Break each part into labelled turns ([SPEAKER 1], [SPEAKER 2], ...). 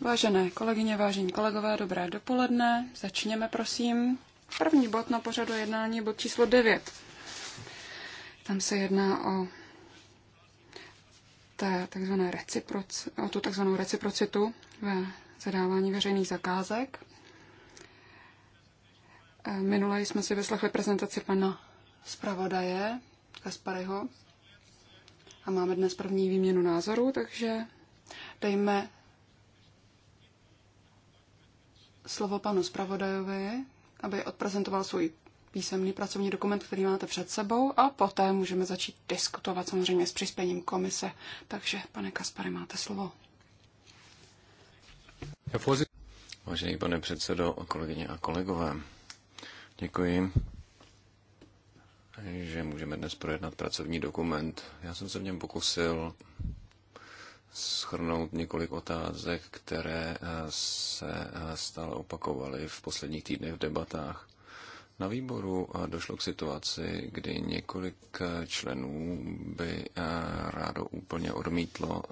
[SPEAKER 1] Vážené kolegyně, vážení kolegové, dobré dopoledne. Začněme, prosím. První bod na pořadu jednání, bod číslo 9. Tam se jedná o, té o tu takzvanou reciprocitu ve zadávání veřejných zakázek. E, minule jsme si vyslechli prezentaci pana zpravodaje Kasparyho a máme dnes první výměnu názorů, takže Dejme slovo panu zpravodajovi, aby odprezentoval svůj písemný pracovní dokument, který máte před sebou a poté můžeme začít diskutovat samozřejmě s přispěním komise. Takže, pane Kaspare, máte slovo.
[SPEAKER 2] Vážený pane předsedo, kolegyně a kolegové, děkuji, že můžeme dnes projednat pracovní dokument. Já jsem se v něm pokusil schrnout několik otázek, které eh, se eh, stále opakovaly v posledních týdnech v debatách. Na výboru eh, došlo k situaci, kdy několik členů by rádo úplně odmítlo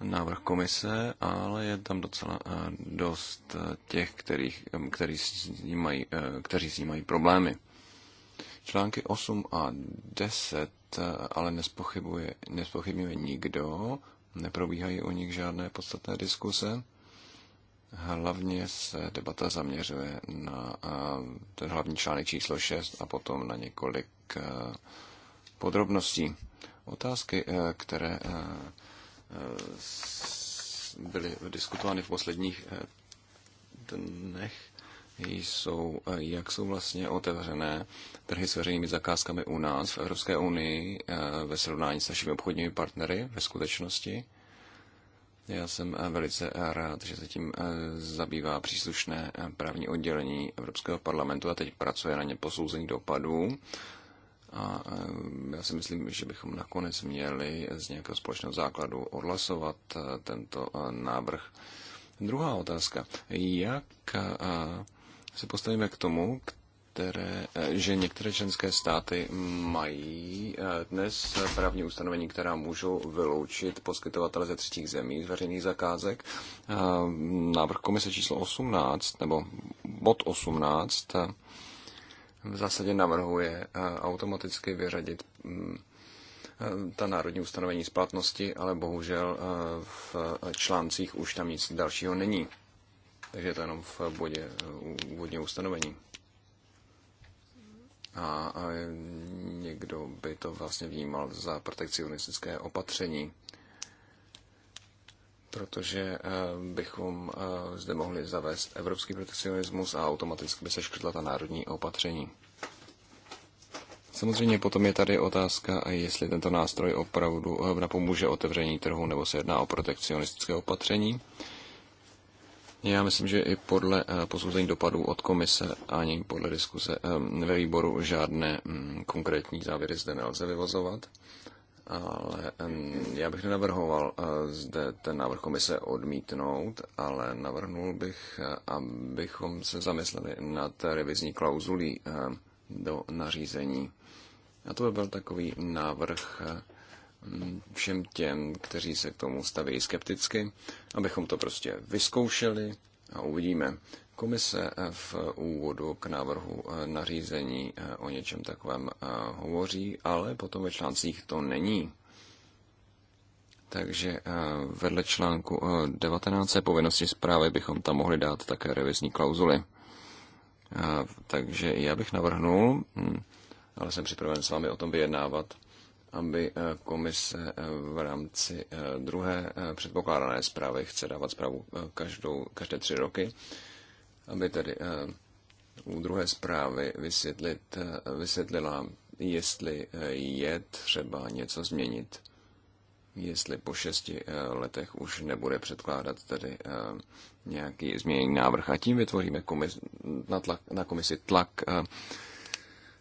[SPEAKER 2] návrh komise, ale je tam docela dost těch, kterých, který s ním mají, kteří s ním mají problémy. Články 8 a 10 eh, ale nespochybuje, nespochybňuje nikdo, neprobíhají o nich žádné podstatné diskuse. Hlavně se debata zaměřuje na eh, ten hlavní článek číslo 6 a potom na několik eh, podrobností. Otázky, které byly diskutovány v posledních dnech, jsou, eh, jak jsou vlastně otevřené trhy s veřejnými zakázkami u nás v Evropské unii eh, ve srovnání s našimi obchodními partnery ve skutečnosti. Já jsem eh, velice rád, že se tím zabývá příslušné právní oddělení Evropského parlamentu a teď pracuje na ně posouzení dopadů. A já si myslím, že bychom nakonec měli z nějakého společného základu odhlasovat tento návrh. Druhá otázka. Jak se postavíme k tomu, které, eh, že některé členské státy mají eh, dnes právní ustanovení, která můžou vyloučit poskytovatele ze třetích zemí z veřejných zakázek. Eh, návrh komise číslo 18 nebo bod 18 v zásadě navrhuje automaticky vyřadit mm, ta národní ustanovení z platnosti, ale bohužel v článcích už tam nic dalšího není. Takže je to jenom v bodě úvodního ustanovení. A, a někdo by to vlastně vnímal za protekcionistické opatření, protože eh, bychom eh, zde mohli zavést evropský protekcionismus a automaticky by se škrtla ta národní opatření. Samozřejmě potom je tady otázka, jestli tento nástroj opravdu eh, napomůže otevření trhu, nebo se jedná o protekcionistické opatření. Já myslím, že i podle eh, posouzení dopadů od komise ani podle diskuse eh, ve výboru žádné mm, konkrétní závěry zde nelze vyvozovat. Ale mm, já bych nenavrhoval eh, zde ten návrh komise odmítnout, ale navrhnul bych, abychom se zamysleli nad revizní klauzulí do nařízení. A to by byl takový návrh všem těm, kteří se k tomu staví skepticky, abychom to prostě vyzkoušeli a uvidíme. Komise v úvodu k návrhu eh, nařízení eh, o něčem takovém eh, hovoří, ale potom ve článcích to není. Takže vedle článku 19 povinnosti zprávy bychom tam mohli dát také revizní klauzuly. Takže já bych navrhnul, hm, ale jsem připraven s vámi o tom vyjednávat, aby eh, komise eh, v rámci eh, druhé předpokládané zprávy chce dávat zprávu každou, každé tři roky, aby tedy u druhé zprávy vysvětlit, vysvětlila, jestli je třeba něco změnit, jestli po šesti letech už nebude předkládat tedy nějaký změněný návrh. A tím vytvoříme komis, na, tlak, na komisi tlak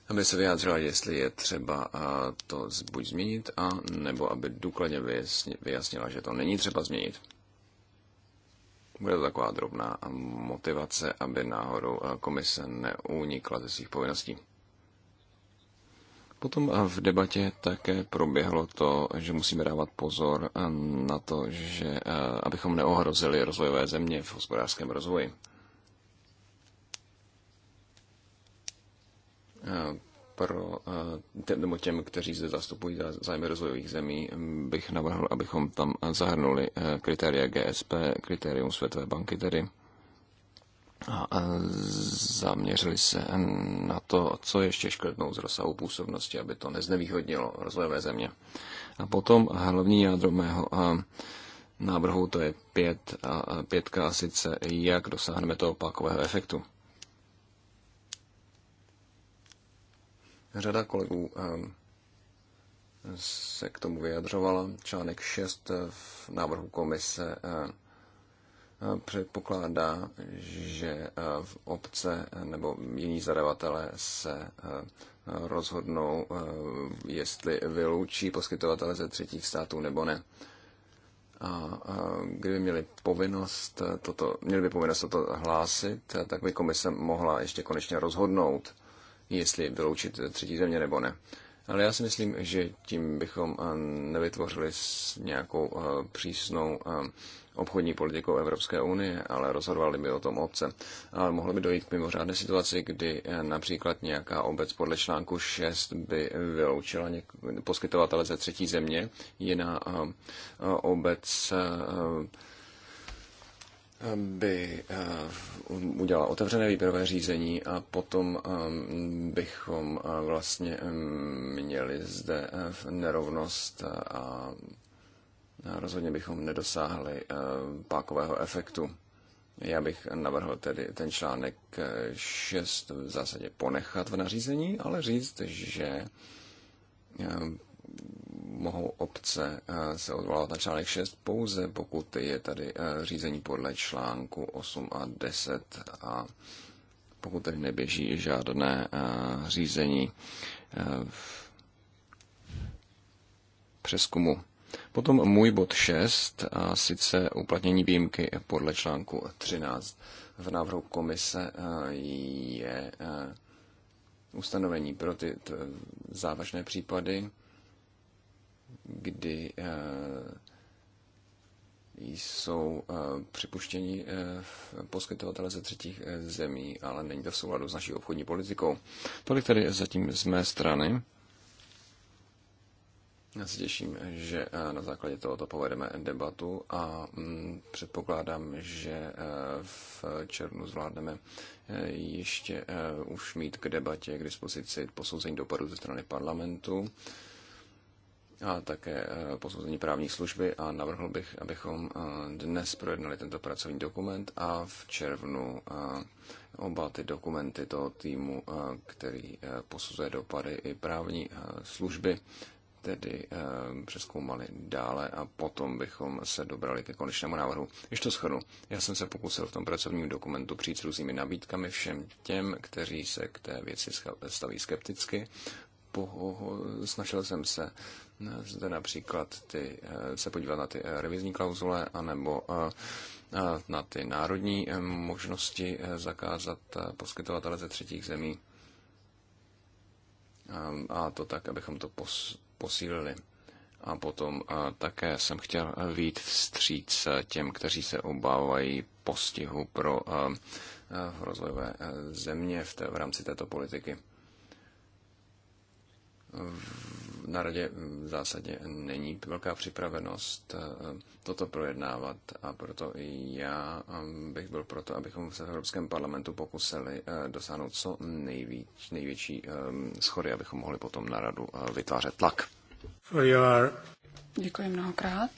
[SPEAKER 2] aby se vyjádřila, jestli je třeba to buď změnit, a nebo aby důkladně vyjasnila, že to není třeba změnit. Bude to taková drobná motivace, aby náhodou komise neunikla ze svých povinností. Potom v debatě také proběhlo to, že musíme dávat pozor na to, že abychom neohrozili rozvojové země v hospodářském rozvoji. Eh, pro eh, těm, nebo těm, kteří zde zastupují zájmy rozvojových zemí, mm, bych navrhl, abychom tam zahrnuli eh, kritéria GSP, kritérium Světové banky tedy, a zaměřili se na to, co ještě škrtnou z rozsahu působnosti, aby to neznevýhodnilo rozvojové země. A potom hlavní jádro mého návrhu to je pět, a pětka a sice jak dosáhneme toho opakového efektu. Řada kolegů eh, se k tomu vyjadřovala. Článek 6 eh, v návrhu komise eh, předpokládá, že v obce nebo jiní zadavatele se rozhodnou, jestli vyloučí poskytovatele ze třetích států nebo ne. A kdyby měli povinnost toto, měli by povinnost toto hlásit, tak by komise mohla ještě konečně rozhodnout jestli vyloučit třetí země nebo ne. Ale já si myslím, že tím bychom eh, nevytvořili nějakou eh, přísnou eh, obchodní politikou Evropské unie, ale rozhodovali by o tom obce. Ale mohlo by dojít k mimořádné situaci, kdy například nějaká obec podle článku 6 by vyloučila poskytovatele ze třetí země, jiná obec by eh, udělala otevřené výběrové řízení a potom eh, bychom eh, vlastně měli zde nerovnost a rozhodně bychom nedosáhli pákového efektu. Já bych navrhl tedy ten článek 6 v zásadě ponechat v nařízení, ale říct, že mohou obce eh, se odvolávat na článek 6 pouze, pokud je tady eh, řízení podle článku 8 a 10 a pokud tady neběží žádné eh, řízení v přeskumu. Potom můj bod 6, a sice uplatnění výjimky podle článku 13 v návrhu komise je ustanovení pro ty závažné případy, kdy eh, jsou eh, připuštěni eh, poskytovatele ze třetích zemí, ale není to v souladu s naší obchodní politikou. Tolik tedy zatím z mé strany. Já se těším, že na základě tohoto povedeme debatu a mm, předpokládám, že v červnu zvládneme ještě už mít k debatě k dispozici posouzení dopadu ze strany parlamentu a také eh, posouzení právní služby a navrhl bych, abychom eh, dnes projednali tento pracovní dokument a v červnu eh, oba ty dokumenty toho týmu, který posuzuje dopady i právní služby, tedy přeskoumali dále a potom bychom se dobrali ke konečnému návrhu. Ještě to schodu, Já jsem se pokusil v tom pracovním dokumentu přijít s různými nabídkami všem těm, kteří se k té věci staví skepticky. snažil jsem se zde například ty, eh, se podívat na ty eh, revizní klauzule, anebo eh, na ty národní možnosti zakázat poskytovatele ze třetích zemí. A to tak, abychom to posílili. A potom také jsem chtěl vít vstříc těm, kteří se obávají postihu pro rozvojové země v, té, v rámci této politiky na radě v zásadě není velká připravenost eh, toto projednávat a proto i já eh, bych byl proto, abychom se v Evropském parlamentu pokusili eh, dosáhnout co nejvíc, největší schody, abychom mohli potom na radu vytvářet tlak.
[SPEAKER 1] Děkuji mnohokrát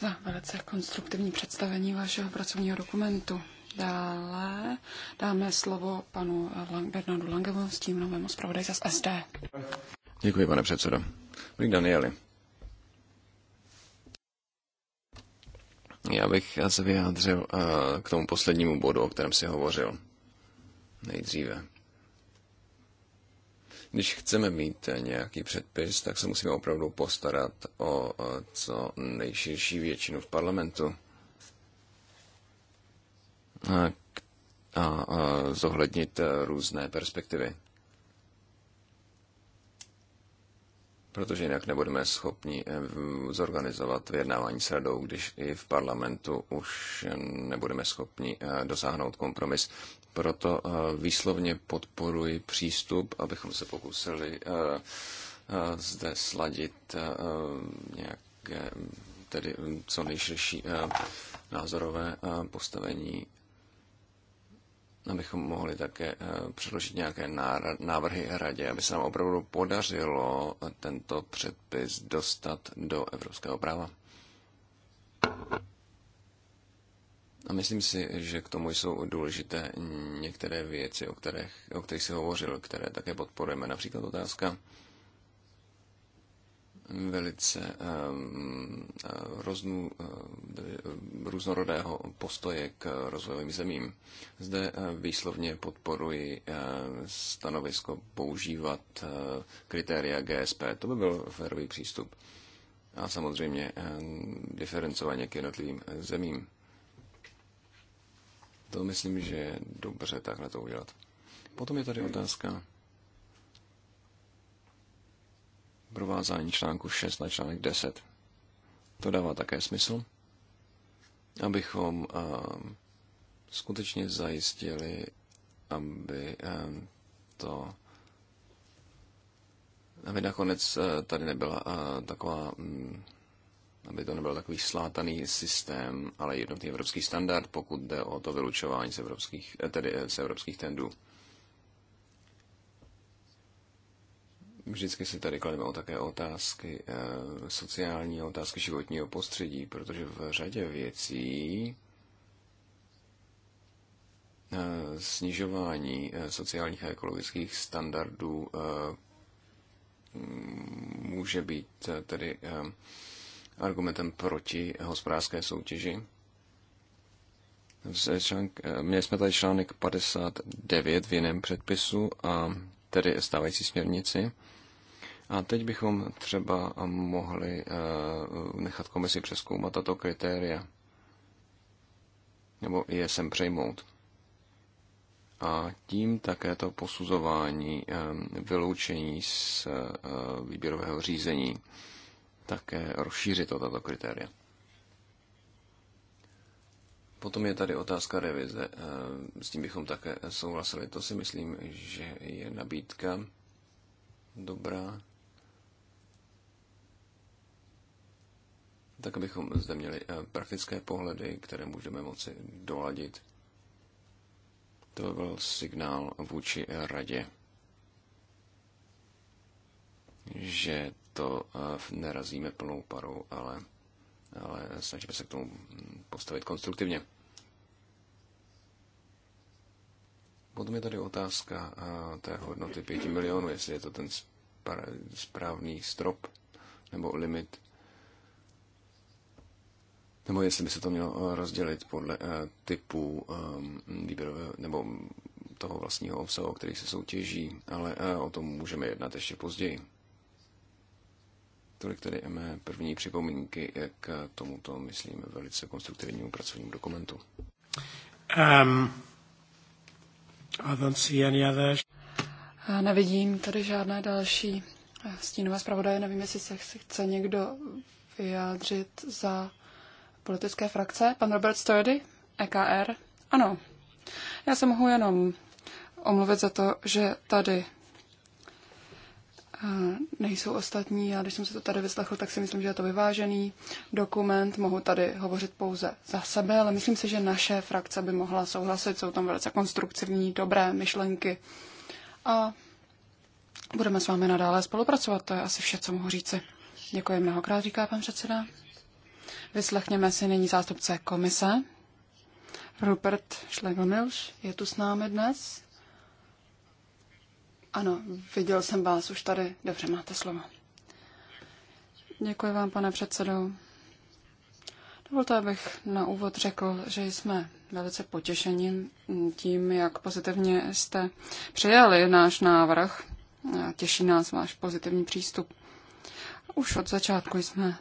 [SPEAKER 1] za velice konstruktivní představení vašeho pracovního dokumentu. Dále dáme slovo panu Lang- Bernardu Langevu, s tím novému zpravodaji z SD.
[SPEAKER 2] Děkuji, pane předsedo. Dobrý Danieli. Já bych se vyjádřil eh, k tomu poslednímu bodu, o kterém si hovořil nejdříve. Když chceme mít nějaký předpis, tak se musíme opravdu postarat o eh, co nejširší většinu v parlamentu a zohlednit eh, různé perspektivy. protože jinak nebudeme schopni eh, zorganizovat vyjednávání s radou, když i v parlamentu už nebudeme schopni eh, dosáhnout kompromis. Proto výslovně podporuji přístup, abychom se pokusili zde sladit nějaké tedy co nejširší názorové postavení abychom mohli také eh, předložit nějaké návrhy radě, aby se nám opravdu podařilo tento předpis dostat do evropského práva. A myslím si, že k tomu jsou důležité některé věci, o kterých, o kterých si hovořil, které také podporujeme. Například otázka velice ehm, roznů, eh, různorodého postoje k rozvojovým zemím. Zde eh, výslovně podporuji eh, stanovisko používat kritéria GSP. To by byl férový přístup. A samozřejmě ehm, diferencovaně k jednotlivým zemím. To myslím, že je dobře takhle to udělat. Potom je tady otázka provázání článku 6 na článek 10. To dává také smysl, abychom eh, skutečně zajistili, aby eh, to aby nakonec eh, tady nebyla taková, mm, aby to nebyl takový slátaný systém, ale jednotný evropský standard, pokud jde o to vylučování z evropských, tedy z evropských tendů. Vždycky se tady klademe také otázky eh, sociální, otázky životního prostředí, protože v řadě věcí eh, snižování eh, sociálních a ekologických standardů může být tedy argumentem proti hospodářské soutěži. Měli jsme tady článek 59 v jiném předpisu a tedy stávající směrnici. A teď bychom třeba mohli eh, nechat komisi přeskoumat tato kritéria. Nebo je sem přejmout. A tím také to posuzování eh, vyloučení z eh, výběrového řízení také rozšířit o tato kritéria. Potom je tady otázka revize. S tím bychom také souhlasili. To si myslím, že je nabídka dobrá. tak abychom zde měli eh, praktické pohledy, které můžeme moci doladit. To by byl signál vůči eh, radě, že to eh, nerazíme plnou parou, ale, ale snažíme se k tomu postavit konstruktivně. Potom je tady otázka té hodnoty 5 milionů, jestli je to ten správný strop nebo limit nebo jestli by se to mělo eh, rozdělit podle eh, typu ehm, výběrového eh, nebo toho vlastního obsahu, který se soutěží, ale o tom můžeme jednat ještě později. Tolik tedy mé první připomínky k tomuto, myslím, velice konstruktivnímu pracovnímu dokumentu.
[SPEAKER 1] Um, I don't see any other... Nevidím tady žádné další stínové zpravodaje. Nevím, jestli se chce někdo vyjádřit za politické frakce. Pan Robert Sturdy, EKR. Ano, já se mohu jenom omluvit za to, že tady eh, nejsou ostatní. Já když jsem se to tady vyslechl, tak si myslím, že je to vyvážený dokument. Mohu tady hovořit pouze za sebe, ale myslím si, že naše frakce by mohla souhlasit. Jsou tam velice konstruktivní, dobré myšlenky. A budeme s vámi nadále spolupracovat. To je asi vše, co mohu říci. Děkuji mnohokrát, říká pan předseda. Vyslechněme si nyní zástupce komise. Rupert Schlegelmilch je tu s námi dnes. Ano, viděl jsem vás už tady. Dobře, máte slovo. Děkuji vám, pane předsedo. Dovolte, abych na úvod řekl, že jsme velice potěšení tím, jak pozitivně jste přijali náš návrh. Těší nás váš pozitivní přístup. Už od začátku jsme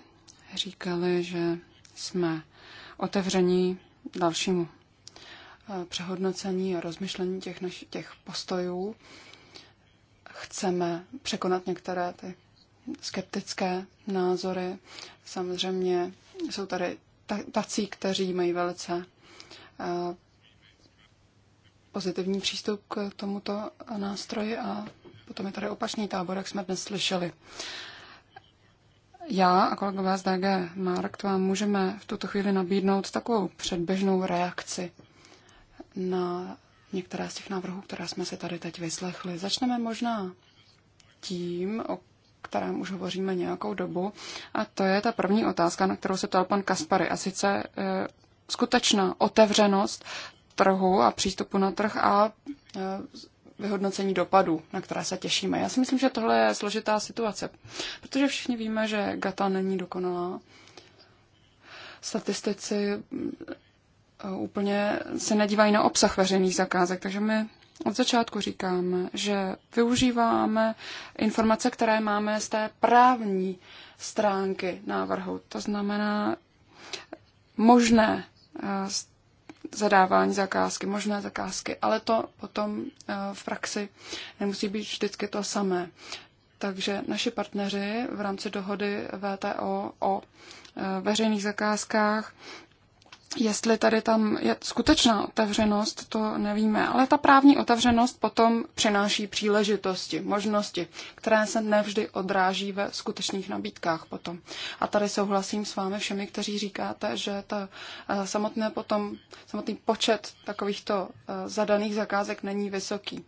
[SPEAKER 1] říkali, že jsme otevření dalšímu eh, přehodnocení a rozmyšlení těch, naši, těch postojů. Chceme překonat některé ty skeptické názory. Samozřejmě jsou tady tací, kteří mají velice eh, pozitivní přístup k tomuto eh, nástroji a potom je tady opačný tábor, jak jsme dnes slyšeli já a kolegové z DG Markt vám můžeme v tuto chvíli nabídnout takovou předběžnou reakci na některé z těch návrhů, které jsme si tady teď vyslechli. Začneme možná tím, o kterém už hovoříme nějakou dobu, a to je ta první otázka, na kterou se ptal pan Kaspary, a sice e, skutečná otevřenost trhu a přístupu na trh a e, vyhodnocení dopadů, na které se těšíme. Já si myslím, že tohle je složitá situace, protože všichni víme, že Gata není dokonalá. Statistici eh, úplně se nedívají na obsah veřejných zakázek, takže my od začátku říkáme, že využíváme informace, které máme z té právní stránky návrhu, to znamená možné eh, zadávání zakázky, možné zakázky, ale to potom eh, v praxi nemusí být vždycky to samé. Takže naši partneři v rámci dohody VTO o eh, veřejných zakázkách Jestli tady tam je skutečná otevřenost, to nevíme, ale ta právní otevřenost potom přináší příležitosti, možnosti, které se nevždy odráží ve skutečných nabídkách potom. A tady souhlasím s vámi všemi, kteří říkáte, že ta eh, samotné potom, samotný počet takovýchto eh, zadaných zakázek není vysoký.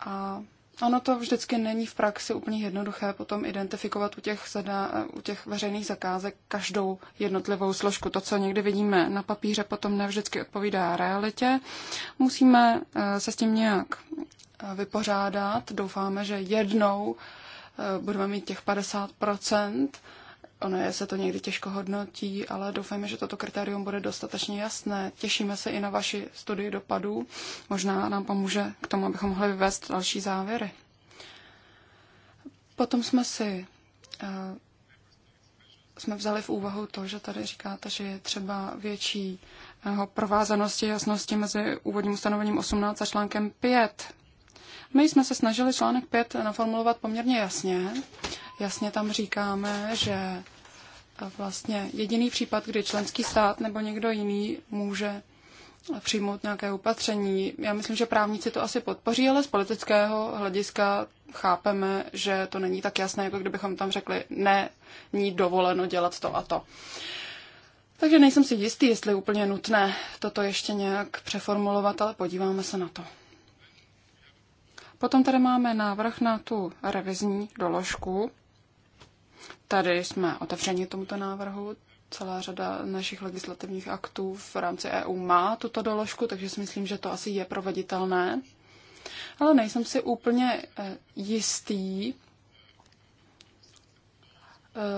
[SPEAKER 1] A Ono to vždycky není v praxi úplně jednoduché potom identifikovat u těch, zada, u těch veřejných zakázek každou jednotlivou složku. To, co někdy vidíme na papíře, potom nevždycky odpovídá realitě. Musíme eh, se s tím nějak eh, vypořádat. Doufáme, že jednou eh, budeme mít těch 50 Ono je se to někdy těžko hodnotí, ale doufejme, že toto kritérium bude dostatečně jasné. Těšíme se i na vaši studii dopadů. Možná nám pomůže k tomu, abychom mohli vyvést další závěry. Potom jsme si eh, jsme vzali v úvahu to, že tady říkáte, že je třeba větší eh, provázanosti, jasnosti mezi úvodním ustanovením 18 a článkem 5. My jsme se snažili článek 5 naformulovat poměrně jasně Jasně tam říkáme, že e, vlastně jediný případ, kdy členský stát nebo někdo jiný může přijmout nějaké opatření. Já myslím, že právníci to asi podpoří, ale z politického hlediska chápeme, že to není tak jasné, jako kdybychom tam řekli, ne, ní dovoleno dělat to a to. Takže nejsem si jistý, jestli je úplně nutné toto ještě nějak přeformulovat, ale podíváme se na to. Potom tady máme návrh na tu revizní doložku, Tady jsme otevřeni tomuto návrhu. Celá řada našich legislativních aktů v rámci EU má tuto doložku, takže si myslím, že to asi je proveditelné. Ale nejsem si úplně eh, jistý eh,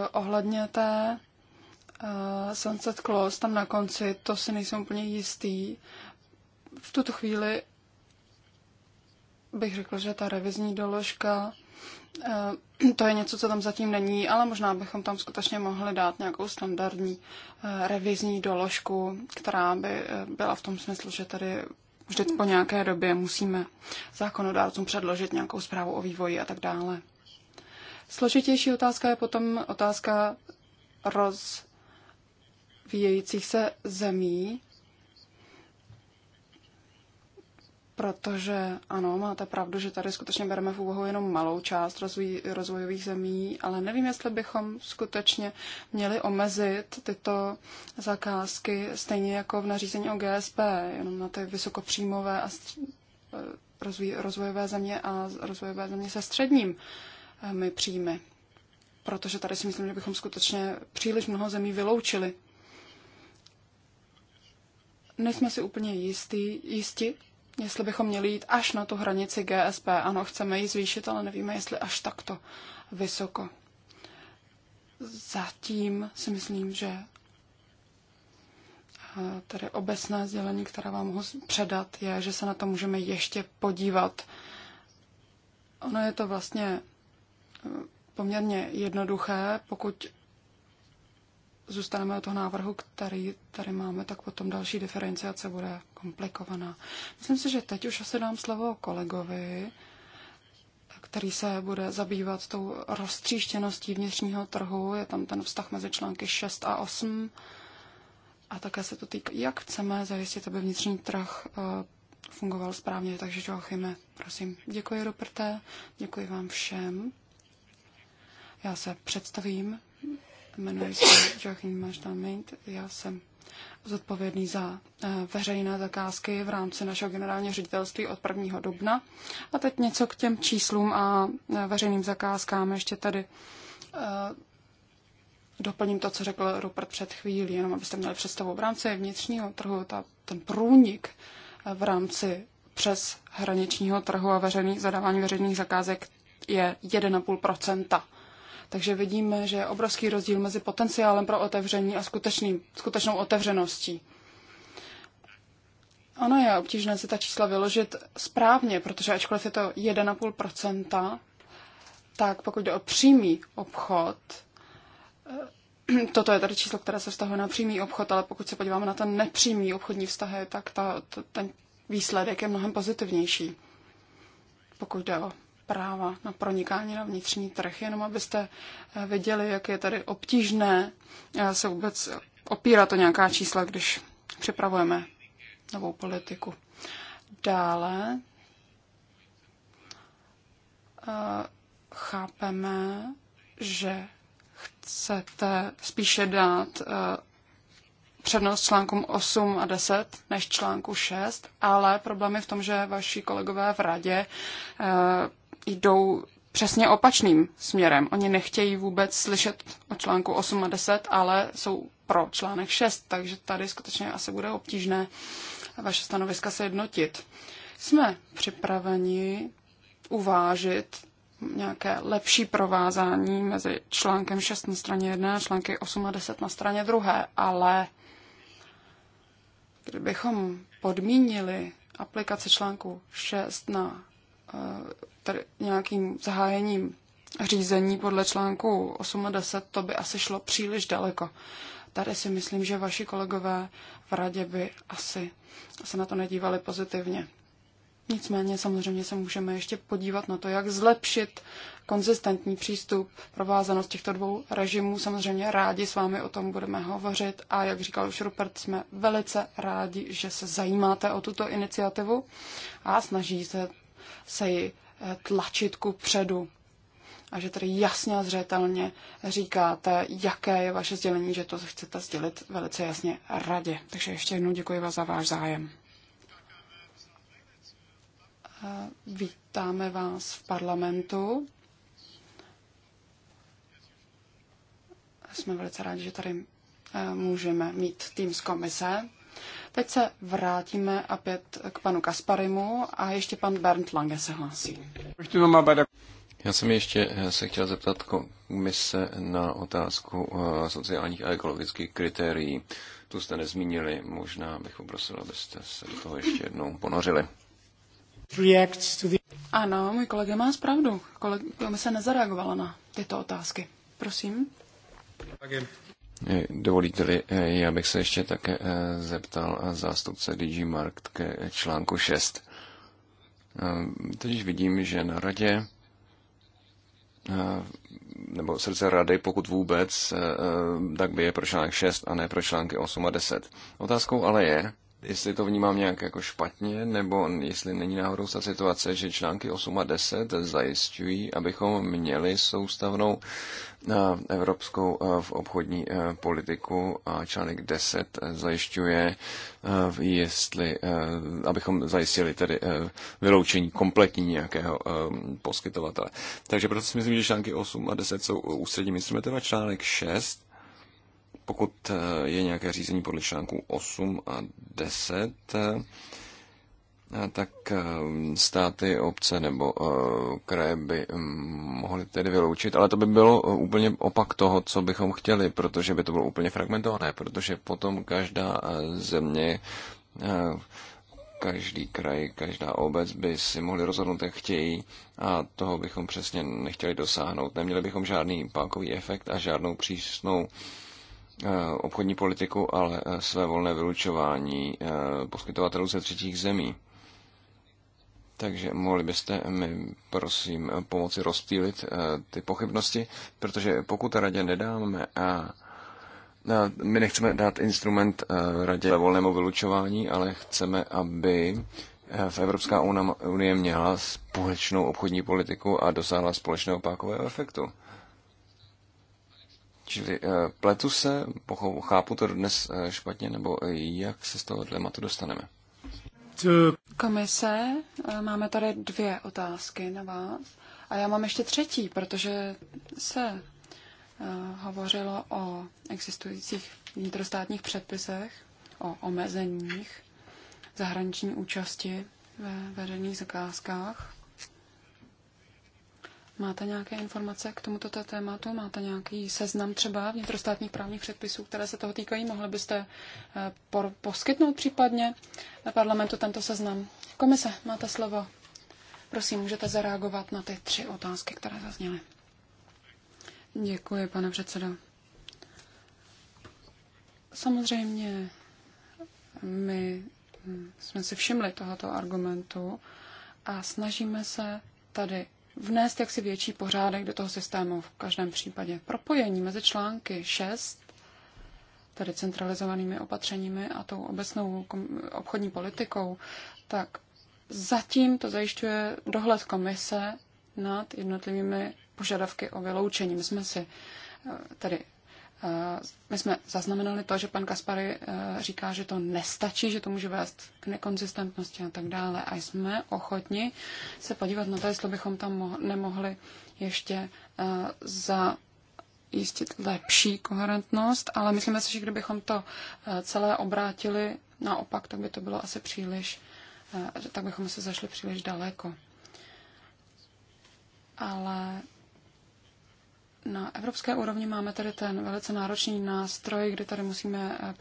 [SPEAKER 1] ohledně té eh, Sunset Clause tam na konci, to si nejsem úplně jistý. V tuto chvíli bych řekl, že ta revizní doložka Eh, to je něco, co tam zatím není, ale možná bychom tam skutečně mohli dát nějakou standardní eh, revizní doložku, která by eh, byla v tom smyslu, že tady vždy po nějaké době musíme zákonodárcům předložit nějakou zprávu o vývoji a tak dále. Složitější otázka je potom otázka rozvíjejících se zemí, protože ano, máte pravdu, že tady skutečně bereme v úvahu jenom malou část rozvoj, rozvojových zemí, ale nevím, jestli bychom skutečně měli omezit tyto zakázky stejně jako v nařízení o GSP, jenom na ty vysokopříjmové a eh, rozvoj, rozvojové země a rozvojové země se středním eh, my příjmy. Protože tady si myslím, že bychom skutečně příliš mnoho zemí vyloučili. Nejsme si úplně jistí, jisti, jestli bychom měli jít až na tu hranici GSP. Ano, chceme ji zvýšit, ale nevíme, jestli až takto vysoko. Zatím si myslím, že eh, tady obecné sdělení, které vám mohu předat, je, že se na to můžeme ještě podívat. Ono je to vlastně eh, poměrně jednoduché, pokud zůstaneme od toho návrhu, který tady máme, tak potom další diferenciace bude komplikovaná. Myslím si, že teď už asi dám slovo kolegovi, který se bude zabývat tou roztříštěností vnitřního trhu. Je tam ten vztah mezi články 6 a 8. A také se to týká, jak chceme zajistit, aby vnitřní trh eh, fungoval správně. Takže Joachime, prosím. Děkuji, Ruperté. Děkuji vám všem. Já se představím jmenuji se Joachim Maštalmint, já jsem zodpovědný za eh, veřejné zakázky v rámci našeho generálního ředitelství od 1. dubna. A teď něco k těm číslům a eh, veřejným zakázkám. Ještě tady eh, doplním to, co řekl Rupert před chvílí, jenom abyste měli představu. V rámci vnitřního trhu ta, ten průnik v rámci přes hraničního trhu a veřejných, zadávání veřejných zakázek je 1,5 takže vidíme, že je obrovský rozdíl mezi potenciálem pro otevření a skutečným, skutečnou otevřeností. Ono je obtížné si ta čísla vyložit správně, protože ačkoliv je to 1,5%, tak pokud jde o přímý obchod, eh, toto je tady číslo, které se vztahuje na přímý obchod, ale pokud se podíváme na ten nepřímý obchodní vztahy, tak ta, ta, ten výsledek je mnohem pozitivnější, pokud jde o práva na pronikání na vnitřní trh, jenom abyste eh, viděli, jak je tady obtížné eh, se vůbec opírat o nějaká čísla, když připravujeme novou politiku. Dále eh, chápeme, že chcete spíše dát přednost článkům 8 a 10 než článku 6, ale problém je v tom, že vaši kolegové v radě jdou přesně opačným směrem. Oni nechtějí vůbec slyšet o článku 8 a 10, ale jsou pro článek 6, takže tady skutečně asi bude obtížné vaše stanoviska se jednotit. Jsme připraveni uvážit nějaké lepší provázání mezi článkem 6 na straně 1 a články 8 a 10 na straně 2, ale kdybychom podmínili aplikaci článku 6 na eh, tady nějakým zahájením řízení podle článku 8 a 10, to by asi šlo příliš daleko. Tady si myslím, že vaši kolegové v radě by asi se na to nedívali pozitivně. Nicméně samozřejmě se můžeme ještě podívat na to, jak zlepšit konzistentní přístup, provázanost těchto dvou režimů. Samozřejmě rádi s vámi o tom budeme hovořit a jak říkal už Rupert, jsme velice rádi, že se zajímáte o tuto iniciativu a snažíte se ji tlačit ku předu a že tady jasně a zřetelně říkáte, jaké je vaše sdělení, že to chcete sdělit velice jasně radě. Takže ještě jednou děkuji vás za váš zájem. Eh, vítáme vás v parlamentu. Jsme velice rádi, že tady eh, můžeme mít tým z komise. Teď se vrátíme opět k panu Kasparimu a ještě pan Bernd Lange se hlásí.
[SPEAKER 2] Já jsem ještě se chtěl zeptat komise na otázku eh, sociálních a ekologických kritérií. Tu jste nezmínili, možná bych poprosil, abyste se do toho ještě jednou ponořili.
[SPEAKER 1] Ano, můj kolega má zpravdu. Komise nezareagovala na tyto otázky. Prosím.
[SPEAKER 2] Dovolíte-li, eh, já bych se ještě také eh, zeptal zástupce DG Markt ke článku 6. Eh, Teď vidím, že na radě nebo srdce rady, pokud vůbec, tak by je pro článek 6 a ne pro články 8 a 10. Otázkou ale je, jestli to vnímám nějak jako špatně, nebo jestli není náhodou ta situace, že články 8 a 10 zajišťují, abychom měli soustavnou eh, evropskou eh, v obchodní eh, politiku a článek 10 zajišťuje, jestli, abychom zajistili tedy vyloučení kompletní nějakého poskytovatele. Takže proto si myslím, že články 8 a 10 jsou ústředním instrumentem a článek 6 pokud eh, je nějaké řízení podle článku 8 a 10, eh, tak eh, státy, obce nebo kraje by mm, mohly tedy vyloučit, ale to by bylo úplně opak toho, co bychom chtěli, protože by to bylo úplně fragmentované, protože potom každá země, každý kraj, každá obec by si mohli rozhodnout, jak chtějí a toho bychom přesně nechtěli dosáhnout. Neměli bychom žádný pákový efekt a žádnou přísnou Eh, obchodní politiku, ale eh, své volné vylučování eh, poskytovatelů ze třetích zemí. Takže mohli byste mi, prosím, pomoci rozptýlit ty pochybnosti, protože pokud radě nedáme a my nechceme dát instrument radě volnému vylučování, ale chceme, aby v Evropská unie měla společnou obchodní politiku a dosáhla společného pákového efektu. Čili eh, pletu se, chápu to dnes eh, špatně, nebo jak se z toho dilematu dostaneme?
[SPEAKER 1] Komise, eh, máme tady dvě otázky na vás. A já mám ještě třetí, protože se hovořilo o existujících vnitrostátních předpisech, o omezeních zahraniční účasti ve veřejných zakázkách. Máte nějaké informace k tomuto tématu? Máte nějaký seznam třeba vnitrostátních právních předpisů, které se toho týkají? Mohli byste eh, poskytnout případně na parlamentu tento seznam? Komise, máte slovo. Prosím, můžete zareagovat na ty tři otázky, které zazněly. Děkuji, pane předsedo. Samozřejmě my hm, jsme si všimli tohoto argumentu a snažíme se tady vnést jaksi větší pořádek do toho systému v každém případě. Propojení mezi články 6, tedy centralizovanými opatřeními a tou obecnou obchodní politikou, tak zatím to zajišťuje dohled komise nad jednotlivými požadavky o vyloučení. My jsme si eh, tedy Eh, my jsme zaznamenali to, že pan Kaspary eh, říká, že to nestačí, že to může vést k nekonzistentnosti a tak dále. A jsme ochotni se podívat na to, jestli bychom tam nemohli ještě eh, za jistit lepší koherentnost, ale myslíme si, že kdybychom to celé obrátili naopak, tak by to bylo asi příliš, tak bychom se zašli příliš daleko. Ale na evropské úrovni máme tady ten velice náročný nástroj, kdy tady musíme eh,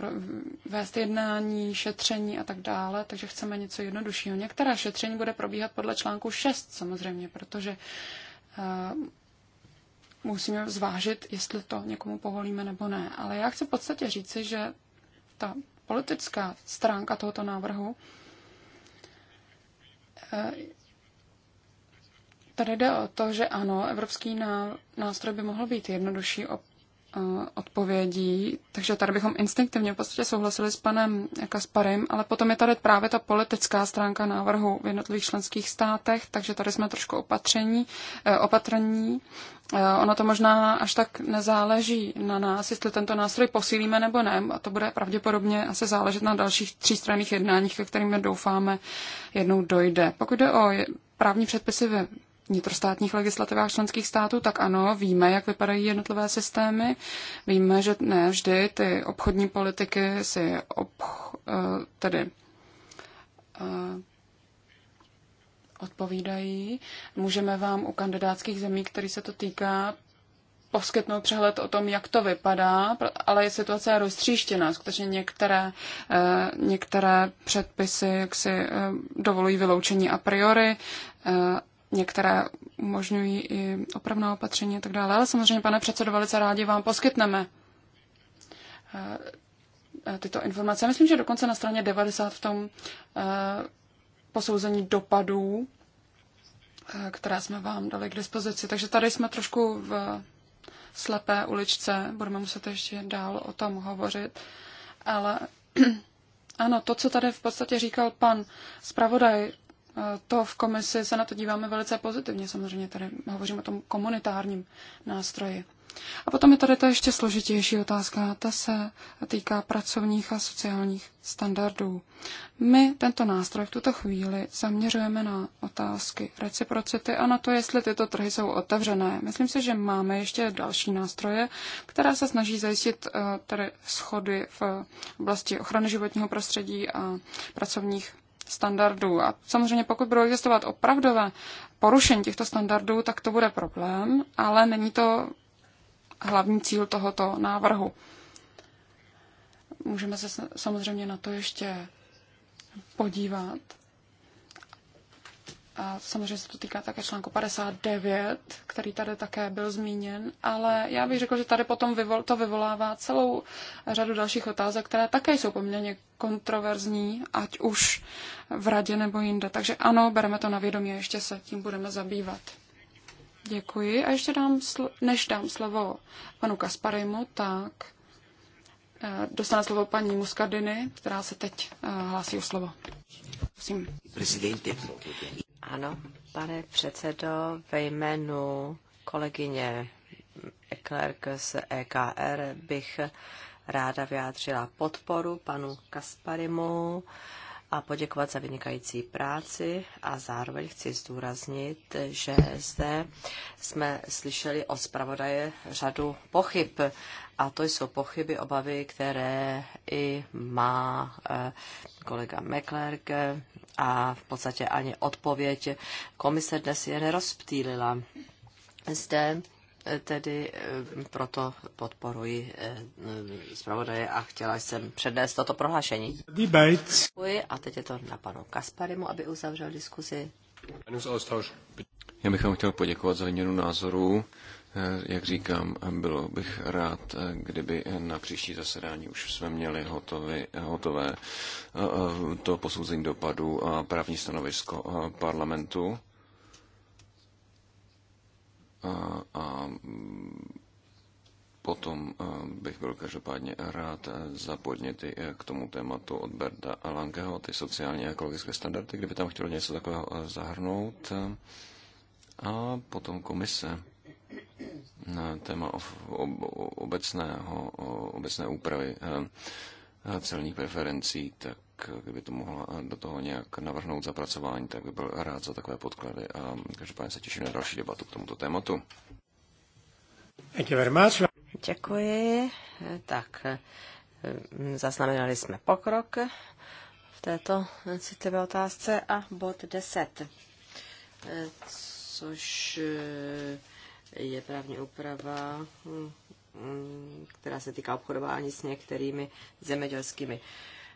[SPEAKER 1] vést jednání, šetření a tak dále, takže chceme něco jednoduššího. Některá šetření bude probíhat podle článku 6 samozřejmě, protože eh, musíme zvážit, jestli to někomu povolíme nebo ne. Ale já chci v podstatě říci, že ta politická stránka tohoto návrhu eh, Tady jde o to, že ano, evropský nástroj by mohl být jednodušší odpovědí, takže tady bychom instinktivně v podstatě souhlasili s panem Kasparem, ale potom je tady právě ta politická stránka návrhu v jednotlivých členských státech, takže tady jsme trošku opatření, eh, opatrní. Eh, ono to možná až tak nezáleží na nás, jestli tento nástroj posílíme nebo ne. A to bude pravděpodobně asi záležet na dalších třístranných jednáních, ke kterým doufáme jednou dojde. Pokud jde o právní předpisy ve vnitrostátních legislativách členských států, tak ano, víme, jak vypadají jednotlivé systémy. Víme, že ne vždy ty obchodní politiky si obch, eh, tedy eh, odpovídají. Můžeme vám u kandidátských zemí, který se to týká, poskytnout přehled o tom, jak to vypadá, ale je situace roztříštěná. Skutečně některé, eh, některé předpisy jak si dovolují vyloučení a priori některé umožňují i opravná opatření a tak dále. Ale samozřejmě, pane předsedo, velice rádi vám poskytneme eh, eh, tyto informace. Myslím, že dokonce na straně 90 v tom eh, posouzení dopadů, které jsme vám dali k dispozici. Takže tady jsme trošku v slepé uličce, budeme muset ještě dál o tom hovořit. Ale ano, to, co tady v podstatě říkal pan zpravodaj, to v komisi se na to díváme velice pozitivně. Samozřejmě tady hovořím o tom komunitárním nástroji. A potom je tady ta ještě složitější otázka. Ta se týká pracovních a sociálních standardů. My tento nástroj v tuto chvíli zaměřujeme na otázky reciprocity a na to, jestli tyto trhy jsou otevřené. Myslím si, že máme ještě další nástroje, které se snaží zajistit eh, tedy schody v oblasti ochrany životního prostředí a pracovních standardů. A samozřejmě pokud budou existovat opravdové porušení těchto standardů, tak to bude problém, ale není to hlavní cíl tohoto návrhu. Můžeme se samozřejmě na to ještě podívat. A samozřejmě se to týká také článku 59, který tady také byl zmíněn, ale já bych řekl, že tady potom vyvol, to vyvolává celou řadu dalších otázek, které také jsou poměrně kontroverzní, ať už v radě nebo jinde. Takže ano, bereme to na vědomí a ještě se tím budeme zabývat. Děkuji. A ještě dám, než dám slovo panu Kasparimu, tak eh, dostane slovo paní Muscardini, která se teď eh, hlásí o slovo. Prosím.
[SPEAKER 3] Ano, pane předsedo, ve jménu kolegyně Eklerk z EKR bych ráda vyjádřila podporu panu Kasparimu a poděkovat za vynikající práci a zároveň chci zdůraznit, že zde jsme slyšeli od zpravodaje řadu pochyb a to jsou pochyby, obavy, které i má eh, kolega Meklerk a v podstatě ani odpověď komise dnes je nerozptýlila. Zde eh, tedy eh, proto podporuji eh, zpravodaje a chtěla jsem přednést toto prohlášení. Děkuji a teď je to na panu Kasparimu, aby uzavřel diskuzi.
[SPEAKER 2] Já bych vám chtěl poděkovat za výměnu názorů. Eh, jak říkám, bylo bych rád, eh, kdyby na příští zasedání už jsme měli hotovy, hotové eh, to posouzení dopadu a právní stanovisko parlamentu. A, a mm, potom bych byl každopádně rád za podněty k tomu tématu od Berda Langeho, ty sociálně a ekologické standardy, kdyby tam chtěl něco takového zahrnout. A potom komise na téma obecného, obecné úpravy eh, eh, celních preferencí, tak eh, kdyby to mohla do toho nějak navrhnout zapracování, tak by byl rád za takové podklady a každopádně se těším na další debatu k tomuto tématu.
[SPEAKER 3] Děkuji. Tak zaznamenali jsme pokrok v této citlivé otázce a bod 10, což je právní úprava, která se týká obchodování s některými zemědělskými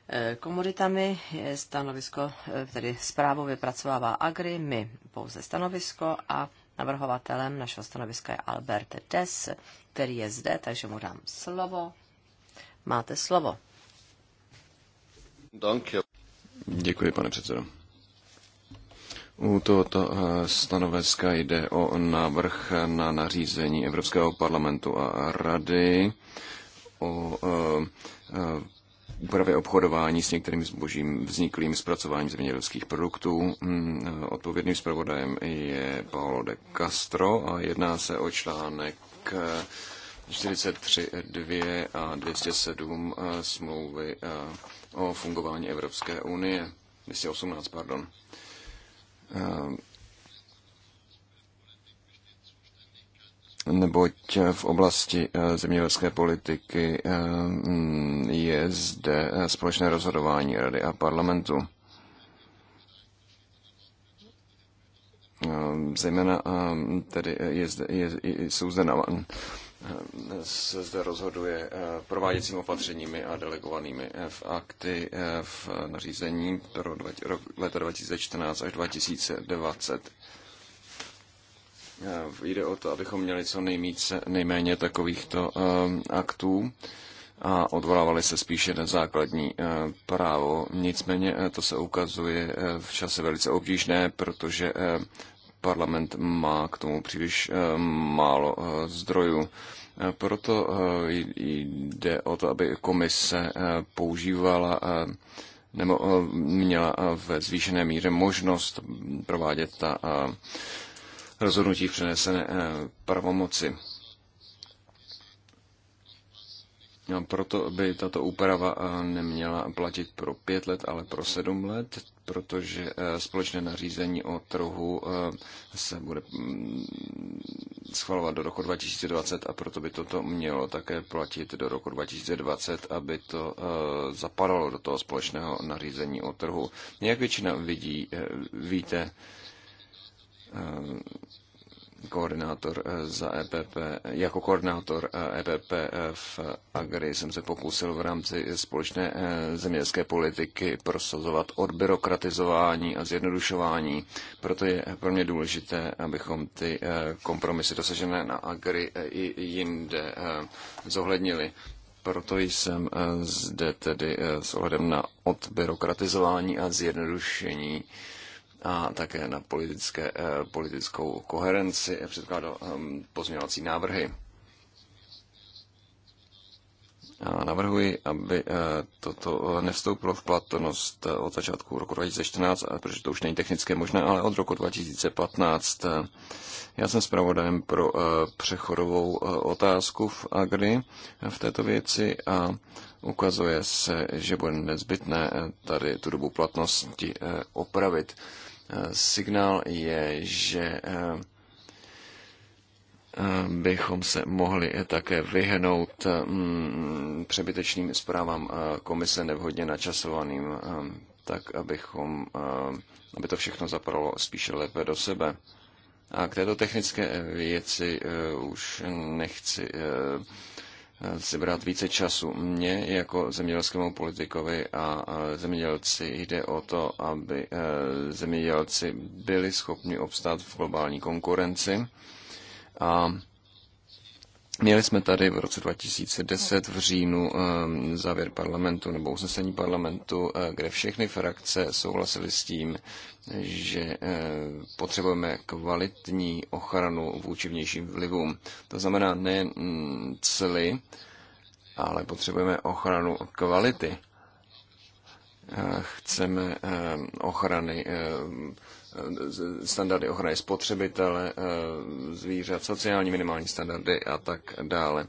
[SPEAKER 3] eh, komoditami. Je stanovisko, eh, tedy zprávu vypracovává Agri, my pouze stanovisko a navrhovatelem našeho stanoviska je Albert Des, který je zde, takže mu dám slovo. Máte slovo.
[SPEAKER 2] Děkuji, pane předsedo. U tohoto eh, stanoviska jde o návrh na nařízení Evropského parlamentu a rady o eh, eh, úpravě obchodování s některým zbožím vzniklým zpracováním zemědělských produktů. Mm, odpovědným zpravodajem je Paolo de Castro a jedná se o článek 43.2 a 207 smlouvy o fungování Evropské unie. 218, pardon. Eh, neboť v oblasti eh, zemědělské politiky eh, je zde společné rozhodování Rady a parlamentu. Zejména tedy je zde, je, jsou zde se zde rozhoduje eh, prováděcím opatřeními a delegovanými eh, v akty eh, v nařízení pro leta 2014 až 2020. Jde o to, abychom měli co nejmíce, nejméně takovýchto aktů a odvolávali se spíše na základní právo. Nicméně to se ukazuje v čase velice obtížné, protože parlament má k tomu příliš eh, málo eh, zdrojů. Eh, proto jde o to, aby komise používala nebo měla ve zvýšené míře možnost provádět ta rozhodnutí v přenesené pravomoci. No, proto by tato úprava eh, neměla platit pro pět let, ale pro sedm let, protože eh, společné nařízení o trhu eh, se bude mm, schvalovat do roku 2020 a proto by toto mělo také platit do roku 2020, aby to zapadalo do toho společného nařízení o trhu. Jak většina vidí, víte, koordinátor eh, za EPP, jako koordinátor EPP eh, e eh, v Agri jsem se pokusil v rámci společné zemědělské politiky prosazovat odbyrokratizování a zjednodušování. Proto je pro mě důležité, abychom ty kompromisy dosažené na Agri i jinde zohlednili. Proto jsem zde tedy s ohledem na odbyrokratizování a zjednodušení a také na politické, eh, politickou koherenci eh, předkládal ehm, pozměňovací návrhy. A navrhuji, aby eh, toto nevstoupilo v platnost od začátku roku 2014, protože to už není technické možné, ale od roku 2015. Já jsem zpravodajem pro přechodovou otázku v Agri v této věci a ukazuje se, že bude nezbytné tady tu dobu platnosti opravit. Signál je, že eh, bychom se mohli také vyhnout mm, přebytečným zprávám eh, komise nevhodně načasovaným, eh, tak abychom, aby to všechno zapadlo spíše lépe do sebe. A k této technické věci už nechci Eh, si brát více času. Mně jako zemědělskému politikovi a zemědělci jde o to, aby eh, zemědělci byli schopni obstát v globální konkurenci a Měli jsme tady v roce 2010 v říjnu eh, závěr parlamentu nebo usnesení parlamentu, eh, kde všechny frakce souhlasily s tím, že eh, potřebujeme kvalitní ochranu vůči vnějším vlivům. To znamená ne mm, cly, ale potřebujeme ochranu kvality. Chceme ochrany Eh, standardy ochrany spotřebitele, eh, zvířat, sociální minimální standardy a tak dále.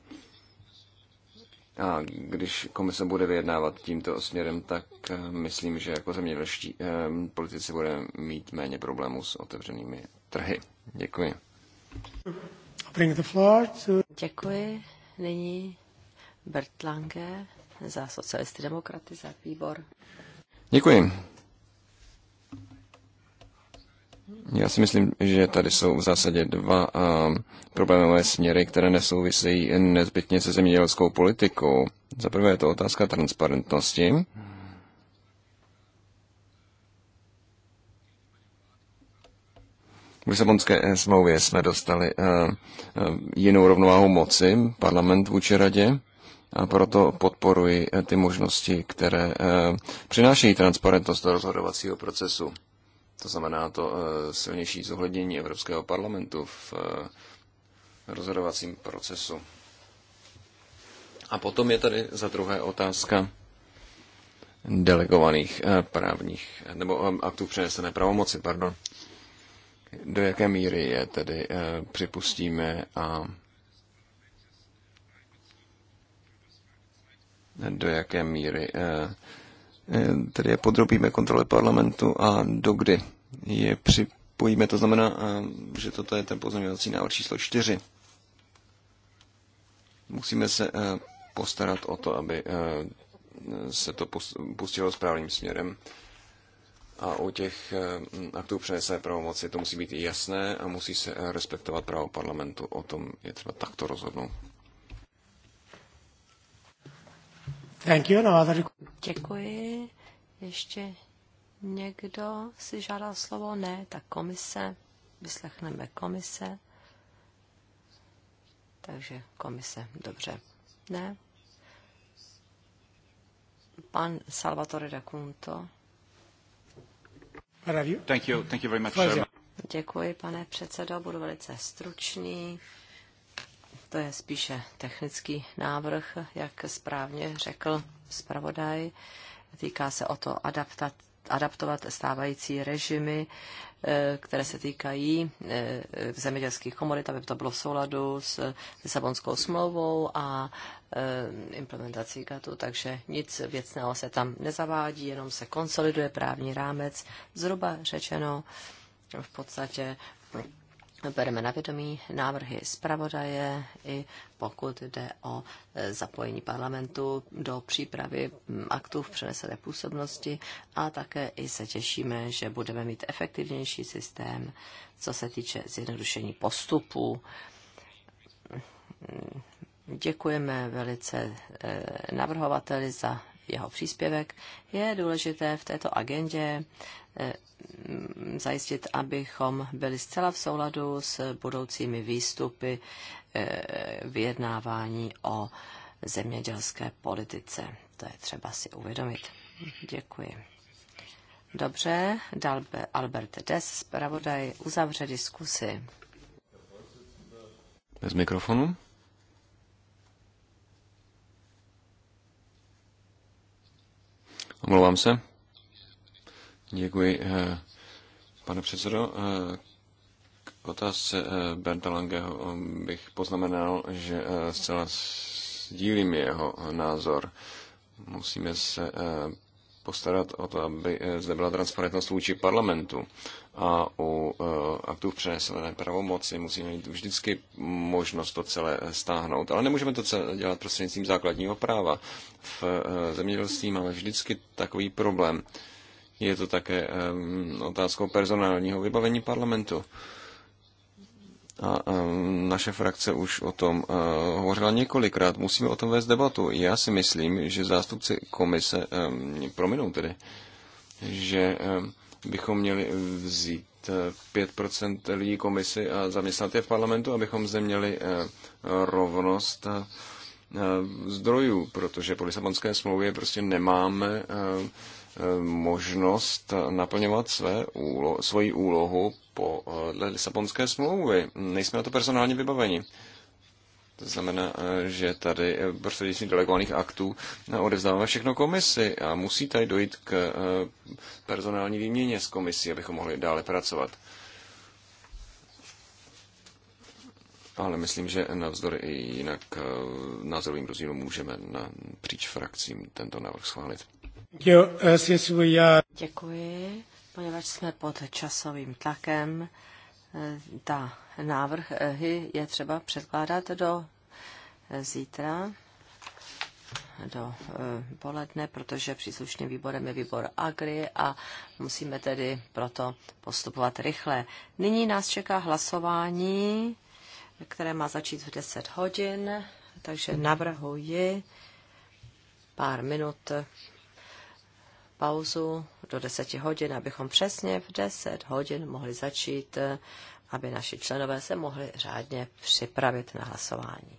[SPEAKER 2] A když komise bude vyjednávat tímto směrem, tak eh, myslím, že jako zemědělští politici bude mít méně problémů s
[SPEAKER 3] otevřenými
[SPEAKER 2] trhy. Děkuji.
[SPEAKER 1] Bring the floor
[SPEAKER 3] Děkuji. Nyní Bert Lange za socialisty demokraty, za výbor.
[SPEAKER 2] Děkuji. Já si myslím, že tady jsou v zásadě dva um, problémové směry, které nesouvisejí nezbytně se zemědělskou politikou. Za prvé je to otázka transparentnosti. V Lisabonské smlouvě jsme dostali uh, jinou rovnováhu moci, parlament vůči radě, a proto podporuji e, ty možnosti, které uh, přinášejí transparentnost do rozhodovacího procesu. To znamená to eh, silnější zohlednění Evropského parlamentu v eh, rozhodovacím procesu. A potom je tady za druhé otázka delegovaných eh, právních, nebo aktů přenesené pravomoci, pardon. Do jaké míry je tedy připustíme a do jaké míry tedy je podrobíme kontrole parlamentu a do kdy je připojíme. To znamená, eh, že toto je ten pozměňovací návrh číslo 4. Musíme se eh, postarat o to, aby eh, se to pustilo správným směrem. A u těch aktů přenesené pravomoci to musí být jasné a musí se respektovat právo parlamentu. O tom je třeba takto rozhodnout.
[SPEAKER 1] Thank you. No other...
[SPEAKER 3] Děkuji. Ještě Někdo si žádá slovo? Ne, tak komise. Vyslechneme komise. Takže komise, dobře. Ne? Pan Salvatore da Cunto.
[SPEAKER 2] Thank you, thank you very much. Um,
[SPEAKER 3] Děkuji, pane předsedo, budu velice stručný. To je spíše technický návrh, jak správně řekl zpravodaj. Týká se o to adaptace adaptovat stávající režimy, eh, které se týkají eh, zemědělských komodit, aby to bylo v souladu s Lisabonskou smlouvou a eh, implementací GATU, takže nic věcného se tam nezavádí, jenom se konsoliduje právní rámec. Zhruba řečeno, v podstatě bereme na vědomí návrhy zpravodaje, i pokud jde o e, zapojení parlamentu do přípravy aktů v přenesené působnosti a také i se těšíme, že budeme mít efektivnější systém, co se týče zjednodušení postupů. Děkujeme velice e, navrhovateli za jeho příspěvek, je důležité v této agendě eh, zajistit, abychom byli zcela v souladu s budoucími výstupy eh, vyjednávání o zemědělské politice. To je třeba si uvědomit. Děkuji. Dobře, Albert Des, zpravodaj, uzavře diskusy.
[SPEAKER 2] Bez mikrofonu. Omlouvám se. Děkuji, eh, pane předsedo. Eh, k otázce eh, Berta Langeho bych poznamenal, že zcela sdílím jeho názor. Musíme se postarat o to, aby zde byla transparentnost vůči parlamentu a u e, aktů přenesené pravomoci musíme mít vždycky možnost to celé stáhnout, ale nemůžeme to celé dělat prostřednictvím základního práva. V e, zemědělství máme vždycky takový problém. Je to také e, otázkou personálního vybavení parlamentu. A naše frakce už o tom hovořila několikrát. Musíme o tom vést debatu. Já si myslím, že zástupci komise, prominou tedy, že bychom měli vzít 5% eh, lidí komisi a zaměstnat je v parlamentu, abychom zde měli eh, rovnost eh, zdrojů, protože po Lisabonské smlouvě prostě nemáme možnost naplňovat své úlo- svoji úlohu podle Lisabonské smlouvy. Nejsme na to personálně vybaveni. To znamená, eh, že tady eh, prostřednictvím delegovaných aktů eh, odevzdává všechno komisi a musí tady dojít k personální výměně s komisí, abychom mohli dále pracovat. Ale myslím, že navzdory i jinak názorovým rozdílům můžeme na příč frakcím tento návrh schválit.
[SPEAKER 1] Děkuji,
[SPEAKER 3] poněvadž jsme pod časovým tlakem. Ta návrhy je třeba předkládat do zítra, do eh, poledne, protože příslušným výborem je výbor Agri a musíme tedy proto postupovat rychle. Nyní nás čeká hlasování, které má začít v 10 hodin, takže navrhuji pár minut pauzu do 10 hodin, abychom přesně v 10 hodin mohli začít eh, aby naši členové se mohli řádně připravit na hlasování.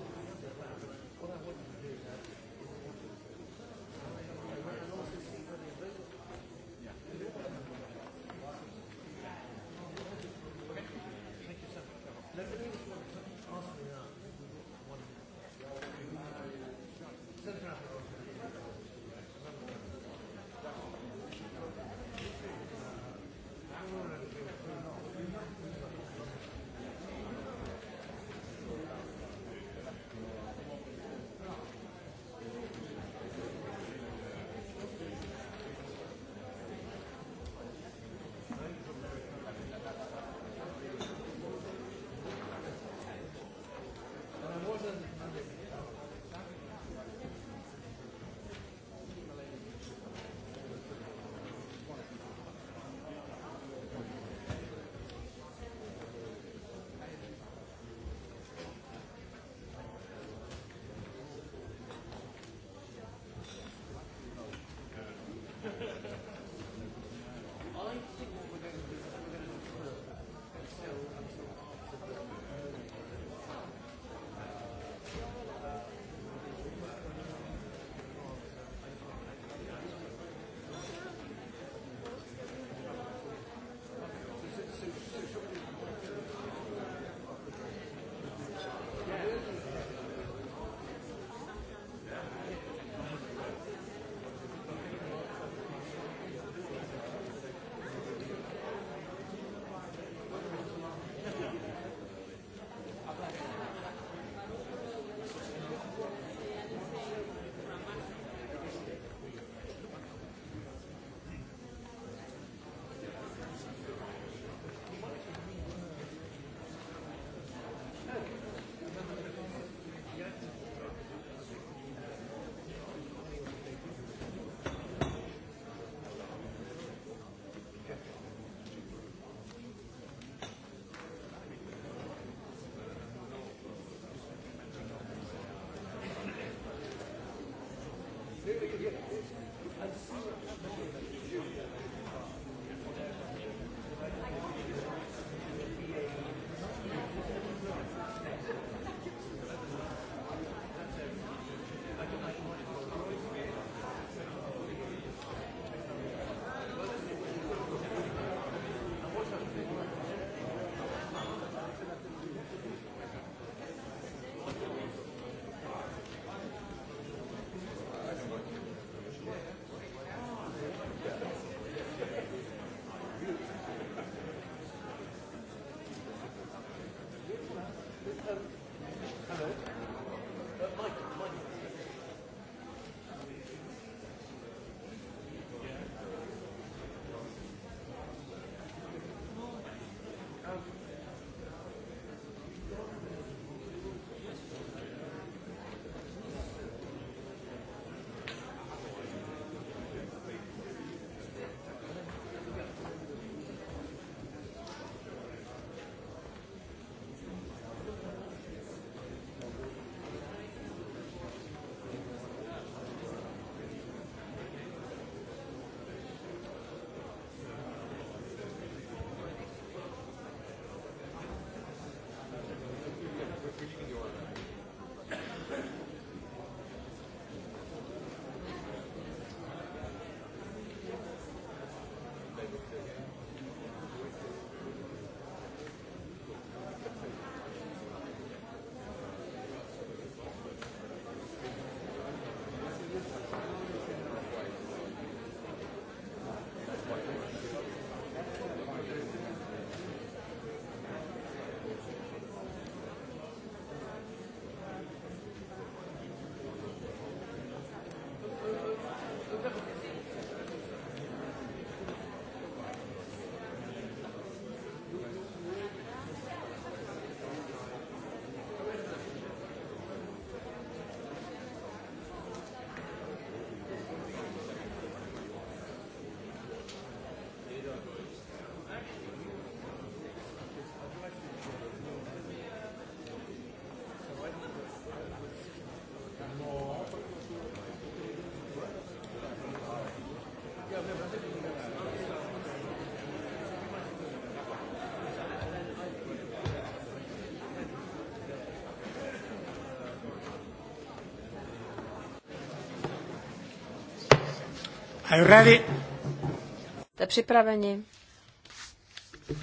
[SPEAKER 3] Are you ready? Jste připraveni?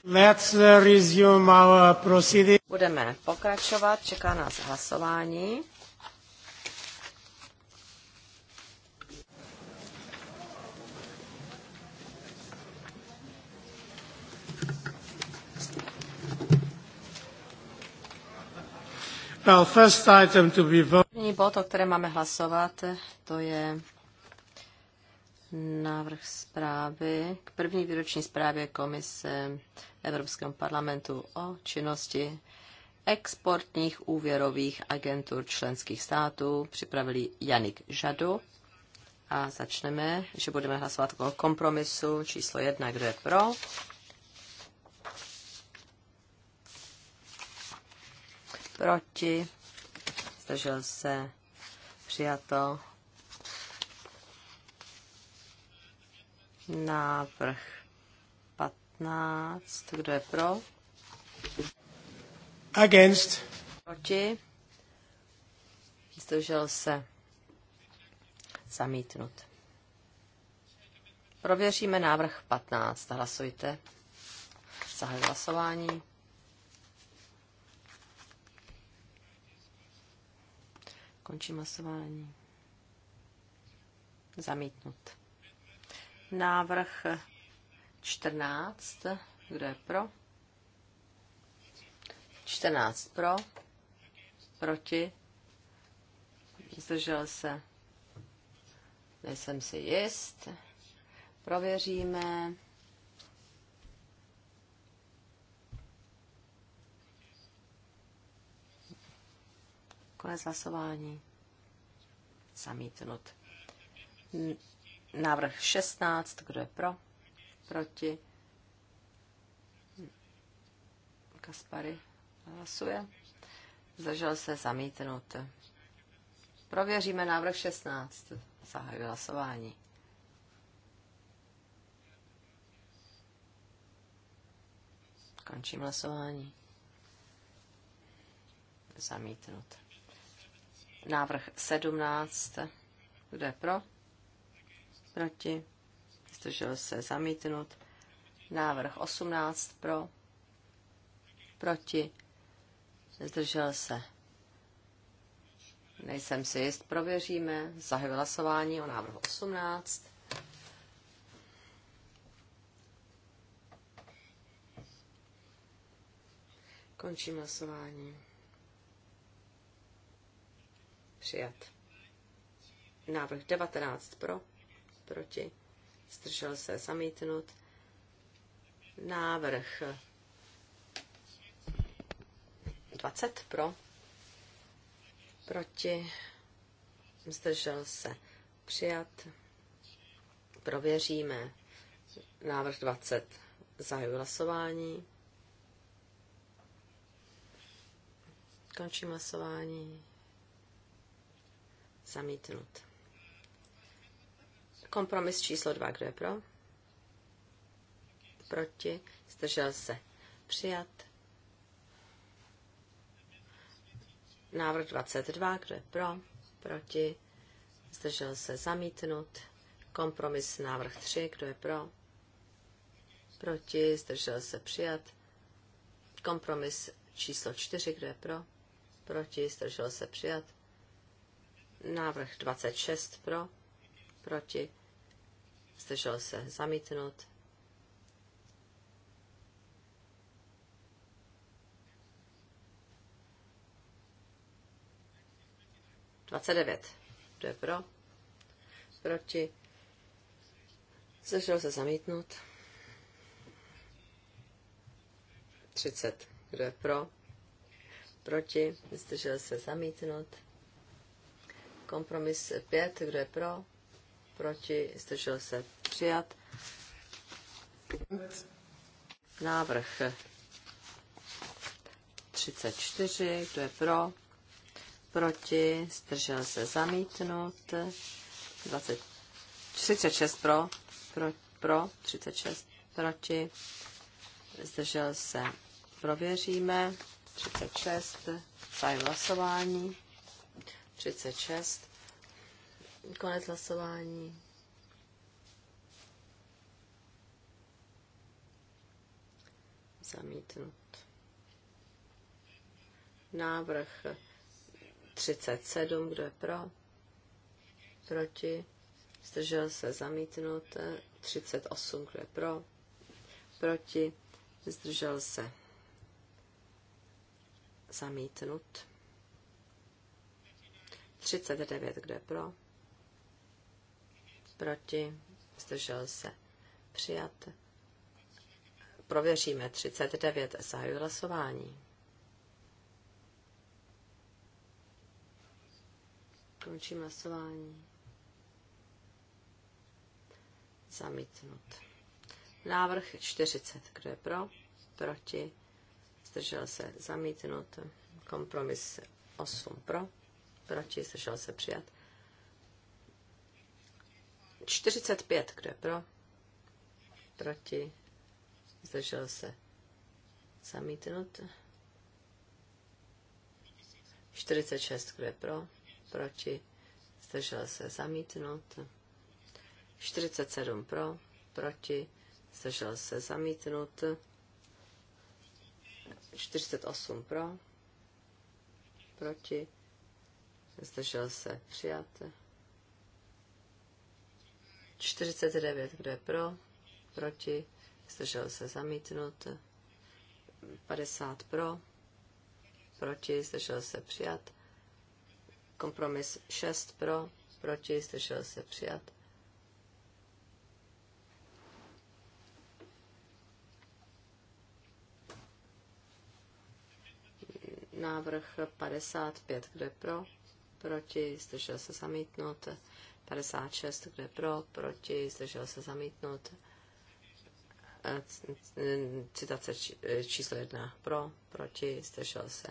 [SPEAKER 1] Let's resume our
[SPEAKER 3] proceedings. Budeme pokračovat, čeká nás hlasování. Well, first item to be voted. První bod, o kterém máme hlasovat, to je návrh zprávy k první výroční zprávě Komise Evropského parlamentu o činnosti exportních úvěrových agentur členských států připravili Janik Žadu. A začneme, že budeme hlasovat o kompromisu číslo jedna, kdo je pro. Proti. Zdržel se. Přijato. Návrh 15. Kdo je pro? Against. Proti. Zdržel se. Zamítnut. Prověříme návrh 15. Hlasujte. Zahajuji hlasování. Končím hlasování. Zamítnut. Návrh 14. Kdo je pro? 14 pro. Proti. Zdržel se. Nejsem si jist. Prověříme. Konec hlasování. Zamítnut. Návrh 16, kdo je pro? Proti? Kaspary hlasuje. Zdržel se zamítnut. Prověříme návrh 16. Zahajuji hlasování. Končím hlasování. Zamítnut. Návrh 17. Kdo je pro? proti, zdržel se zamítnut. Návrh 18 pro, proti, zdržel se. Nejsem si jist, prověříme. Zahajuji hlasování o návrhu 18. Končím hlasování. Přijat. Návrh 19 pro proti, zdržel se zamítnut. Návrh 20 pro, proti, zdržel se přijat. Prověříme návrh 20. Zahajuji hlasování. Končím hlasování. Zamítnut. Kompromis číslo dva, kdo je pro? Proti? Zdržel se. Přijat. Návrh 22, kdo je pro? Proti? Zdržel se. Zamítnut. Kompromis návrh 3, kdo je pro? Proti? Zdržel se. Přijat. Kompromis číslo 4, kdo je pro? Proti? Zdržel se. Přijat. Návrh 26 pro? Proti? zdržel se zamítnut. Dvacet devět. Kdo je pro? Proti? Zdržel se zamítnut. 30. Kdo je pro? Proti? Zdržel se zamítnut. Kompromis 5. Kdo je pro? proti, zdržel se přijat. Návrh 34, kdo je pro, proti, zdržel se zamítnut, 20, 36 pro, pro, pro, 36 proti, zdržel se, prověříme, 36, zahajuji hlasování, 36, Konec hlasování. Zamítnut. Návrh 37, kdo je pro? Proti? Zdržel se zamítnut. 38, kdo je pro? Proti? Zdržel se zamítnut. 39, kdo je pro? proti, zdržel se přijat. Prověříme 39, zahajuji hlasování. Končím hlasování. Zamítnut. Návrh 40. Kdo je pro? Proti? Zdržel se zamítnut. Kompromis 8 pro. Proti? Zdržel se přijat. 45, kdo je pro? Proti? Zdržel se. Zamítnut. 46, kdo je pro? Proti? Zdržel se. Zamítnut. 47 pro? Proti? Zdržel se. Zamítnut. 48 pro? Proti? Zdržel se. Přijat. 49, kdo je pro, proti, zdržel se zamítnut, 50 pro, proti, zdržel se přijat, kompromis 6 pro, proti, zdržel se přijat. Návrh 55, kdo je pro, proti, zdržel se zamítnout, 56, kdo je pro, proti, zdržel se zamítnout. E, citace e, číslo 1 pro, proti, zdržel se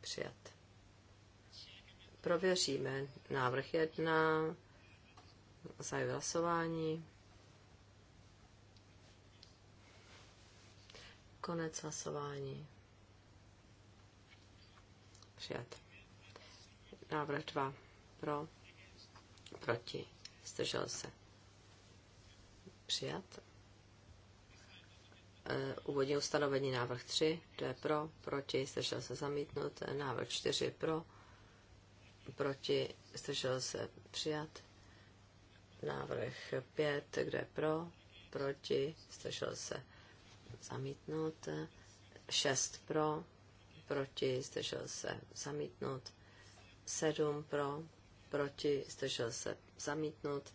[SPEAKER 3] přijat. Prověříme návrh 1, zahajuji hlasování. Konec hlasování. Přijat. Návrh 2 pro, proti, zdržel se. Přijat. E, úvodní ustanovení návrh 3, to je pro, proti, zdržel se zamítnut. E, návrh 4 pro, proti, zdržel se přijat. Návrh 5, kde je pro, proti, zdržel se zamítnout. 6 pro, proti, zdržel se zamítnout. 7 pro, proti, zdržel se zamítnout.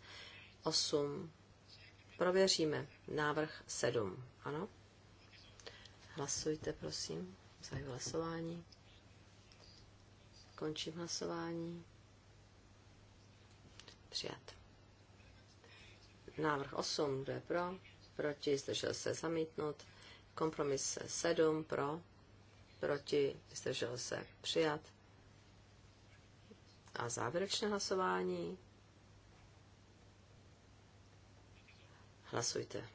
[SPEAKER 3] 8, prověříme, návrh 7, ano. Hlasujte, prosím, zahajuji hlasování. Končím hlasování. Přijat. Návrh 8, kdo je pro, proti, zdržel se zamítnout. kompromis 7, pro, proti, zdržel se přijat a závěrečné hlasování. Hlasujte.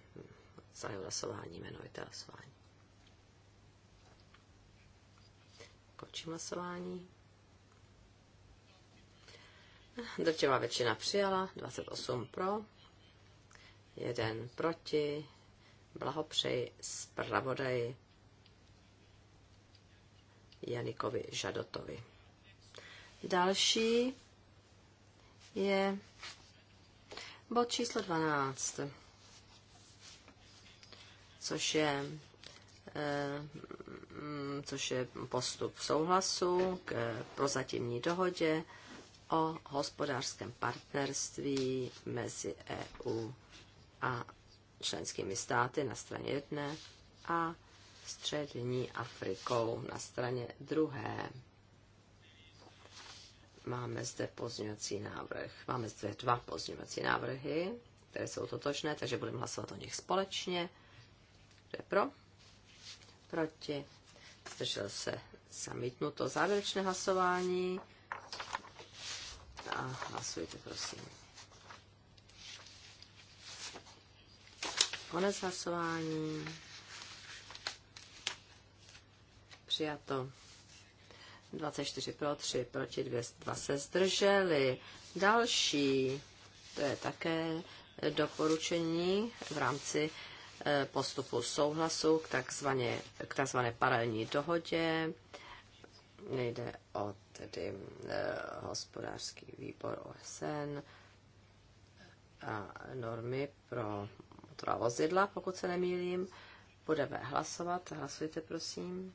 [SPEAKER 3] Zahajuji hlasování, jmenujte hlasování. Končím hlasování. Drtivá většina přijala, 28 pro, 1 proti. Blahopřeji zpravodaji Janikovi Žadotovi. Další je bod číslo 12, což je eh, mm, což je postup souhlasu k prozatímní dohodě o hospodářském partnerství mezi EU a členskými státy na straně jedné a střední Afrikou na straně druhé. Máme zde pozměňovací návrh. Máme zde dva pozměňovací návrhy, které jsou totožné, takže budeme hlasovat o nich společně. Kdo je pro? Proti? Zdržel se zamítnuto závěrečné hlasování. A hlasujte, prosím. Konec hlasování. Přijato. 24 pro, 3 proti, 2, 2 se zdrželi. Další, to je také doporučení v rámci eh, postupu souhlasu k takzvané, k takzvané paralelní dohodě. Nejde o tedy eh, hospodářský výbor OSN a normy pro motorová vozidla, pokud se nemýlím. Budeme hlasovat. Hlasujte, prosím.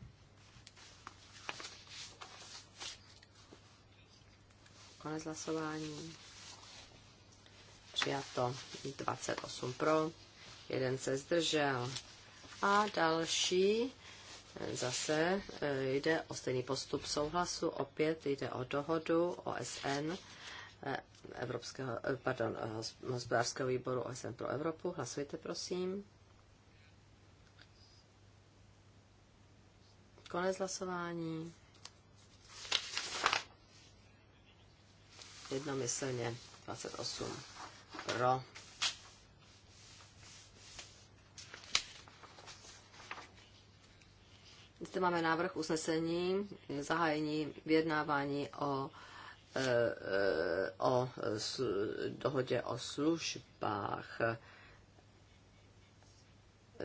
[SPEAKER 3] Konec hlasování. Přijato 28 pro, jeden se zdržel. A další eh, zase eh, jde o stejný postup souhlasu, opět jde o dohodu OSN, eh, Evropského, pardon, hospodářského výboru OSN pro Evropu. Hlasujte, prosím. Konec hlasování. jednomyslně 28 pro. Zde máme návrh usnesení zahájení vyjednávání o, e, e, o dohodě o službách.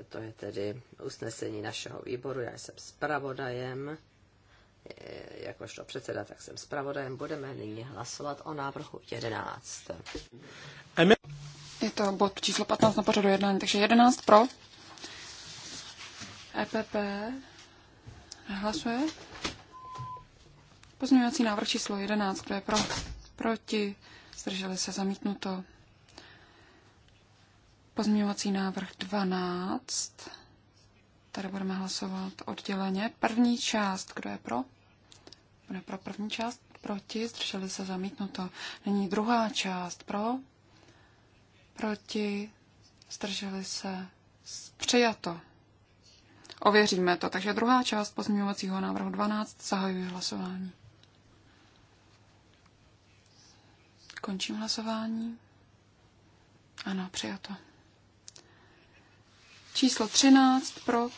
[SPEAKER 3] To je tedy usnesení našeho výboru, já jsem zpravodajem. Eh, jakožto předseda, tak jsem zpravodajem, budeme nyní hlasovat o návrhu 11.
[SPEAKER 1] Je to bod číslo 15 na pořadu jednání, takže 11 pro. EPP hlasuje. Pozměňovací návrh číslo 11, kdo je pro? Proti. Zdrželi se zamítnuto. Pozměňovací návrh 12. Tady budeme hlasovat odděleně. První část, kdo je pro? pro první část, proti, zdrželi se zamítnuto. Není druhá část pro, proti, zdrželi se přijato. Ověříme to. Takže druhá část pozměňovacího návrhu 12 zahajuje hlasování. Končím hlasování. Ano, přijato. Číslo 13 pro,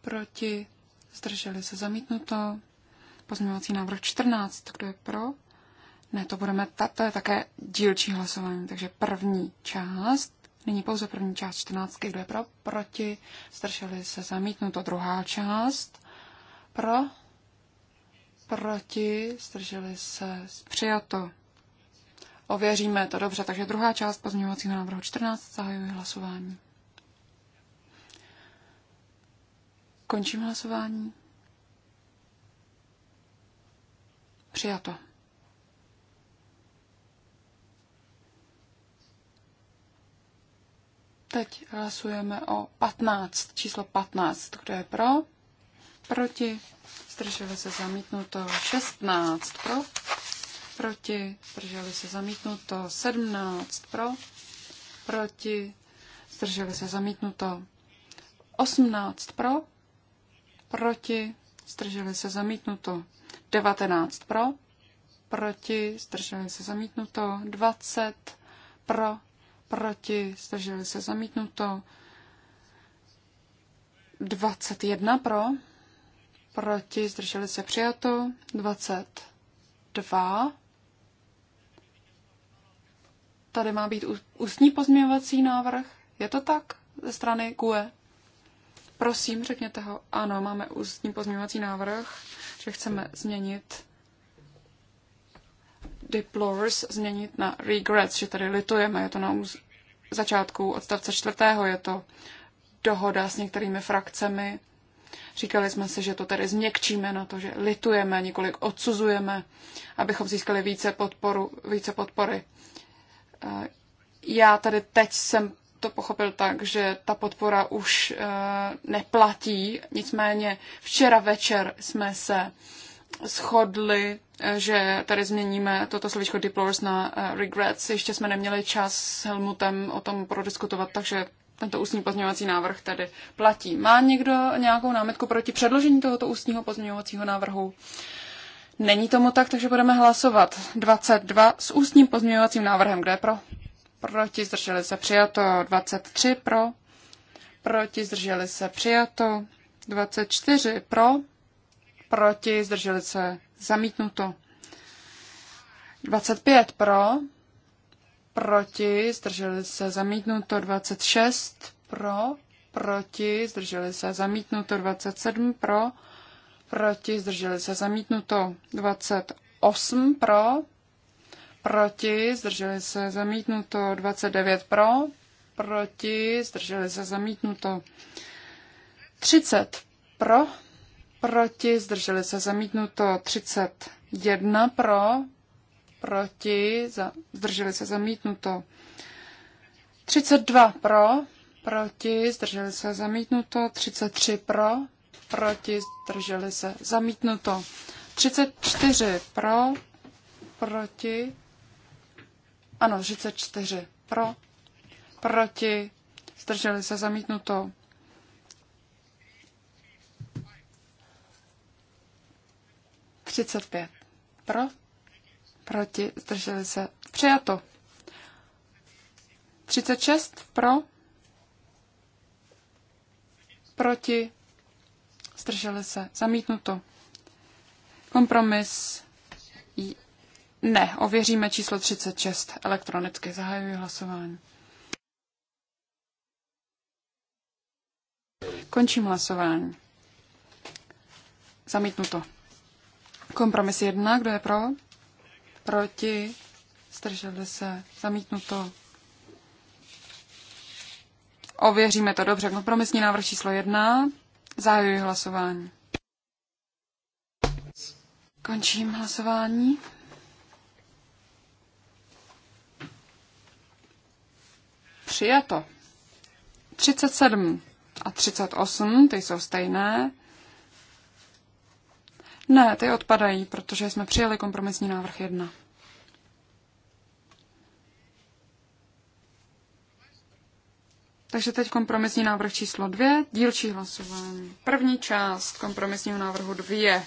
[SPEAKER 1] proti, zdrželi se zamítnuto. Pozměňovací návrh 14. Kdo je pro? Ne, to budeme, ta, to je také dílčí hlasování, takže první část, nyní pouze první část 14, kdo je pro, proti, zdrželi se zamítnuto druhá část, pro, proti, zdrželi se přijato. Ověříme to dobře, takže druhá část pozměňovacího návrhu 14, zahajuji hlasování. Končím hlasování. Přijato. Teď hlasujeme o 15, číslo 15. Kdo je pro? Proti? Zdrželi se zamítnuto 16 pro. Proti? Zdrželi se zamítnuto 17 pro. Proti? Zdrželi se zamítnuto 18 pro. Proti? Zdrželi se zamítnuto 19 pro, proti, zdrželi se zamítnuto, 20 pro, proti, zdrželi se zamítnuto, 21 pro, proti, zdrželi se přijato, 22. Tady má být ústní pozměňovací návrh, je to tak, ze strany QE? Prosím, řekněte ho. Ano, máme ústní pozměňovací návrh že chceme změnit deplores, změnit na regrets, že tady litujeme. Je to na začátku odstavce čtvrtého, je to dohoda s některými frakcemi. Říkali jsme si, že to tedy změkčíme na to, že litujeme, několik odsuzujeme, abychom získali více, podporu, více podpory. Eh, já tady teď jsem to pochopil tak, že ta podpora už eh, neplatí. Nicméně včera večer jsme se shodli, eh, že tady změníme toto slovíčko deplores na eh, regrets. Ještě jsme neměli čas s Helmutem o tom prodiskutovat, takže tento ústní pozměňovací návrh tedy platí. Má někdo nějakou námitku proti předložení tohoto ústního pozměňovacího návrhu? Není tomu tak, takže budeme hlasovat 22 s ústním pozměňovacím návrhem. Kde je pro? proti, zdrželi se přijato 23 pro, proti, zdrželi se přijato 24 pro, proti, zdrželi se zamítnuto 25 pro, proti, zdrželi se zamítnuto 26 pro, proti, zdrželi se zamítnuto 27 pro, proti, zdrželi se zamítnuto 28 pro, proti, zdrželi se zamítnuto 29 pro, proti, zdrželi se zamítnuto 30 pro, proti, zdrželi se zamítnuto 31 pro, proti, za, zdrželi se zamítnuto 32 pro, proti, zdrželi se zamítnuto 33 pro, proti, zdrželi se zamítnuto 34 pro, proti, ano, 34 pro, proti, zdrželi se zamítnuto. Třicet pět. Pro, proti, zdrželi se. Přijato. Třicet šest. Pro, proti, zdrželi se. Zamítnuto. Kompromis ne, ověříme číslo 36 elektronicky. Zahajuji hlasování. Končím hlasování. Zamítnuto. Kompromis 1, kdo je pro? Proti? Zdrželi se? Zamítnuto. Ověříme to dobře. Kompromisní návrh číslo 1. Zahajuji hlasování. Končím hlasování. přijato. 37 a 38, ty jsou stejné. Ne, ty odpadají, protože jsme přijali kompromisní návrh 1. Takže teď kompromisní návrh číslo 2, dílčí hlasování. První část kompromisního návrhu 2.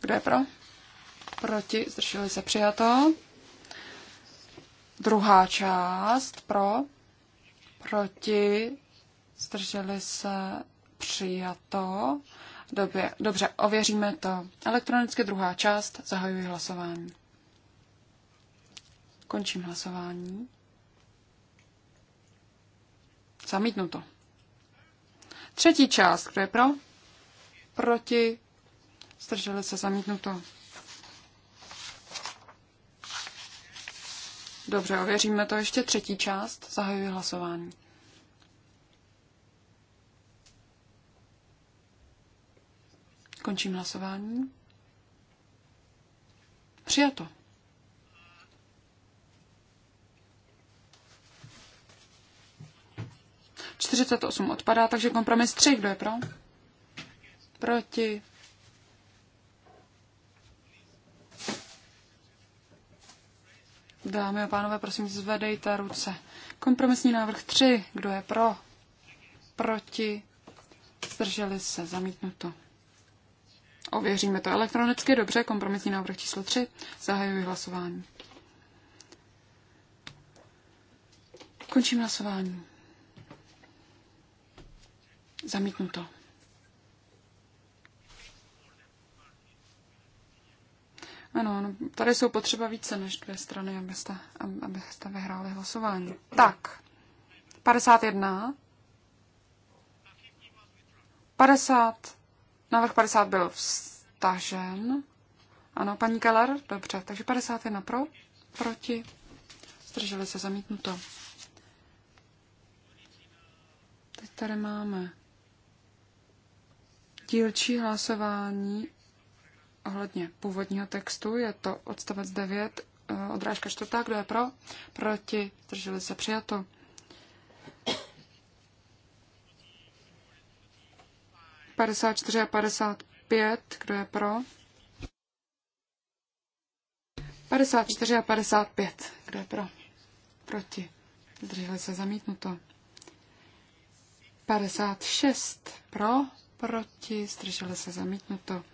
[SPEAKER 1] Kdo je pro? Proti, zdrželi se přijato. Druhá část pro, proti, zdrželi se, přijato. Dobře, dobře, ověříme to. Elektronicky druhá část, zahajuji hlasování. Končím hlasování. Zamítnuto. Třetí část, kdo je pro? Proti, zdrželi se, zamítnuto. Dobře, ověříme to ještě třetí část. Zahajuji hlasování. Končím hlasování. Přijato. Čtyřicet osm odpadá, takže kompromis tři. Kdo je pro? Proti. Dámy a pánové, prosím, zvedejte ruce. Kompromisní návrh 3. Kdo je pro? Proti? Zdrželi se? Zamítnuto. Ověříme to elektronicky. Dobře, kompromisní návrh číslo 3. Zahajuji hlasování. Končím hlasování. Zamítnuto. Ano, no, tady jsou potřeba více než dvě strany, abyste, abyste vyhráli hlasování. Tak, 51. 50. Návrh 50 byl vstažen. Ano, paní Keller, dobře. Takže 51 pro, proti. Zdrželi se zamítnuto. Teď tady máme dílčí hlasování ohledně původního textu. Je to odstavec 9, eh, odrážka čtvrtá, kdo je pro, proti, zdrželi se přijato. Padesát čtyři a padesát pět, kdo je pro? čtyři a pět, kdo je pro? Proti. Zdrželi se zamítnuto. šest, pro, proti, zdrželi se zamítnuto.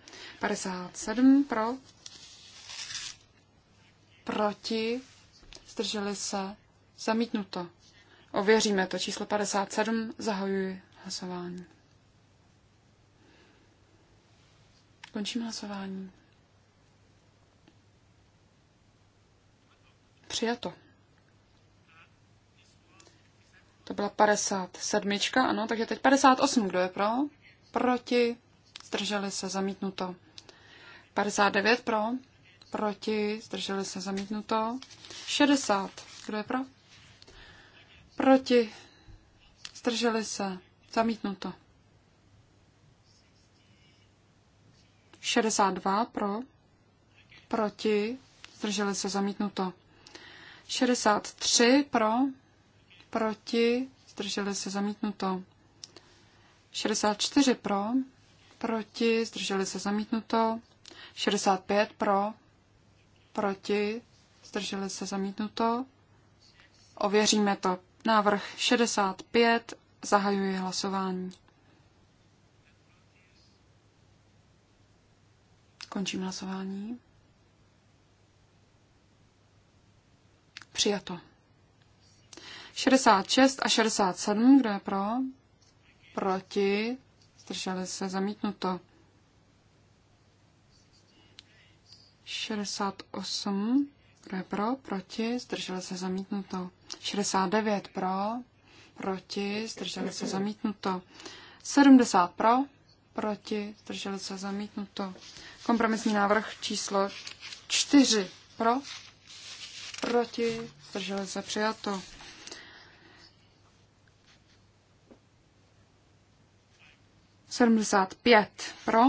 [SPEAKER 1] 57 pro, proti, zdrželi se, zamítnuto. Ověříme to. Číslo 57. Zahajuji hlasování. Končím hlasování. Přijato. To byla 57. Ano, takže teď 58. Kdo je pro? Proti zdrželi se, zamítnuto. 59 pro, proti, zdrželi se, zamítnuto. 60, kdo je pro? Proti, zdrželi se, zamítnuto. 62 pro, proti, zdrželi se, zamítnuto. 63 pro, proti, zdrželi se, zamítnuto. 64 pro, proti, zdrželi se zamítnuto. 65 pro, proti, zdrželi se zamítnuto. Ověříme to. Návrh 65, zahajuji hlasování. Končím hlasování. Přijato. 66 a 67, kdo je pro? Proti zdrželi se zamítnuto. 68, kdo je pro, proti, zdrželi se zamítnuto. 69 pro, proti, zdrželi se zamítnuto. 70 pro, proti, zdrželi se zamítnuto. Kompromisní návrh číslo 4 pro, proti, zdrželi se přijato. 75 pro,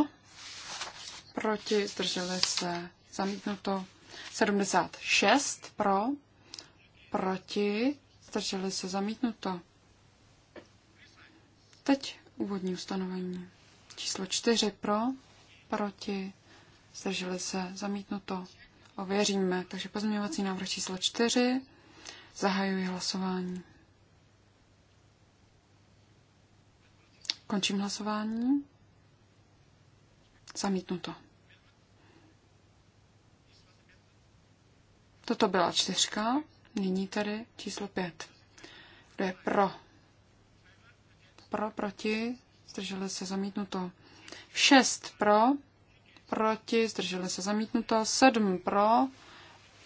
[SPEAKER 1] proti, zdrželi se, zamítnuto. 76 pro, proti, zdrželi se, zamítnuto. Teď úvodní ustanovení. Číslo 4 pro, proti, zdrželi se, zamítnuto. Ověříme. Takže pozměňovací návrh číslo 4. Zahajuji hlasování. Končím hlasování. Zamítnuto. Toto byla čtyřka, nyní tedy číslo pět. Kdo je pro? Pro, proti, zdrželi se zamítnuto. Šest pro, proti, zdrželi se zamítnuto. Sedm pro,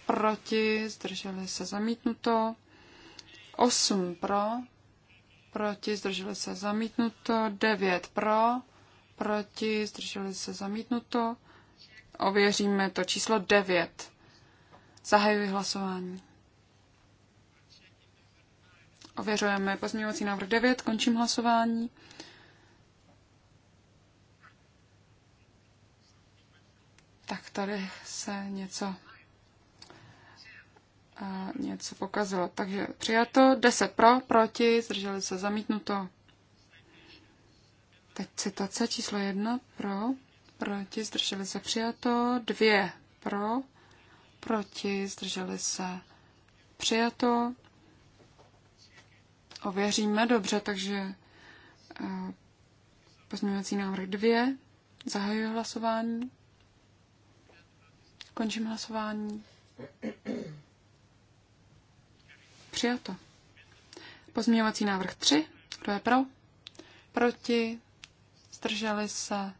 [SPEAKER 1] proti, zdrželi se zamítnuto. Osm pro, proti, zdrželi se zamítnuto, 9 pro, proti, zdrželi se zamítnuto. Ověříme to číslo 9. Zahajuji hlasování. Ověřujeme pozměňovací návrh 9, končím hlasování. Tak tady se něco něco pokazilo. Takže přijato, 10 pro, proti, zdrželi se zamítnuto. Teď citace číslo 1 pro, proti, zdrželi se přijato, 2 pro, proti, zdrželi se přijato. Ověříme dobře, takže eh, pozměňovací návrh 2. Zahajuji hlasování. Končím hlasování. Thank you. Přijato. Pozměňovací návrh 3. Kdo je pro? Proti? Zdrželi se?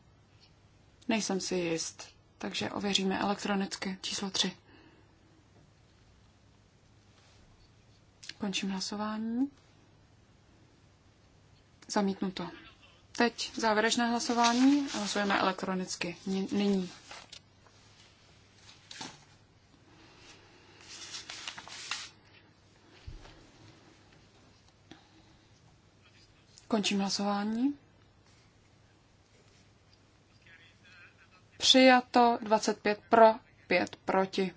[SPEAKER 1] Nejsem si jist. Takže ověříme elektronicky číslo 3. Končím hlasování. Zamítnuto. Teď závěrečné hlasování. Hlasujeme elektronicky. Nyní. Končím hlasování. Přijato 25 pro, 5 proti.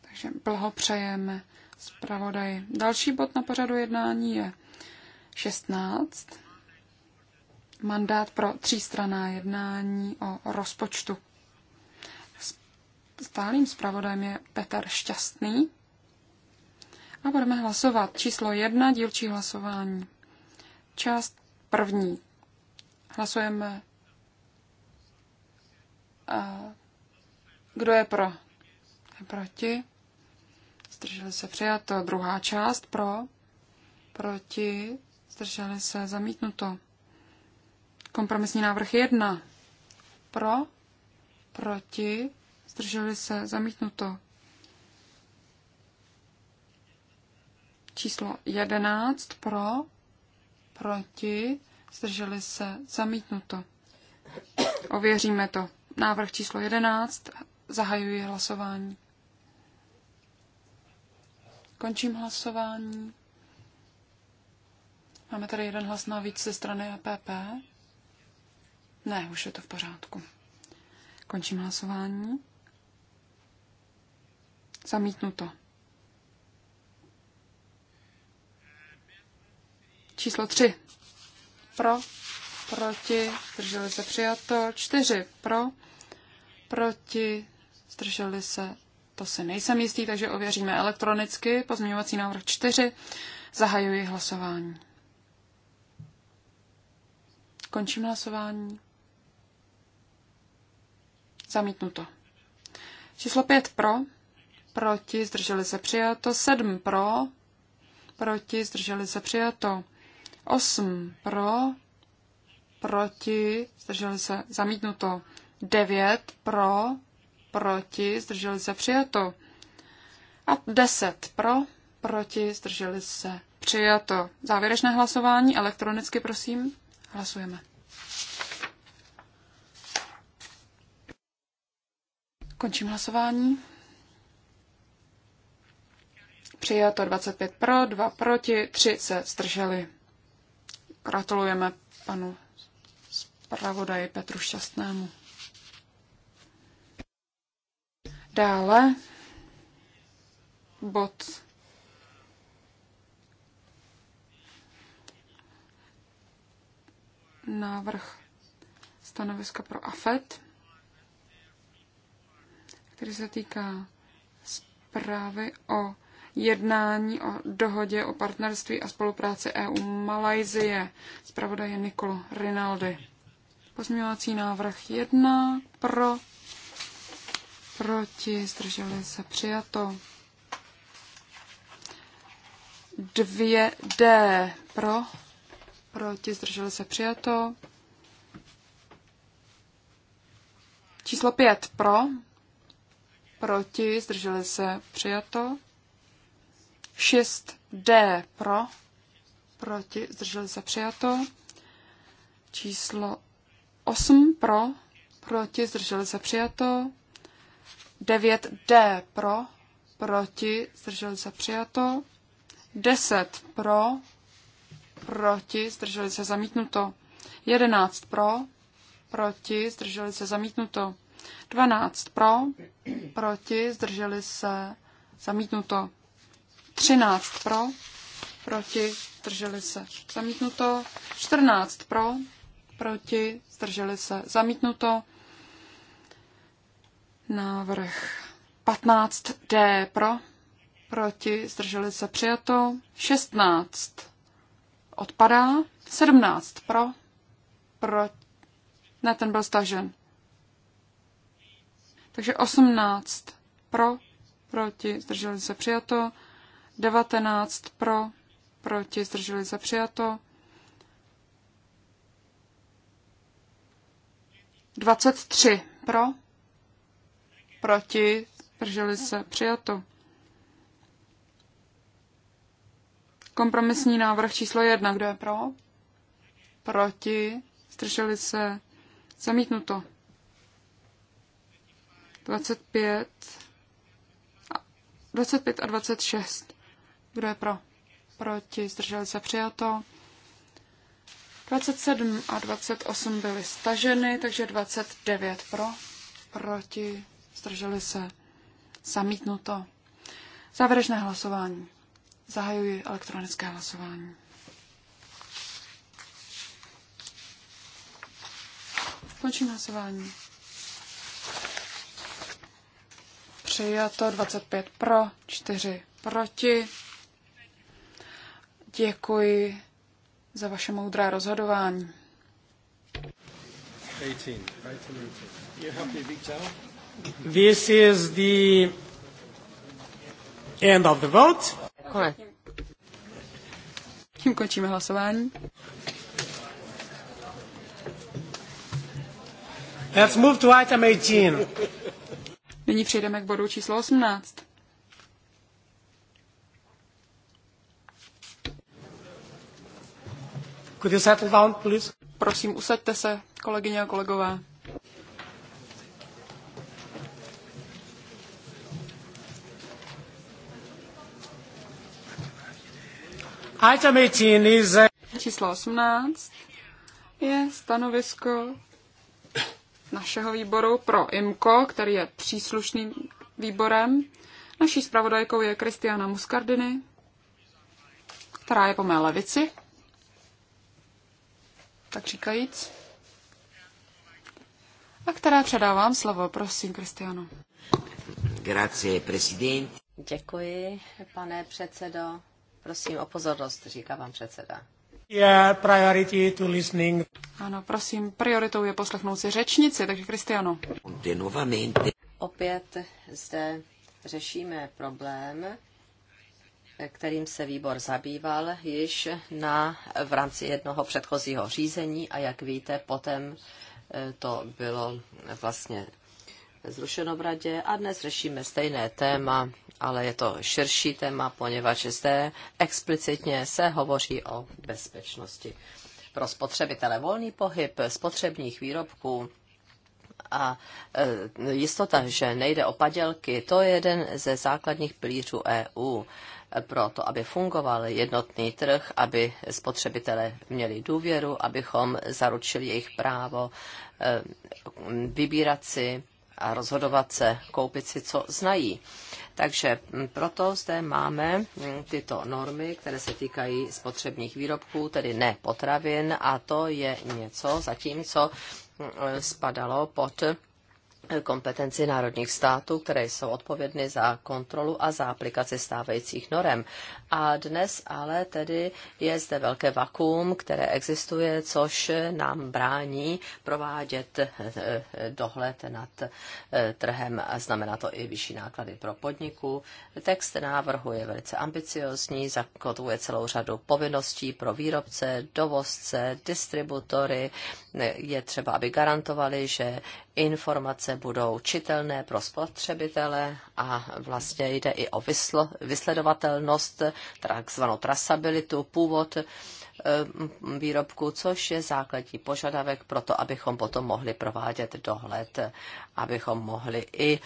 [SPEAKER 1] Takže blahopřejeme zpravodaji. Další bod na pořadu jednání je 16. Mandát pro třístraná jednání o rozpočtu. Stálým zpravodajem je Petr Šťastný. A budeme hlasovat. Číslo jedna, dílčí hlasování. Část první. Hlasujeme. A kdo je pro? Je proti? Zdrželi se přijato. Druhá část pro? Proti? Zdrželi se zamítnuto. Kompromisní návrh jedna. Pro? Proti? Zdrželi se zamítnuto. Číslo 11 pro, proti, zdrželi se, zamítnuto. Ověříme to. Návrh číslo 11, zahajuji hlasování. Končím hlasování. Máme tady jeden hlas navíc ze strany EPP. Ne, už je to v pořádku. Končím hlasování. Zamítnuto. Číslo 3. Pro, proti, zdrželi se přijato. 4. Pro, proti, zdrželi se. To si nejsem jistý, takže ověříme elektronicky. Pozměňovací návrh 4. Zahajuji hlasování. Končím hlasování. Zamítnuto. Číslo 5 pro, proti, zdrželi se přijato. 7 pro, proti, zdrželi se přijato. 8 pro, proti, zdrželi se zamítnuto. 9 pro, proti, zdrželi se přijato. A 10 pro, proti, zdrželi se přijato. Závěrečné hlasování elektronicky, prosím. Hlasujeme. Končím hlasování. Přijato 25 pro, 2 proti, 3 se zdrželi. Gratulujeme panu zpravodaji Petru Šťastnému. Dále bod návrh stanoviska pro AFET, který se týká zprávy o jednání o dohodě o partnerství a spolupráci EU Malajzie. Zpravodaj je Nikolo Rinaldi. Pozměňovací návrh 1 pro, proti, zdrželi se přijato. 2D pro, proti, zdrželi se přijato. Číslo 5 pro, proti, zdrželi se přijato. 6D pro, proti, zdrželi se přijato. Číslo 8 pro, proti, zdrželi se přijato. 9D pro, proti, zdrželi se přijato. 10 pro, proti, zdrželi se zamítnuto. 11 pro, proti, zdrželi se zamítnuto. 12 pro, proti, zdrželi se zamítnuto. 13 pro, proti, zdrželi se, zamítnuto. 14 pro, proti, zdrželi se, zamítnuto. Návrh 15D pro, proti, zdrželi se, přijato. 16 odpadá. 17 pro, proti, ne, ten byl stažen. Takže 18 pro, proti, zdrželi se, přijato. 19 pro, proti, zdrželi se přijato. 23 pro, proti, zdrželi se přijato. Kompromisní návrh číslo 1, kdo je pro? Proti, zdrželi se zamítnuto. 25 25 a 26. Kdo je pro? Proti? Zdrželi se přijato. 27 a 28 byly staženy, takže 29 pro, proti, zdrželi se, zamítnuto. Závěrečné hlasování. Zahajuji elektronické hlasování. Končím hlasování. Přijato 25 pro, 4 proti. Děkuji za vaše moudrá rozhodování. 18. This is the end of the vote. Konec. Tím končíme hlasování. Let's move to item 18. Nyní přejdeme k bodu číslo 18. Could you settle down, please? Prosím, usaďte se, kolegyně a kolegové. Item 18 is... Uh, Číslo 18 je stanovisko našeho výboru pro IMCO, který je příslušným výborem. Naší zpravodajkou je Kristiana Muscardini, která je po mé levici tak říkajíc. A které předávám slovo, prosím, Kristiano. Grazie, prezident.
[SPEAKER 3] Děkuji, pane předsedo. Prosím o
[SPEAKER 1] pozornost, říká vám předseda. Yeah, priority to listening. Ano, prosím, prioritou je poslechnout si řečnici, takže Kristiano. Opět
[SPEAKER 3] zde řešíme problém, kterým se výbor zabýval již na, v rámci jednoho předchozího řízení a jak víte, potom e, to bylo vlastně zrušeno v radě a dnes řešíme stejné téma, ale je to širší téma, poněvadž zde explicitně se hovoří o bezpečnosti pro spotřebitele. Volný pohyb spotřebních výrobků a e, jistota, že nejde o padělky, to je jeden ze základních pilířů EU pro to, aby fungoval jednotný trh, aby spotřebitelé měli důvěru, abychom zaručili jejich právo eh, vybírat si a rozhodovat se, koupit si, co znají. Takže proto zde máme hm, tyto normy, které se týkají spotřebních výrobků, tedy ne potravin, a to je něco, zatímco hm, spadalo pod kompetenci národních států, které jsou odpovědny za kontrolu a za aplikaci stávajících norem. A dnes ale tedy je zde velké vakuum, které existuje, což nám brání provádět eh, eh, dohled nad eh, trhem a znamená to i vyšší náklady pro podniku. Text návrhu je velice ambiciozní, zakotvuje celou řadu povinností pro výrobce, dovozce, distributory. Je třeba, aby garantovali, že informace budou čitelné pro spotřebitele a vlastně jde i o vyslo, vysledovatelnost, takzvanou trasabilitu, původ eh, výrobku, což je základní požadavek pro to, abychom potom mohli provádět dohled, abychom mohli i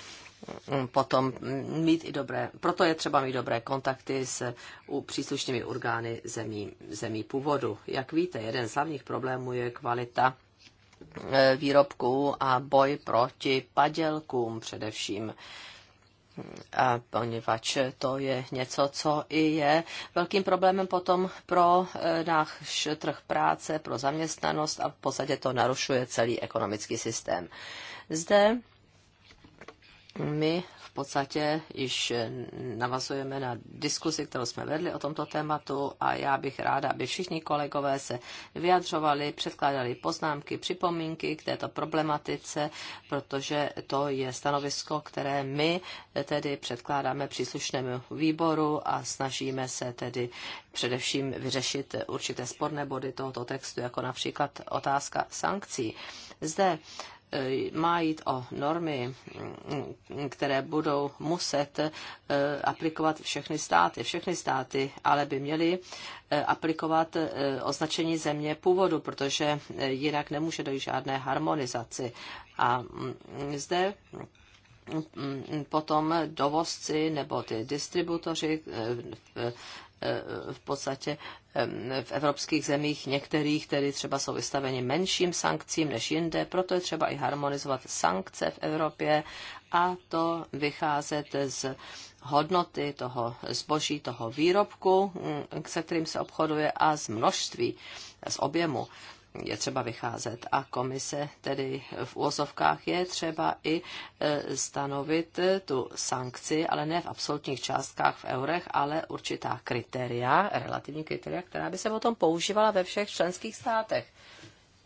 [SPEAKER 3] mm, potom mít i dobré, proto je třeba mít dobré kontakty s u příslušnými orgány zemí, zemí původu. Jak víte, jeden z hlavních problémů je kvalita Eh, výrobků a boj proti padělkům především. A poněvadž to je něco, co i je velkým problémem potom pro eh, náš trh práce, pro zaměstnanost a v podstatě to narušuje celý ekonomický systém. Zde my v podstatě již navazujeme na diskusi, kterou jsme vedli o tomto tématu a já bych ráda, aby všichni kolegové se vyjadřovali, předkládali poznámky, připomínky k této problematice, protože to je stanovisko, které my tedy předkládáme příslušnému výboru a snažíme se tedy především vyřešit určité sporné body tohoto textu, jako například otázka sankcí. Zde Eh, má jít o normy, mm, které budou muset eh, aplikovat všechny státy. Všechny státy ale by měly eh, aplikovat označení země původu, protože jinak nemůže dojít žádné harmonizaci. A mm, zde mm, potom dovozci nebo ty distributoři v podstatě v evropských zemích některých tedy třeba jsou vystaveni menším sankcím než jinde, proto je třeba i harmonizovat sankce v Evropě a to vycházet z hodnoty toho zboží, toho výrobku, mm, se kterým se obchoduje a z množství, z objemu je třeba vycházet. A komise tedy v úvozovkách je třeba i e, stanovit e, tu sankci, ale ne v absolutních částkách v eurech, ale určitá kritéria, relativní kritéria, která by se potom používala ve všech členských státech.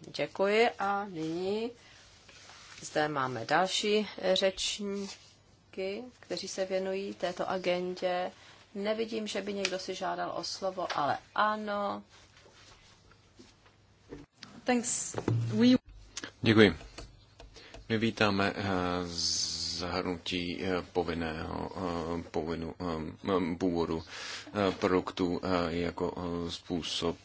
[SPEAKER 3] Děkuji a nyní zde máme další řečníky, kteří se věnují této agendě. Nevidím, že by někdo si žádal o slovo, ale ano, Thanks. We...
[SPEAKER 2] Děkuji. My vítáme eh, z zahrnutí eh, povinného eh, povinu, eh, původu produktů jako způsob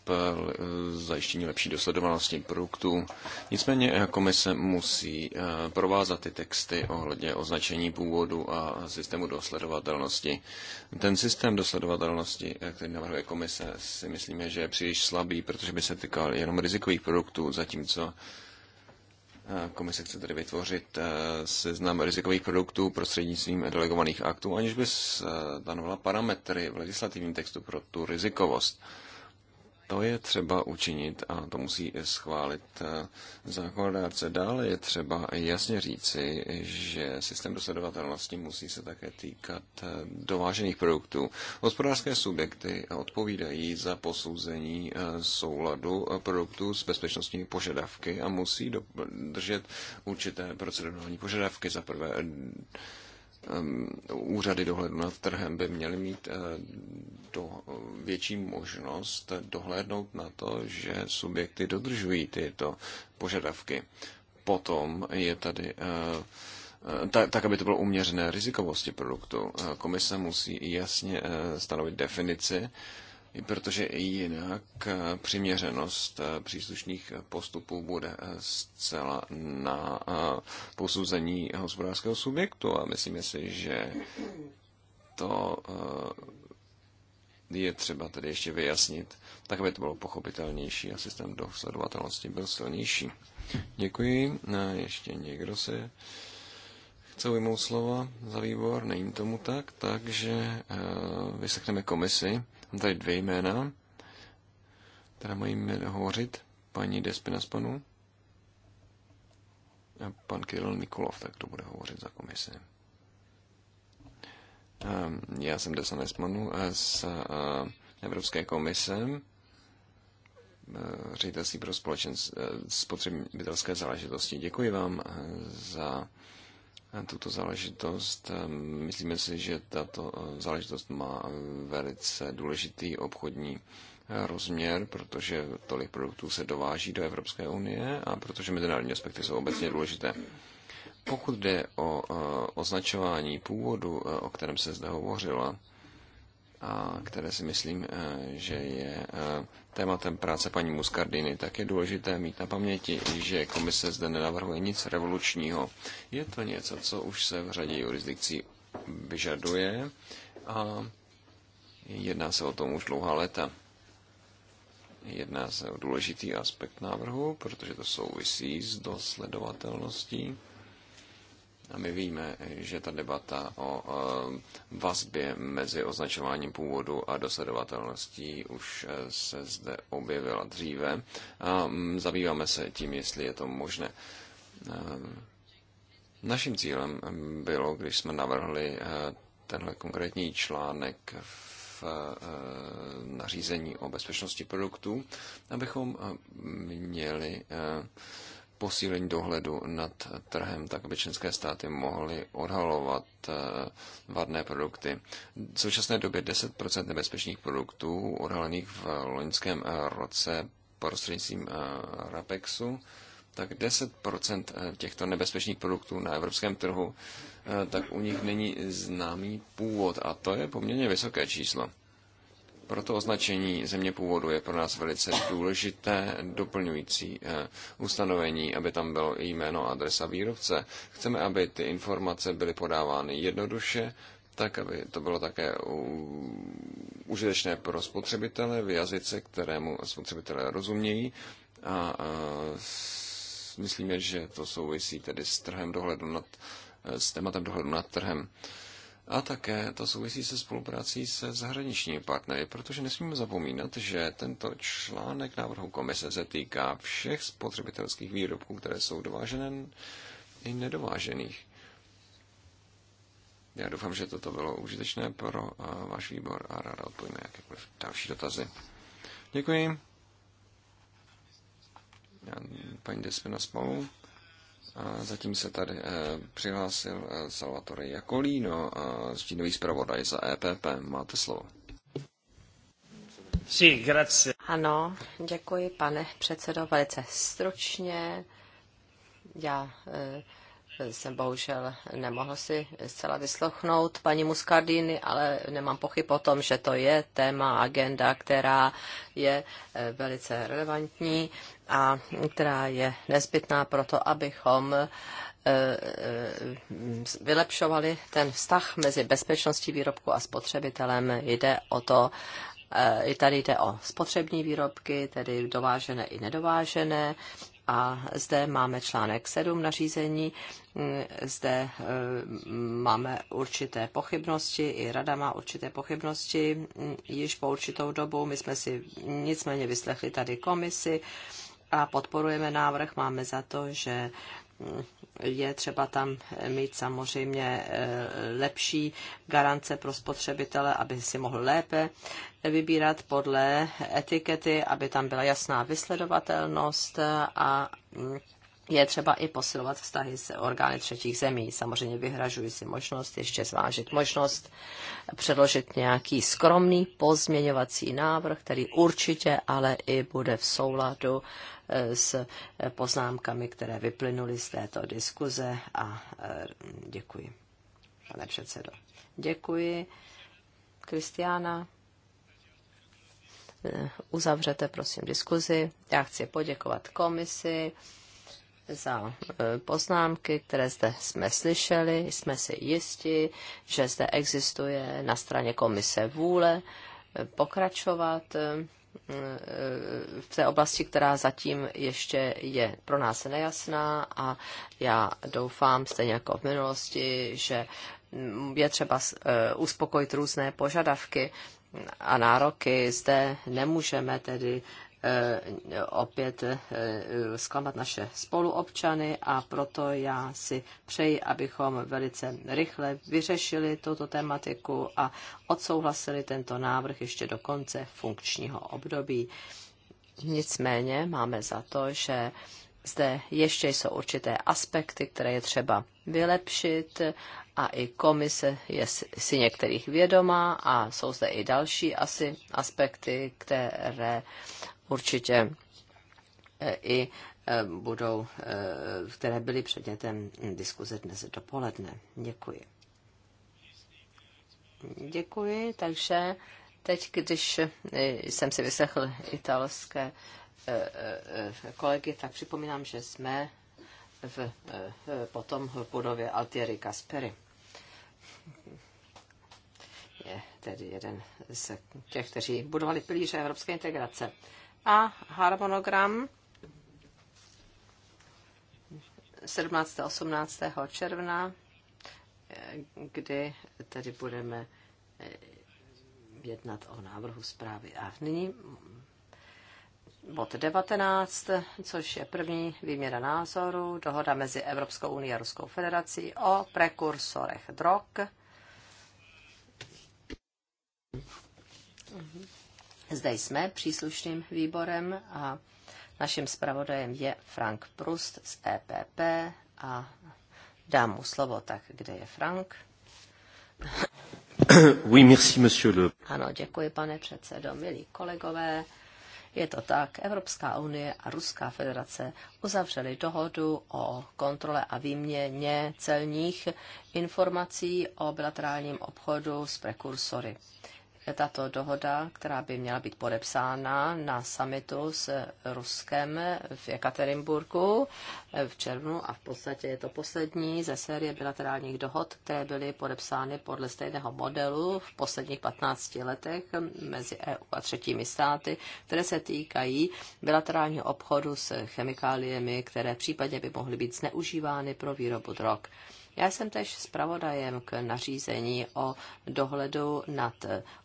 [SPEAKER 2] zajištění lepší dosledovanosti produktů. Nicméně komise musí provázat ty texty ohledně označení původu a systému dosledovatelnosti. Ten systém dosledovatelnosti, který navrhuje komise, si myslíme, že je příliš slabý, protože by se týkal jenom rizikových produktů, zatímco Komise chce tedy vytvořit eh, seznam rizikových produktů prostřednictvím delegovaných aktů, aniž by eh, stanovila parametry v legislativním textu pro tu rizikovost. To je třeba učinit a to musí schválit eh, zákonodárce. Dále je třeba jasně říci, že systém dosledovatelnosti musí se také týkat eh, dovážených produktů. Hospodářské subjekty odpovídají za posouzení eh, souladu produktů s bezpečnostními požadavky a musí držet určité procedurální požadavky. Za prvé Ehm, úřady dohledu nad trhem by měly mít eh, do, větší možnost dohlédnout na to, že subjekty dodržují tyto požadavky. Potom je tady eh, eh, tak, tak, aby to bylo uměřené rizikovosti produktu. Komise musí jasně stanovit definici i protože jinak eh, přiměřenost eh, příslušných eh, postupů bude zcela na posouzení hospodářského subjektu a myslíme si, že to je třeba tedy ještě vyjasnit, tak aby to bylo pochopitelnější a systém dosledovatelnosti byl silnější. Děkuji. A no, ještě někdo se chce ujmout slova za výbor? Není tomu tak, takže vysekneme komisi. Mám tady dvě jména, která mají jméno hovořit. Paní Despina Spanu a pan Kirill Nikolov, tak to bude hovořit za komisi. Ehm, já jsem Desan Esmanu z eh, Evropské komise, eh, ředitelství pro společenství eh, spotřebitelské záležitosti. Děkuji vám za tuto záležitost. Ehm, myslíme si, že tato ehm, záležitost má ehm, velice důležitý obchodní eh, rozměr, protože tolik produktů se dováží do Evropské unie a protože mezinárodní aspekty jsou obecně důležité. Pokud jde o eh, označování původu, eh, o kterém se zde hovořila, a které si myslím, eh, že je eh, tématem práce paní Muscardini, tak je důležité mít na paměti, že komise zde nenavrhuje nic revolučního. Je to něco, co už se v řadě jurisdikcí vyžaduje a jedná se o tom už dlouhá léta. Jedná se o důležitý aspekt návrhu, protože to souvisí s dosledovatelností a my víme, že ta debata o vazbě mezi označováním původu a dosledovatelností už e, se zde objevila dříve a mm, zabýváme se tím, jestli je to možné. E, naším cílem bylo, když jsme navrhli e, tenhle konkrétní článek v nařízení o bezpečnosti produktů, abychom měli posílení dohledu nad trhem, tak aby členské státy mohly odhalovat eh, vadné produkty. V současné době 10% nebezpečných produktů odhalených v loňském eh, roce prostřednictvím eh, RAPEXu, tak 10% těchto nebezpečných produktů na evropském trhu, tak u nich není známý původ a to je poměrně vysoké číslo. Proto označení země původu je pro nás velice důležité doplňující eh, ustanovení, aby tam bylo i jméno a adresa výrobce. Chceme, aby ty informace byly podávány jednoduše, tak, aby to bylo také užitečné pro spotřebitele v jazyce, kterému spotřebitelé rozumějí. A, myslíme, že to souvisí tedy s trhem dohledu nad, eh, s tématem dohledu nad trhem. A také to souvisí se spoluprací se zahraničními partnery, protože nesmíme zapomínat, že tento článek návrhu komise se týká všech spotřebitelských výrobků, které jsou dovážené i nedovážených. Já doufám, že toto bylo užitečné pro eh, váš výbor a ráda odpovím na jakékoliv další dotazy. Děkuji. Já, paní Despina spolu. A zatím se tady eh, přihlásil eh, Salvatore Jakolíno, eh, stínový zpravodaj za EPP. Máte slovo.
[SPEAKER 3] Sí, grazie. Ano, děkuji, pane předsedo, velice stručně. Já jsem bohužel nemohl si zcela vyslochnout paní Muscardini, ale nemám pochyb o tom, že to je téma, agenda, která je velice relevantní a která je nezbytná pro to, abychom e, e, vylepšovali ten vztah mezi bezpečností výrobku a spotřebitelem. Jde o to, e, i tady jde o spotřební výrobky, tedy dovážené i nedovážené. A zde máme článek 7 nařízení, zde máme určité pochybnosti, i rada má určité pochybnosti již po určitou dobu. My jsme si nicméně vyslechli tady komisi a podporujeme návrh. Máme za to, že je třeba tam mít samozřejmě e, lepší garance pro spotřebitele, aby si mohl lépe vybírat podle etikety, aby tam byla jasná vysledovatelnost a mm, je třeba i posilovat vztahy s orgány třetích zemí. Samozřejmě vyhražuji si možnost, ještě zvážit možnost předložit nějaký skromný pozměňovací návrh, který určitě ale i bude v souladu eh, s eh, poznámkami, které vyplynuly z této diskuze a eh, děkuji, pane předsedo. Děkuji. Kristiána uzavřete prosím diskuzi. Já chci poděkovat komisi za e, poznámky, které zde jsme slyšeli. Jsme si jisti, že zde existuje na straně komise vůle e, pokračovat e, v té oblasti, která zatím ještě je pro nás nejasná a já doufám, stejně jako v minulosti, že je třeba uspokojit různé požadavky a nároky. Zde nemůžeme tedy Eh, opět eh, zklamat naše spoluobčany a proto já si přeji, abychom velice rychle vyřešili tuto tematiku a odsouhlasili tento návrh ještě do konce funkčního období. Nicméně máme za to, že zde ještě jsou určité aspekty, které je třeba vylepšit a i komise je si některých vědomá a jsou zde i další asi aspekty, které určitě e, i e, budou, e, které byly předmětem diskuze dnes dopoledne. Děkuji. Děkuji, takže teď, když jsem si vyslechl italské kolegy, tak připomínám, že jsme v, potom v budově Altieri Kaspery. Je tedy jeden z těch, kteří budovali pilíře evropské integrace a harmonogram 17. 18. června, kdy tedy budeme eh, jednat o návrhu zprávy. A nyní bod 19, což je první výměna názoru, dohoda mezi Evropskou unii a Ruskou federací o prekursorech drog. Mhm. Zde jsme příslušným výborem a naším zpravodajem je Frank Prust z EPP a dám mu slovo tak, kde je Frank. Oui, merci, monsieur le... Ano, děkuji, pane předsedo, milí kolegové. Je to tak, Evropská unie a Ruská federace uzavřely dohodu o kontrole a výměně celních informací o bilaterálním obchodu s prekursory tato dohoda, která by měla být podepsána na summitu s Ruskem v Ekaterinburgu v červnu a v podstatě je to poslední ze série bilaterálních dohod, které byly podepsány podle stejného modelu v posledních 15 letech mezi EU a třetími státy, které se týkají bilaterálního obchodu s chemikáliemi, které případně by mohly být zneužívány pro výrobu drog. Já jsem tež zpravodajem k nařízení o dohledu nad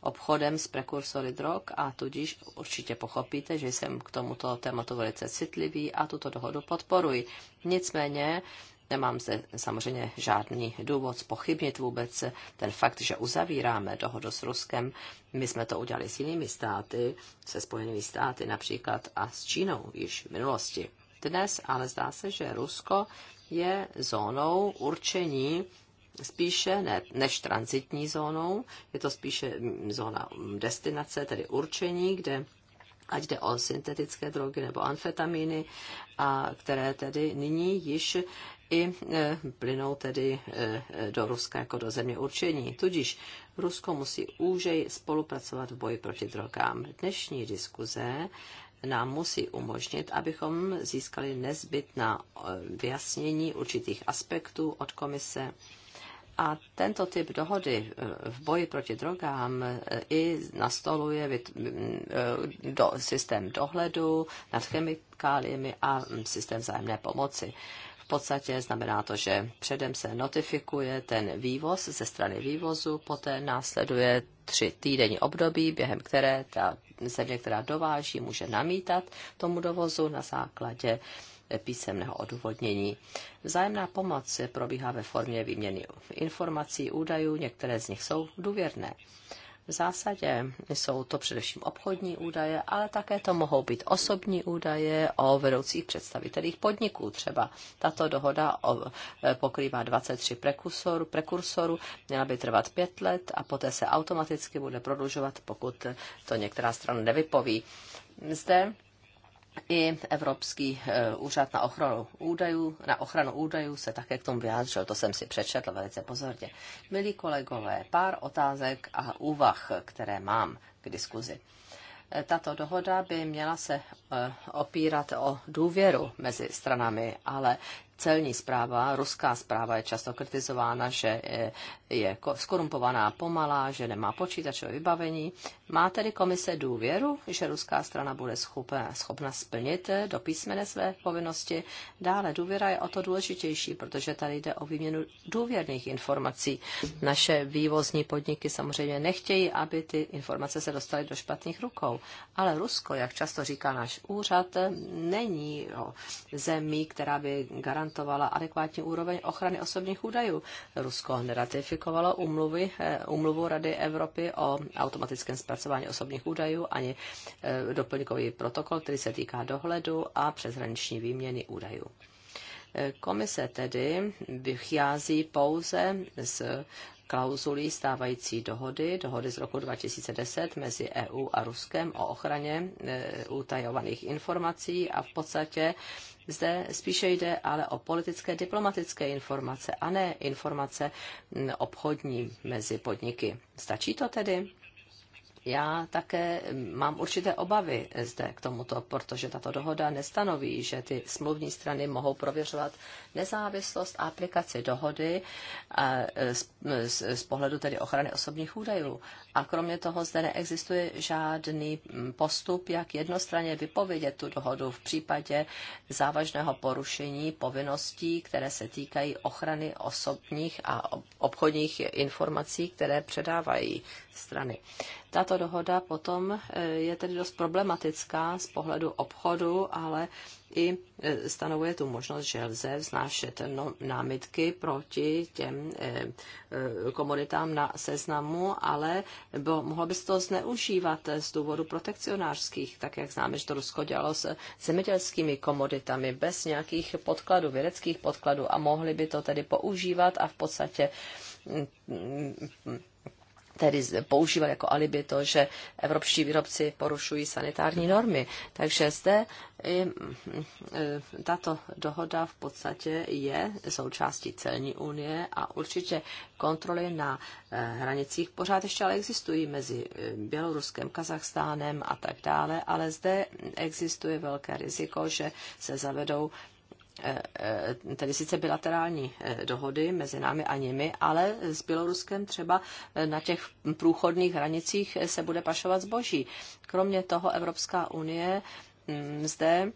[SPEAKER 3] obchodem s prekursory drog a tudíž určitě pochopíte, že jsem k tomuto tématu velice citlivý a tuto dohodu podporuji. Nicméně Nemám zde samozřejmě žádný důvod pochybnit vůbec ten fakt, že uzavíráme dohodu s Ruskem. My jsme to udělali s jinými státy, se Spojenými státy například a s Čínou již v minulosti. Dnes ale zdá se, že Rusko je zónou určení spíše ne, než transitní zónou, je to spíše mm, zóna mm, destinace, tedy určení, kde ať jde o syntetické drogy nebo amfetamíny, a které tedy nyní již i e, plynou tedy e, e, do Ruska jako do země určení. Tudíž Rusko musí úžej spolupracovat v boji proti drogám. Dnešní diskuze nám musí umožnit, abychom získali nezbytná eh, vyjasnění určitých aspektů od komise. A tento typ dohody eh, v boji proti drogám eh, i nastoluje systém dohledu nad chemikáliemi a mm, systém vzájemné pomoci. V podstatě znamená to, že předem se notifikuje ten vývoz ze strany vývozu, poté následuje tři týdenní období, během které ta země, která dováží, může namítat tomu dovozu na základě písemného odůvodnění. Vzájemná pomoc probíhá ve formě výměny informací, údajů, některé z nich jsou důvěrné. V zásadě jsou to především obchodní údaje, ale také to mohou být osobní údaje o vedoucích představitelích podniků. Třeba tato dohoda e, pokrývá 23 prekursorů, prekursorů, měla by trvat 5 let a poté se automaticky bude prodlužovat, pokud to některá strana nevypoví. Zde i Evropský eh, úřad na ochranu údajů, na ochranu údajů se také k tomu vyjádřil, to jsem si přečetl velice pozorně. Milí kolegové, pár otázek a úvah, které mám k diskuzi. Eh, tato dohoda by měla se eh, opírat o důvěru mezi stranami, ale celní zpráva, ruská zpráva je často kritizována, že je skorumpovaná, pomalá, že nemá počítačové vybavení. Má tedy komise důvěru, že ruská strana bude schopna, schopna splnit eh, do písmene své povinnosti? Dále důvěra je o to důležitější, protože tady jde o výměnu důvěrných informací. Naše vývozní podniky samozřejmě nechtějí, aby ty informace se dostaly do špatných rukou. Ale Rusko, jak často říká náš úřad, eh, není zemí, která by garantovala garantovala adekvátní úroveň ochrany osobních údajů. Rusko neratifikovalo umluvy, eh, umluvu Rady Evropy o automatickém zpracování osobních údajů ani eh, doplňkový protokol, který se týká dohledu a přeshraniční výměny údajů. Eh, komise tedy vychází pouze z klauzulí stávající dohody, dohody z roku 2010 mezi EU a Ruskem o ochraně utajovaných informací a v podstatě zde spíše jde ale o politické diplomatické informace a ne informace mm, obchodní mezi podniky. Stačí to tedy? já také mám určité obavy zde k tomuto, protože tato dohoda nestanoví, že ty smluvní strany mohou prověřovat nezávislost aplikaci dohody z, z, z pohledu tedy ochrany osobních údajů. A kromě toho zde neexistuje žádný postup, jak jednostranně vypovědět tu dohodu v případě závažného porušení povinností, které se týkají ochrany osobních a obchodních informací, které předávají strany. Tato dohoda potom e, je tedy dost problematická z pohledu obchodu, ale i e, stanovuje tu možnost, že lze vznášet no, námitky proti těm e, komoditám na seznamu, ale bo, mohlo by se to zneužívat z důvodu protekcionářských, tak jak známe, že to Rusko dělalo s zemědělskými komoditami bez nějakých podkladů, vědeckých podkladů a mohli by to tedy používat a v podstatě tedy používal jako alibi to, že evropští výrobci porušují sanitární normy. Takže zde je, mm, mm, e, tato dohoda v podstatě je součástí celní unie a určitě kontroly na e, hranicích pořád ještě ale existují mezi e, Běloruskem, Kazachstánem a tak dále, ale zde existuje velké riziko, že se zavedou Eh, eh, tedy sice bilaterální eh, dohody mezi námi a nimi, ale s Běloruskem třeba na těch průchodných hranicích se bude pašovat zboží. Kromě toho Evropská unie mm, zde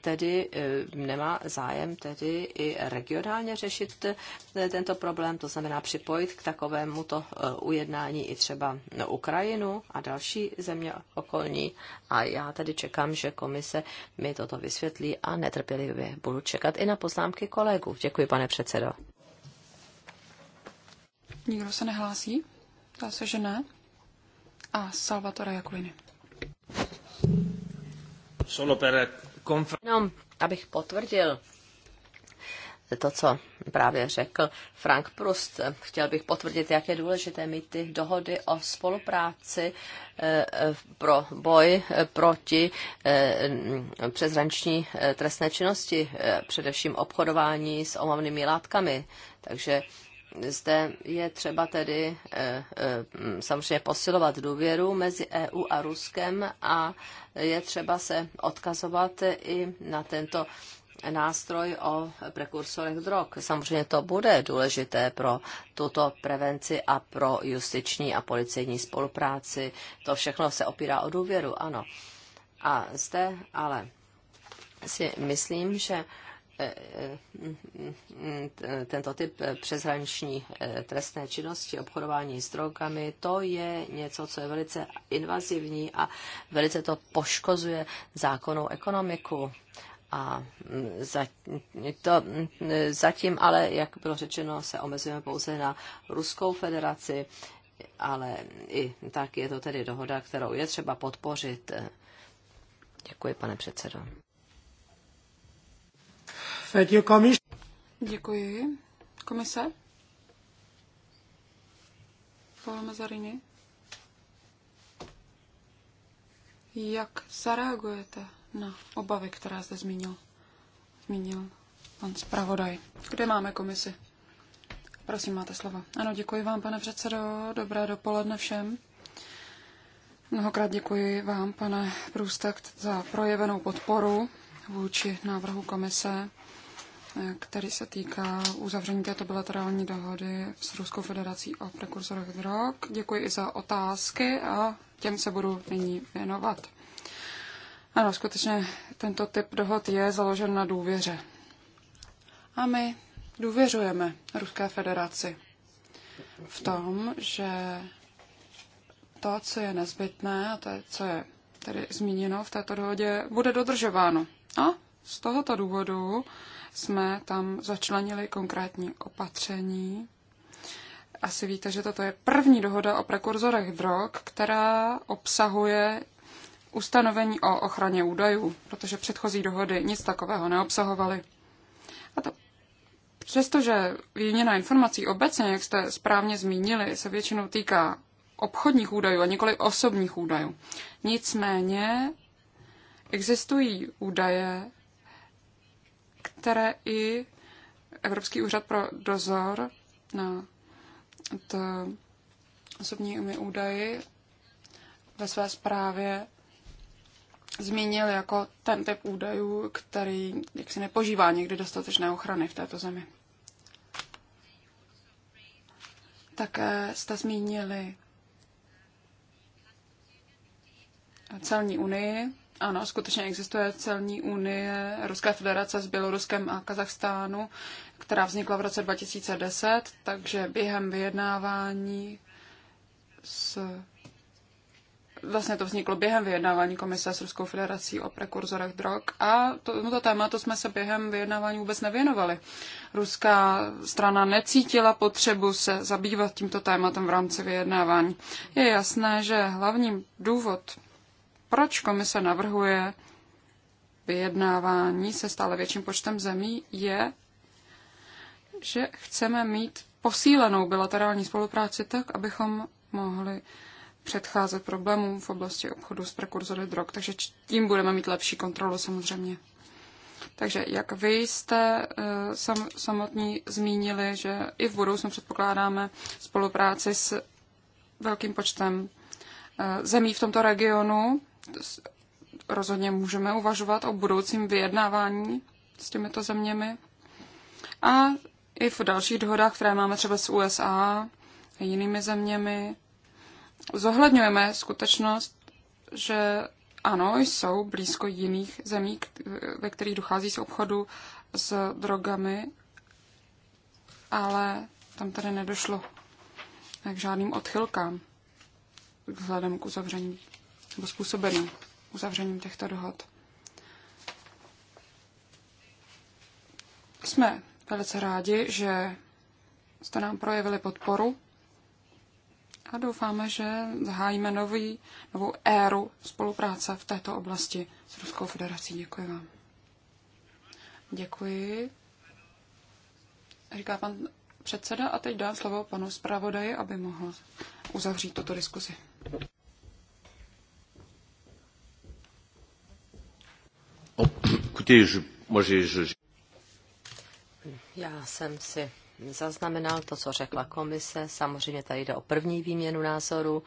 [SPEAKER 3] tedy eh, nemá zájem tedy i regionálně řešit eh, tento problém, to znamená připojit k takovému to eh, ujednání i třeba Ukrajinu a další země okolní. A já tady čekám, že komise mi toto vysvětlí a netrpělivě budu čekat i na poznámky kolegů. Děkuji, pane předsedo.
[SPEAKER 1] Nikdo se nehlásí? Dá se, že ne. A Salvatore Jakuliny.
[SPEAKER 3] Solo per No, abych potvrdil to, co právě řekl Frank Prust. Chtěl bych potvrdit, jak je důležité mít ty dohody o spolupráci eh, eh, pro boj eh, proti přezranční trestné činnosti, především obchodování s omamnými látkami. Takže zde je třeba tedy eh, eh, mm, samozřejmě posilovat důvěru mezi EU a Ruskem a je třeba se odkazovat i na tento nástroj o prekursorech drog. Samozřejmě to bude důležité pro tuto prevenci a pro justiční a policejní spolupráci. To všechno se opírá o důvěru, ano. A zde ale si myslím, že tento typ přeshraniční eh, trestné činnosti, obchodování s drogami, to je něco, co je velice invazivní a velice to poškozuje zákonnou ekonomiku. A mm, za, to, mm, zatím ale, jak bylo řečeno, se omezujeme pouze na Ruskou federaci, ale i tak je to tedy dohoda, kterou je třeba podpořit. Děkuji, pane předsedo.
[SPEAKER 1] Děkuji. Komise? Paolo Mazarini? Jak zareagujete na obavy, která zde zmínil, zmínil pan zpravodaj? Kde máme komisi? Prosím, máte slovo. Ano, děkuji vám, pane předsedo. Dobré dopoledne všem. Mnohokrát děkuji vám, pane Průstek, za projevenou podporu vůči návrhu komise který se týká uzavření této bilaterální dohody s Ruskou federací o prekursorech drog. Děkuji i za otázky a těm se budu nyní věnovat. Ano, skutečně tento typ dohod je založen na důvěře. A my důvěřujeme Ruské federaci v tom, že to, co je nezbytné a to, co je tedy zmíněno v této dohodě, bude dodržováno. A z tohoto důvodu jsme tam začlenili konkrétní opatření. Asi víte, že toto je první dohoda o prekurzorech drog, která obsahuje ustanovení o ochraně údajů, protože předchozí dohody nic takového neobsahovaly. A to přestože výměna informací obecně, jak jste správně zmínili, se většinou týká obchodních údajů a nikoli osobních údajů. Nicméně existují údaje, které i Evropský úřad pro dozor na to osobními údaji ve své zprávě zmínil jako ten typ údajů, který jaksi nepožívá někdy dostatečné ochrany v této zemi. Také jste zmínili celní unii ano, skutečně existuje celní unie Ruské federace s Běloruskem a Kazachstánu, která vznikla v roce 2010, takže během vyjednávání s vlastně to vzniklo během vyjednávání komise s Ruskou federací o prekurzorech drog a tomuto tématu jsme se během vyjednávání vůbec nevěnovali. Ruská strana necítila potřebu se zabývat tímto tématem v rámci vyjednávání. Je jasné, že hlavní důvod proč komise navrhuje vyjednávání se stále větším počtem zemí, je, že chceme mít posílenou bilaterální spolupráci tak, abychom mohli předcházet problémům v oblasti obchodu s prekurzory drog. Takže tím budeme mít lepší kontrolu samozřejmě. Takže jak vy jste eh, sam, samotní zmínili, že i v budoucnu předpokládáme spolupráci s velkým počtem eh, zemí v tomto regionu, rozhodně můžeme uvažovat o budoucím vyjednávání s těmito zeměmi. A i v dalších dohodách, které máme třeba s USA a jinými zeměmi, zohledňujeme skutečnost, že ano, jsou blízko jiných zemí, ve kterých dochází z obchodu s drogami, ale tam tady nedošlo k žádným odchylkám vzhledem k uzavření nebo způsobeno uzavřením těchto dohod. Jsme velice rádi, že jste nám projevili podporu a doufáme, že zahájíme nový, novou éru spolupráce v této oblasti s Ruskou federací. Děkuji vám. Děkuji. Říká pan předseda a teď dám slovo panu zpravodaji, aby mohl uzavřít tuto diskusi.
[SPEAKER 3] Já jsem si zaznamenal to, co řekla komise. Samozřejmě tady jde o první výměnu názoru.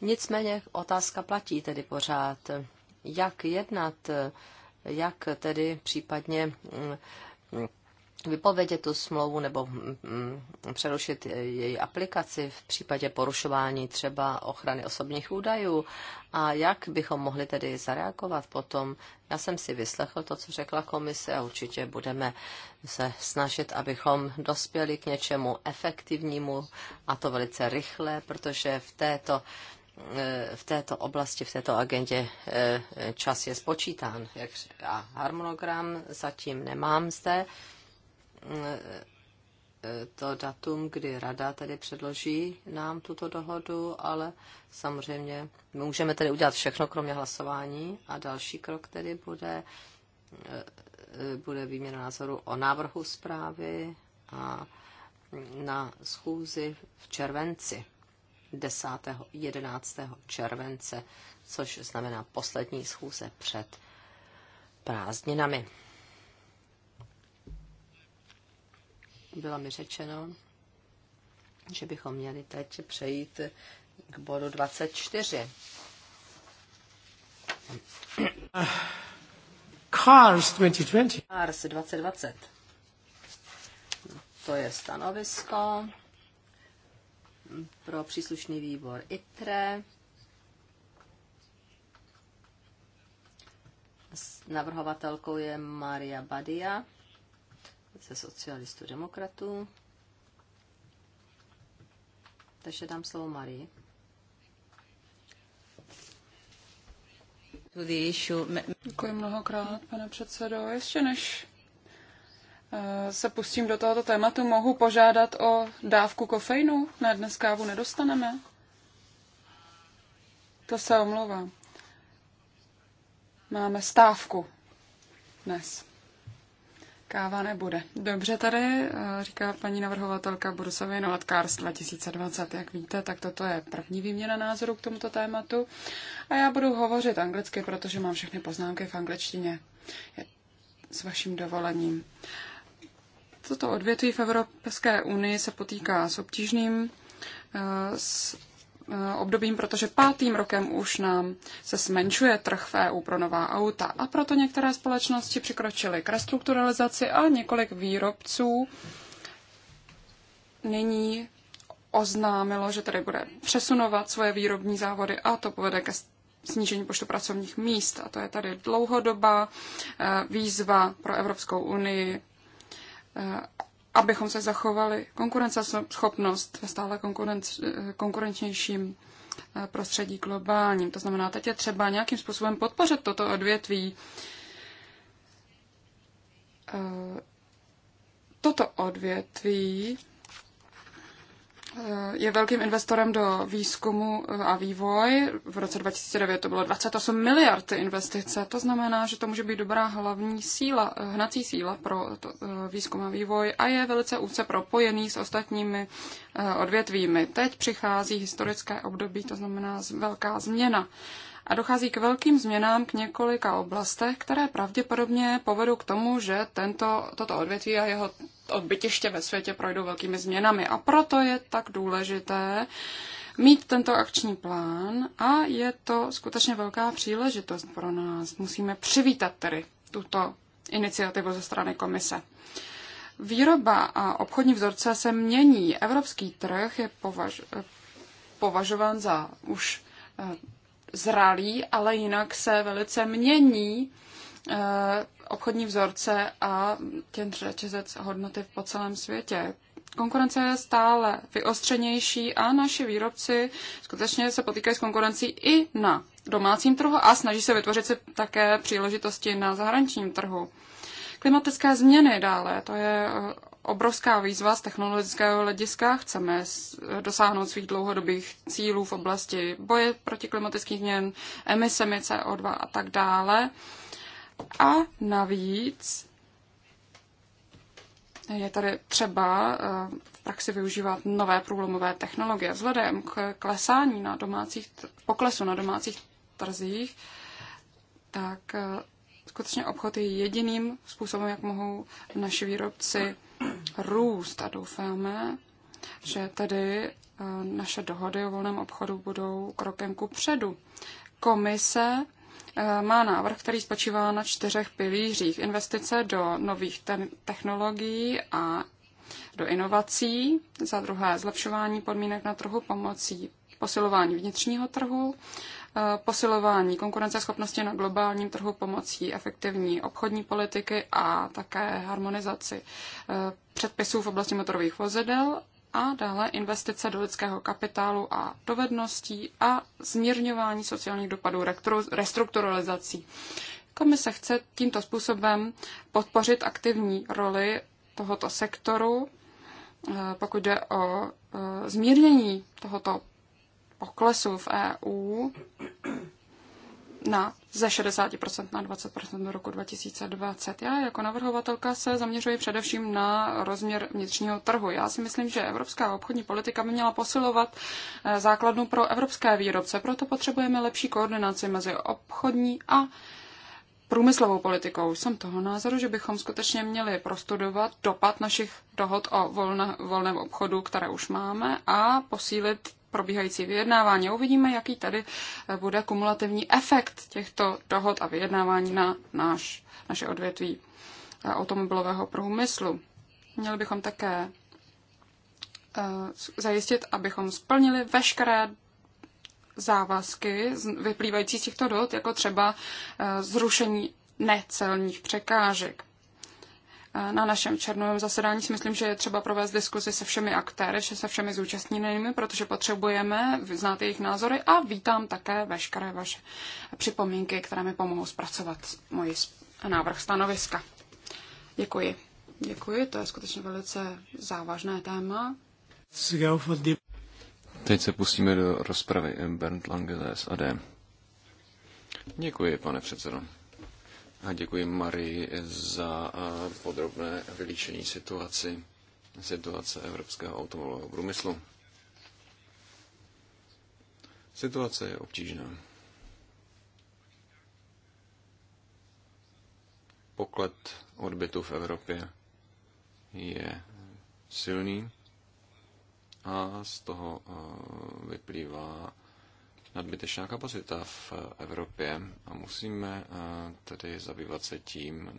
[SPEAKER 3] Nicméně otázka platí tedy pořád. Jak jednat, jak tedy případně mm, vypovědět tu smlouvu nebo hm, hm, přerušit její aplikaci v případě porušování třeba ochrany osobních údajů a jak bychom mohli tedy zareagovat potom. Já jsem si vyslechl to, co řekla komise a určitě budeme se snažit, abychom dospěli k něčemu efektivnímu a to velice rychle, protože v této eh, v této oblasti, v této agendě eh, čas je spočítán. A harmonogram zatím nemám zde to datum, kdy rada tedy předloží nám tuto dohodu, ale samozřejmě my můžeme tedy udělat všechno, kromě hlasování. A další krok tedy bude, bude výměna názoru o návrhu zprávy a na schůzi v červenci, 10. 11. července, což znamená poslední schůze před prázdninami. bylo mi řečeno, že bychom měli teď přejít k bodu 24.
[SPEAKER 1] Cars 2020.
[SPEAKER 3] Cars 2020. To je stanovisko pro příslušný výbor ITRE. Navrhovatelkou je Maria Badia ze socialistů demokratů. Takže dám slovo
[SPEAKER 1] Marii. Děkuji mnohokrát, pane předsedo. Ještě než eh, se pustím do tohoto tématu, mohu požádat o dávku kofeinu? Ne, dnes kávu nedostaneme. To se omlouvám. Máme stávku dnes. Káva nebude. Dobře tady, eh, říká paní navrhovatelka, budu se věnovat CARS 2020. Jak víte, tak toto je první výměna názoru k tomuto tématu. A já budu hovořit anglicky, protože mám všechny poznámky v angličtině. S vaším dovolením. Toto odvětví v Evropské unii se potýká s obtížným eh, s Eh, obdobím, protože pátým rokem už nám se zmenšuje trh v EU pro nová auta a proto některé společnosti přikročily k restrukturalizaci a několik výrobců nyní oznámilo, že tady bude přesunovat svoje výrobní závody a to povede ke snížení počtu pracovních míst. A to je tady dlouhodobá eh, výzva pro Evropskou unii eh, abychom se zachovali konkurenceschopnost ve stále konkurenc, konkurenčnějším eh, prostředí globálním. To znamená, teď je třeba nějakým způsobem podpořit toto odvětví. Eh, toto odvětví je velkým investorem do výzkumu a vývoj. V roce 2009 to bylo 28 miliard investice. To znamená, že to může být dobrá hlavní síla, hnací síla pro to, eh, výzkum a vývoj a je velice úce propojený s ostatními eh, odvětvími. Teď přichází historické období, to znamená velká změna a dochází k velkým změnám k několika oblastech, které pravděpodobně povedou k tomu, že tento, toto odvětví a jeho odbytiště ve světě projdou velkými změnami. A proto je tak důležité mít tento akční plán a je to skutečně velká příležitost pro nás. Musíme přivítat tedy tuto iniciativu ze strany komise. Výroba a obchodní vzorce se mění. Evropský trh je považ, považován za už eh, zralý, ale jinak se velice mění eh, obchodní vzorce a ten řetězec hodnoty po celém světě. Konkurence je stále vyostřenější a naši výrobci skutečně se potýkají s konkurencí i na domácím trhu a snaží se vytvořit si také příležitosti na zahraničním trhu. Klimatické změny dále, to je eh, obrovská výzva z technologického hlediska. Chceme dosáhnout svých dlouhodobých cílů v oblasti boje proti klimatických změn, emisemi CO2 a tak dále. A navíc je tady třeba eh, v praxi využívat nové průlomové technologie. Vzhledem k klesání na domácích, poklesu na domácích trzích, tak eh, skutečně obchod je jediným způsobem, jak mohou naši výrobci růst a doufáme, že tedy eh, naše dohody o volném obchodu budou krokem ku předu. Komise eh, má návrh, který spočívá na čtyřech pilířích. Investice do nových technologií a do inovací, za druhé zlepšování podmínek na trhu pomocí posilování vnitřního trhu, Eh, posilování konkurenceschopnosti na globálním trhu pomocí efektivní obchodní politiky a také harmonizaci eh, předpisů v oblasti motorových vozidel a dále investice do lidského kapitálu a dovedností a zmírňování sociálních dopadů restrukturalizací. Komise chce tímto způsobem podpořit aktivní roli tohoto sektoru, eh, pokud jde o zmírnění tohoto poklesu v EU na ze 60% na 20% do roku 2020. Já jako navrhovatelka se zaměřuji především na rozměr vnitřního trhu. Já si myslím, že evropská obchodní politika by měla posilovat eh, základnu pro evropské výrobce, proto potřebujeme lepší koordinaci mezi obchodní a průmyslovou politikou. Jsem toho názoru, že bychom skutečně měli prostudovat dopad našich dohod o volna, volném obchodu, které už máme, a posílit probíhající vyjednávání. Uvidíme, jaký tady eh, bude kumulativní efekt těchto dohod a vyjednávání na náš, naše odvětví eh, automobilového průmyslu. Měli bychom také eh, zajistit, abychom splnili veškeré závazky vyplývající z těchto dohod, jako třeba zrušení necelních překážek na našem černovém zasedání si myslím, že je třeba provést diskuzi se všemi aktéry, se všemi zúčastněnými, protože potřebujeme znát jejich názory a vítám také veškeré vaše připomínky, které mi pomohou zpracovat můj návrh stanoviska. Děkuji. Děkuji, to je skutečně velice závažné téma.
[SPEAKER 2] Teď se pustíme do rozpravy Bernd Lange z AD. Děkuji, pane předsedo. A děkuji Marii za podrobné vylíčení situaci, situace evropského automobilového průmyslu. Situace je obtížná. Poklet odbytu v Evropě je silný a z toho vyplývá nadbytečná kapacita v Evropě a musíme eh, tedy zabývat se tím,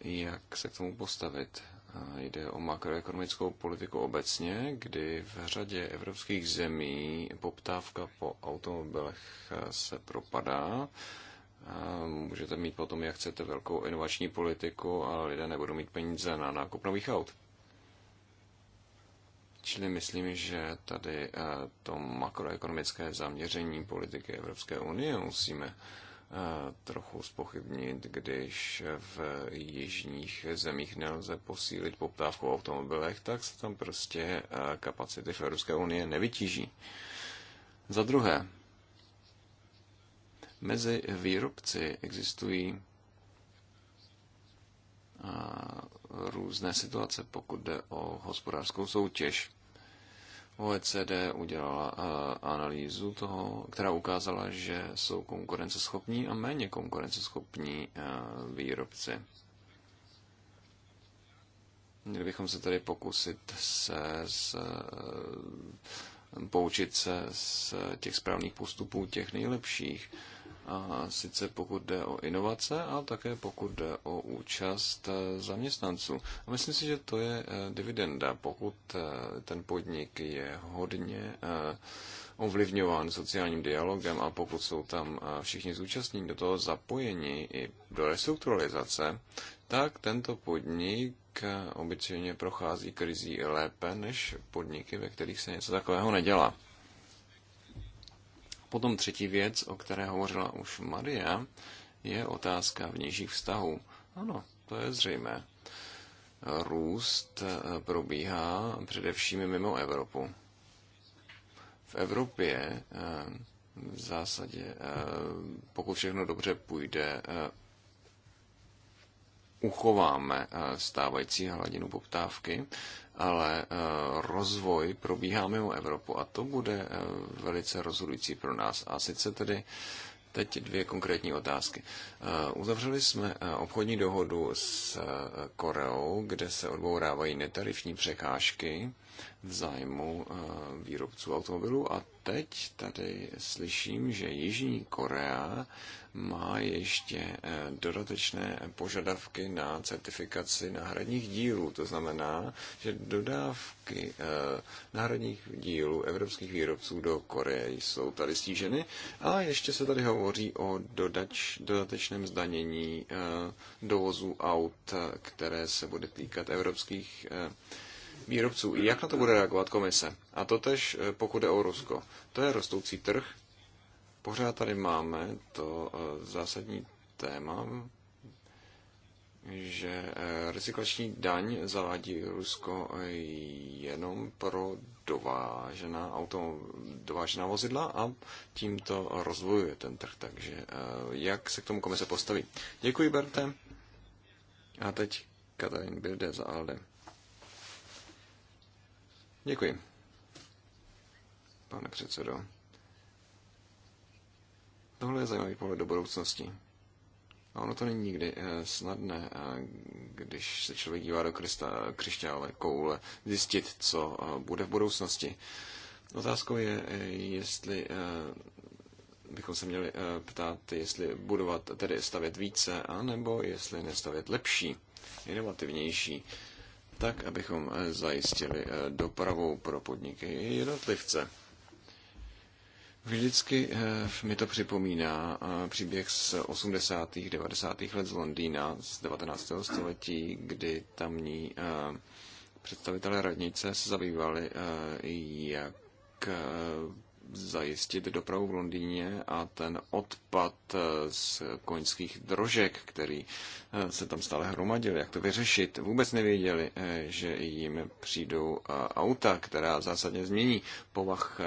[SPEAKER 2] jak se k tomu postavit. Eh, jde o makroekonomickou politiku obecně, kdy v řadě evropských zemí poptávka po automobilech eh, se propadá. Můžete mít potom, jak chcete, velkou inovační politiku, ale lidé nebudou mít peníze na nákup nových aut. Čili myslím, že tady eh, to makroekonomické zaměření politiky Evropské unie musíme eh, trochu spochybnit, když v jižních zemích nelze posílit poptávku v automobilech, tak se tam prostě eh, kapacity v Evropské unie nevytíží. Za druhé, mezi výrobci existují různé situace, pokud jde o hospodářskou soutěž. OECD udělala eh, analýzu toho, která ukázala, že jsou konkurenceschopní a méně konkurenceschopní eh, výrobci. Měli bychom se tady pokusit se s, eh, poučit se z těch správných postupů těch nejlepších a sice pokud jde o inovace ale také pokud jde o účast eh, zaměstnanců. A myslím si, že to je eh, dividenda, pokud eh, ten podnik je hodně ovlivňován sociálním dialogem a pokud jsou tam všichni zúčastní do toho zapojení i do restrukturalizace, tak tento podnik obyčejně prochází krizí lépe než podniky, ve kterých se něco takového nedělá potom třetí věc, o které hovořila už Maria, je otázka vnějších vztahů. Ano, to je zřejmé. Růst eh, probíhá především mimo Evropu. V Evropě eh, v zásadě, eh, pokud všechno dobře půjde, uchováme stávající hladinu poptávky ale eh, rozvoj probíhá mimo Evropu a to bude eh, velice rozhodující pro nás. A sice tedy teď dvě konkrétní otázky. Eh, uzavřeli jsme obchodní dohodu s Koreou, kde se odbourávají netarifní překážky v zájmu výrobců automobilů a teď tady slyším, že Jižní Korea má ještě eh, dodatečné požadavky na certifikaci náhradních dílů. To znamená, že dodávky eh, náhradních dílů evropských výrobců do Koreje jsou tady stíženy a ještě se tady hovoří o dodač, dodatečném zdanění eh, dovozu aut, které se bude týkat evropských výrobců. Jak na to bude reagovat komise? A totež pokud je o Rusko. To je rostoucí trh, pořád tady máme to eh, zásadní téma, že eh, recyklační daň zavádí Rusko eh, jenom pro dovážená, auto, dovážená vozidla a tím to rozvojuje ten trh. Takže jak se k tomu komise postaví? Děkuji, Berte. A teď Katarín Birde za Alde. Děkuji, pane předsedo. Tohle je zajímavý pohled do budoucnosti. A ono to není nikdy eh, snadné, eh, když se člověk dívá do krysta, křišťálové koule, zjistit, co eh, bude v budoucnosti. Otázkou je, jestli bychom se měli ptát, jestli budovat, tedy stavět více, anebo jestli nestavět lepší, inovativnější, tak, abychom zajistili dopravu pro podniky i jednotlivce. Vždycky eh, mi to připomíná eh, příběh z 80. 90. let z Londýna z 19. století, kdy tamní eh, představitelé radnice se zabývali, jak zajistit dopravu v Londýně a ten odpad z koňských drožek, který se tam stále hromadil, jak to vyřešit. Vůbec nevěděli, že jim přijdou auta, která zásadně změní povah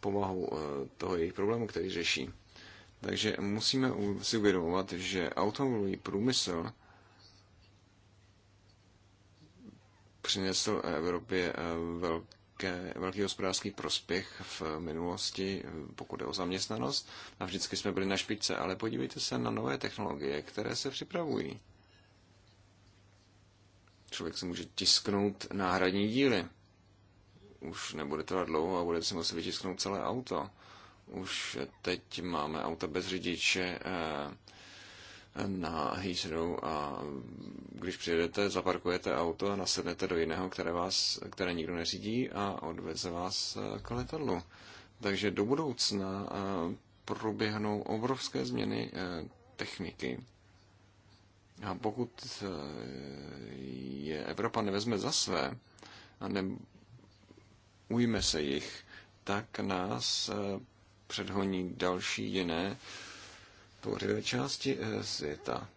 [SPEAKER 2] povahu eh, toho jejich problému, který řeší. Takže musíme si uvědomovat, že automobilový průmysl přinesl Evropě eh, velké, velký hospodářský prospěch v minulosti, pokud je o zaměstnanost. A vždycky jsme byli na špičce, ale podívejte se na nové technologie, které se připravují. Člověk si může tisknout náhradní díly už nebude trvat dlouho a bude se muset vytisknout celé auto. Už teď máme auta bez řidiče eh, na Heathrow a když přijedete, zaparkujete auto a nasednete do jiného, které, vás, které nikdo neřídí a odveze vás eh, k letadlu. Takže do budoucna eh, proběhnou obrovské změny techniky. A pokud je Evropa nevezme za své a ne, ujme se jich, tak nás eh, předhoní další jiné tvořivé části eh, světa.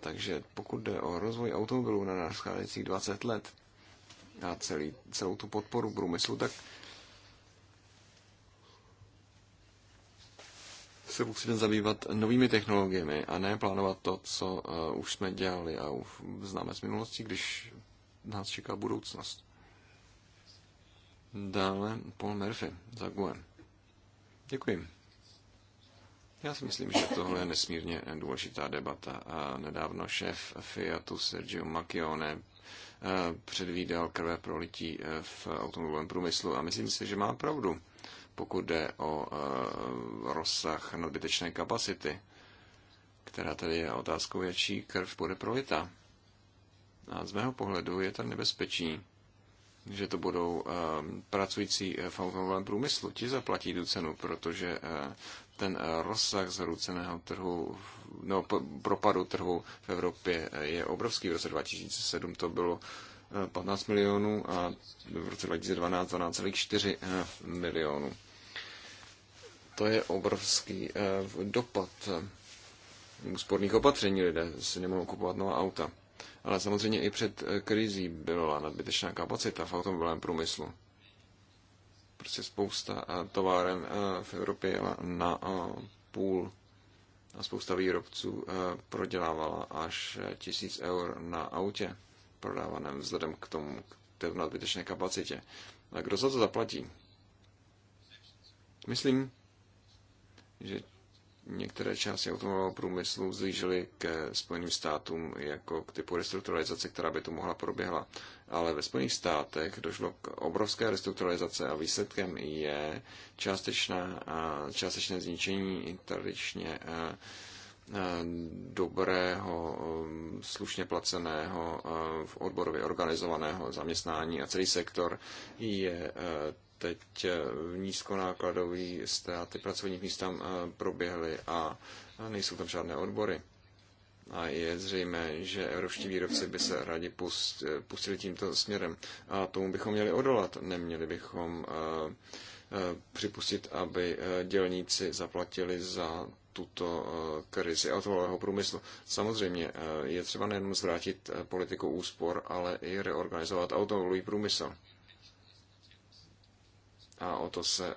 [SPEAKER 2] Takže pokud jde o rozvoj automobilů na nadcházejících 20 let a celý, celou tu podporu průmyslu, tak se musíme zabývat novými technologiemi a ne plánovat to, co eh, už jsme dělali a už známe z minulosti, když nás čeká budoucnost. Dále Paul Murphy za Guem. Děkuji. Já si myslím, že tohle je nesmírně důležitá debata. A nedávno šéf Fiatu Sergio Macchione eh, předvídal krve prolití eh, v automobilovém průmyslu a myslím si, že má pravdu, pokud jde o eh, rozsah nadbytečné kapacity, která tady je otázkou, jakší krv bude prolita. A z mého pohledu je to nebezpečí, že to budou eh, pracující eh, v automobilovém průmyslu. Ti zaplatí tu cenu, protože eh, ten rozsah zhrouceného trhu, no, propadu trhu v Evropě je obrovský. V roce 2007 to bylo 15 milionů a v roce 2012 12,4 milionů. To je obrovský dopad úsporných opatření. Lidé si nemohou kupovat nová auta ale samozřejmě i před eh, krizí byla nadbytečná kapacita v automobilovém průmyslu. Prostě spousta eh, továren eh, v Evropě jela na půl a spousta výrobců prodělávala až tisíc eur na autě prodávaném vzhledem k tomu, k té nadbytečné kapacitě. A kdo za to zaplatí? Myslím, že některé části automobilového průmyslu zlížily k Spojeným státům jako k typu restrukturalizace, která by tu mohla proběhla. Ale ve Spojených státech došlo k obrovské restrukturalizace a výsledkem je částečná částečné zničení tradičně dobrého, um, slušně placeného, v odborově organizovaného zaměstnání a celý sektor je teď eh, nízkonákladový ztráty pracovních míst tam eh, proběhly a nejsou tam žádné odbory. A je zřejmé, že evropští výrobci by se rádi eh, pustili tímto směrem. A tomu bychom měli odolat. Neměli bychom připustit, aby dělníci zaplatili za tuto krizi automobilového průmyslu. Samozřejmě je třeba nejen zvrátit politiku úspor, ale i reorganizovat automobilový průmysl a o to se eh,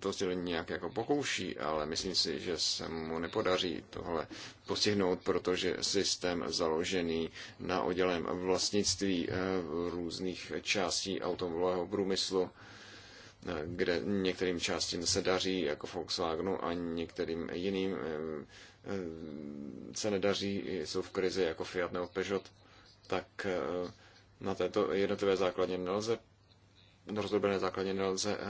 [SPEAKER 2] to sdělení nějak jako pokouší, ale myslím si, že se mu nepodaří tohle postihnout, protože systém založený na oddělém vlastnictví eh, různých částí automobilového průmyslu, eh, kde některým částím se daří, jako Volkswagenu, a některým jiným se nedaří, jsou v krizi, jako Fiat nebo Peugeot, tak na této jednotlivé základně nelze rozdobené základě nelze eh,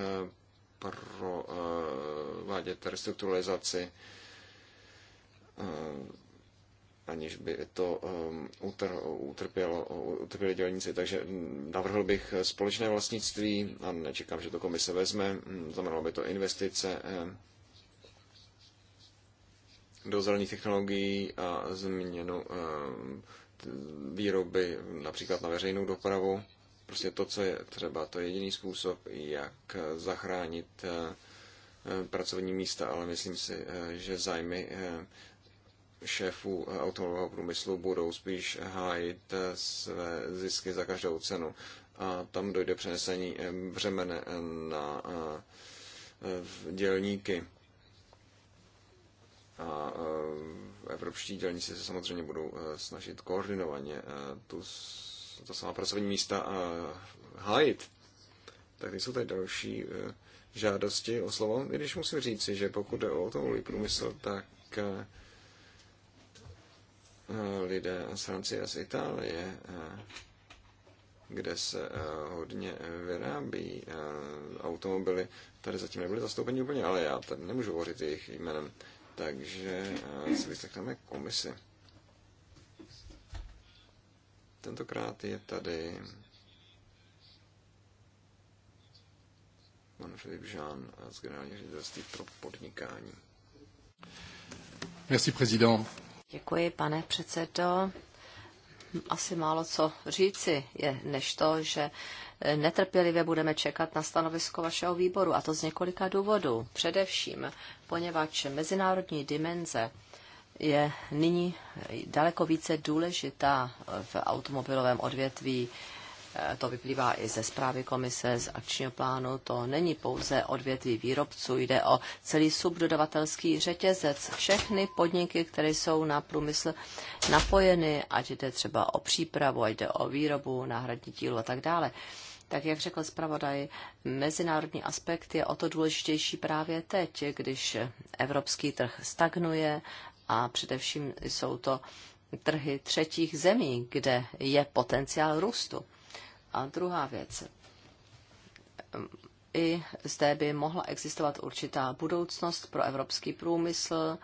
[SPEAKER 2] provádět restrukturalizaci eh, aniž by to eh, utrpělo, utrpěli dělníci. Takže hm, navrhl bych společné vlastnictví a nečekám, že to komise vezme. Hm, znamenalo by to investice do zelených technologií a změnu výroby například na veřejnou dopravu prostě to, co je třeba. To je jediný způsob, jak zachránit eh, pracovní místa, ale myslím si, eh, že zájmy eh, šéfů automobilového průmyslu budou spíš hájit své zisky za každou cenu. A tam dojde přenesení břemene na dělníky. A evropští dělníci se samozřejmě budou snažit koordinovaně tu ta samá pracovní místa hájit, tak jsou tady další eh, žádosti o slovo, i když musím říci, že pokud jde o uhlí průmysl, tak eh, lidé z Francie a z Itálie, eh, kde se hodně vyrábí automobily, tady zatím nebyly zastoupeni úplně, ale já tady nemůžu hovořit jejich jménem, takže si vyslechneme komisi. Tentokrát je tady pan Filip Žán z generálního ředitelství pro podnikání. Merci, prezident.
[SPEAKER 3] Děkuji, pane předsedo. Asi málo co říci je, než to, že netrpělivě budeme čekat na stanovisko vašeho výboru, a to z několika důvodů. Především, poněvadž mezinárodní dimenze je nyní daleko více důležitá v automobilovém odvětví. Eh, to vyplývá i ze zprávy komise z akčního plánu. To není pouze odvětví výrobců, jde o celý subdodavatelský řetězec. Všechny podniky, které jsou na průmysl napojeny, ať jde třeba o přípravu, ať jde o výrobu, náhradní dílu a tak dále. Tak jak řekl zpravodaj, mezinárodní aspekt je o to důležitější právě teď, když evropský trh stagnuje a především jsou to trhy třetích zemí, kde je potenciál růstu. A druhá věc. I zde by mohla existovat určitá budoucnost pro evropský průmysl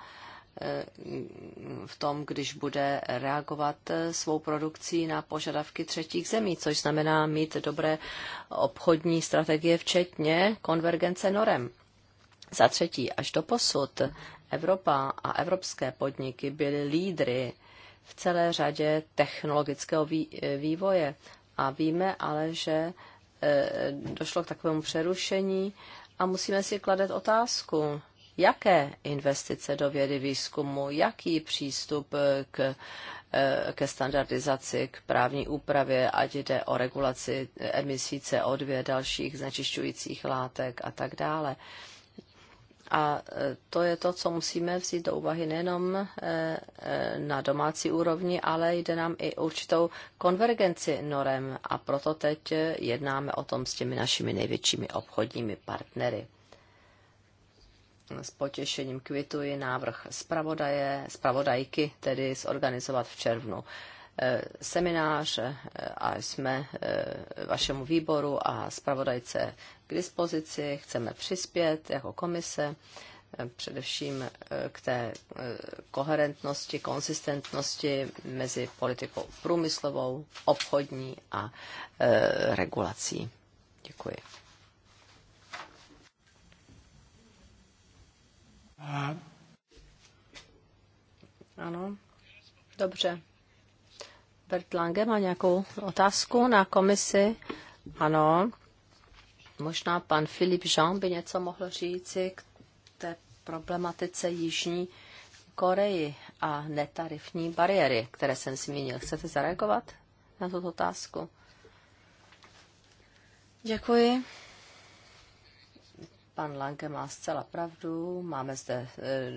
[SPEAKER 3] eh, v tom, když bude reagovat eh, svou produkcí na požadavky třetích zemí, což znamená mít dobré obchodní strategie, včetně konvergence norem. Za třetí, až do posud Evropa a evropské podniky byly lídry v celé řadě technologického e, vývoje. A víme ale, že e, došlo k takovému přerušení a musíme si kladet otázku, jaké investice do vědy výzkumu, jaký přístup e, k, ke standardizaci, k právní úpravě, ať jde o regulaci emisí CO2, dalších znečišťujících látek a tak dále. A e, to je to, co musíme vzít do úvahy nejenom e, e, na domácí úrovni, ale jde nám i určitou konvergenci norem a proto teď jednáme o tom s těmi našimi největšími obchodními partnery. S potěšením kvituji návrh zpravodaje, zpravodajky, tedy zorganizovat v červnu seminář eh, a jsme eh, vašemu výboru a zpravodajce k dispozici. Chceme přispět jako komise eh, především k té koherentnosti, konsistentnosti mezi politikou průmyslovou, obchodní a regulací. Děkuji. Ano, dobře. Bert Lange má nějakou otázku na komisi? Ano. Možná pan Filip Jean by něco mohl říci k té problematice Jižní Koreji a netarifní bariéry, které jsem zmínil. Chcete zareagovat na tuto otázku? Děkuji. Pan Lange má zcela pravdu. Máme zde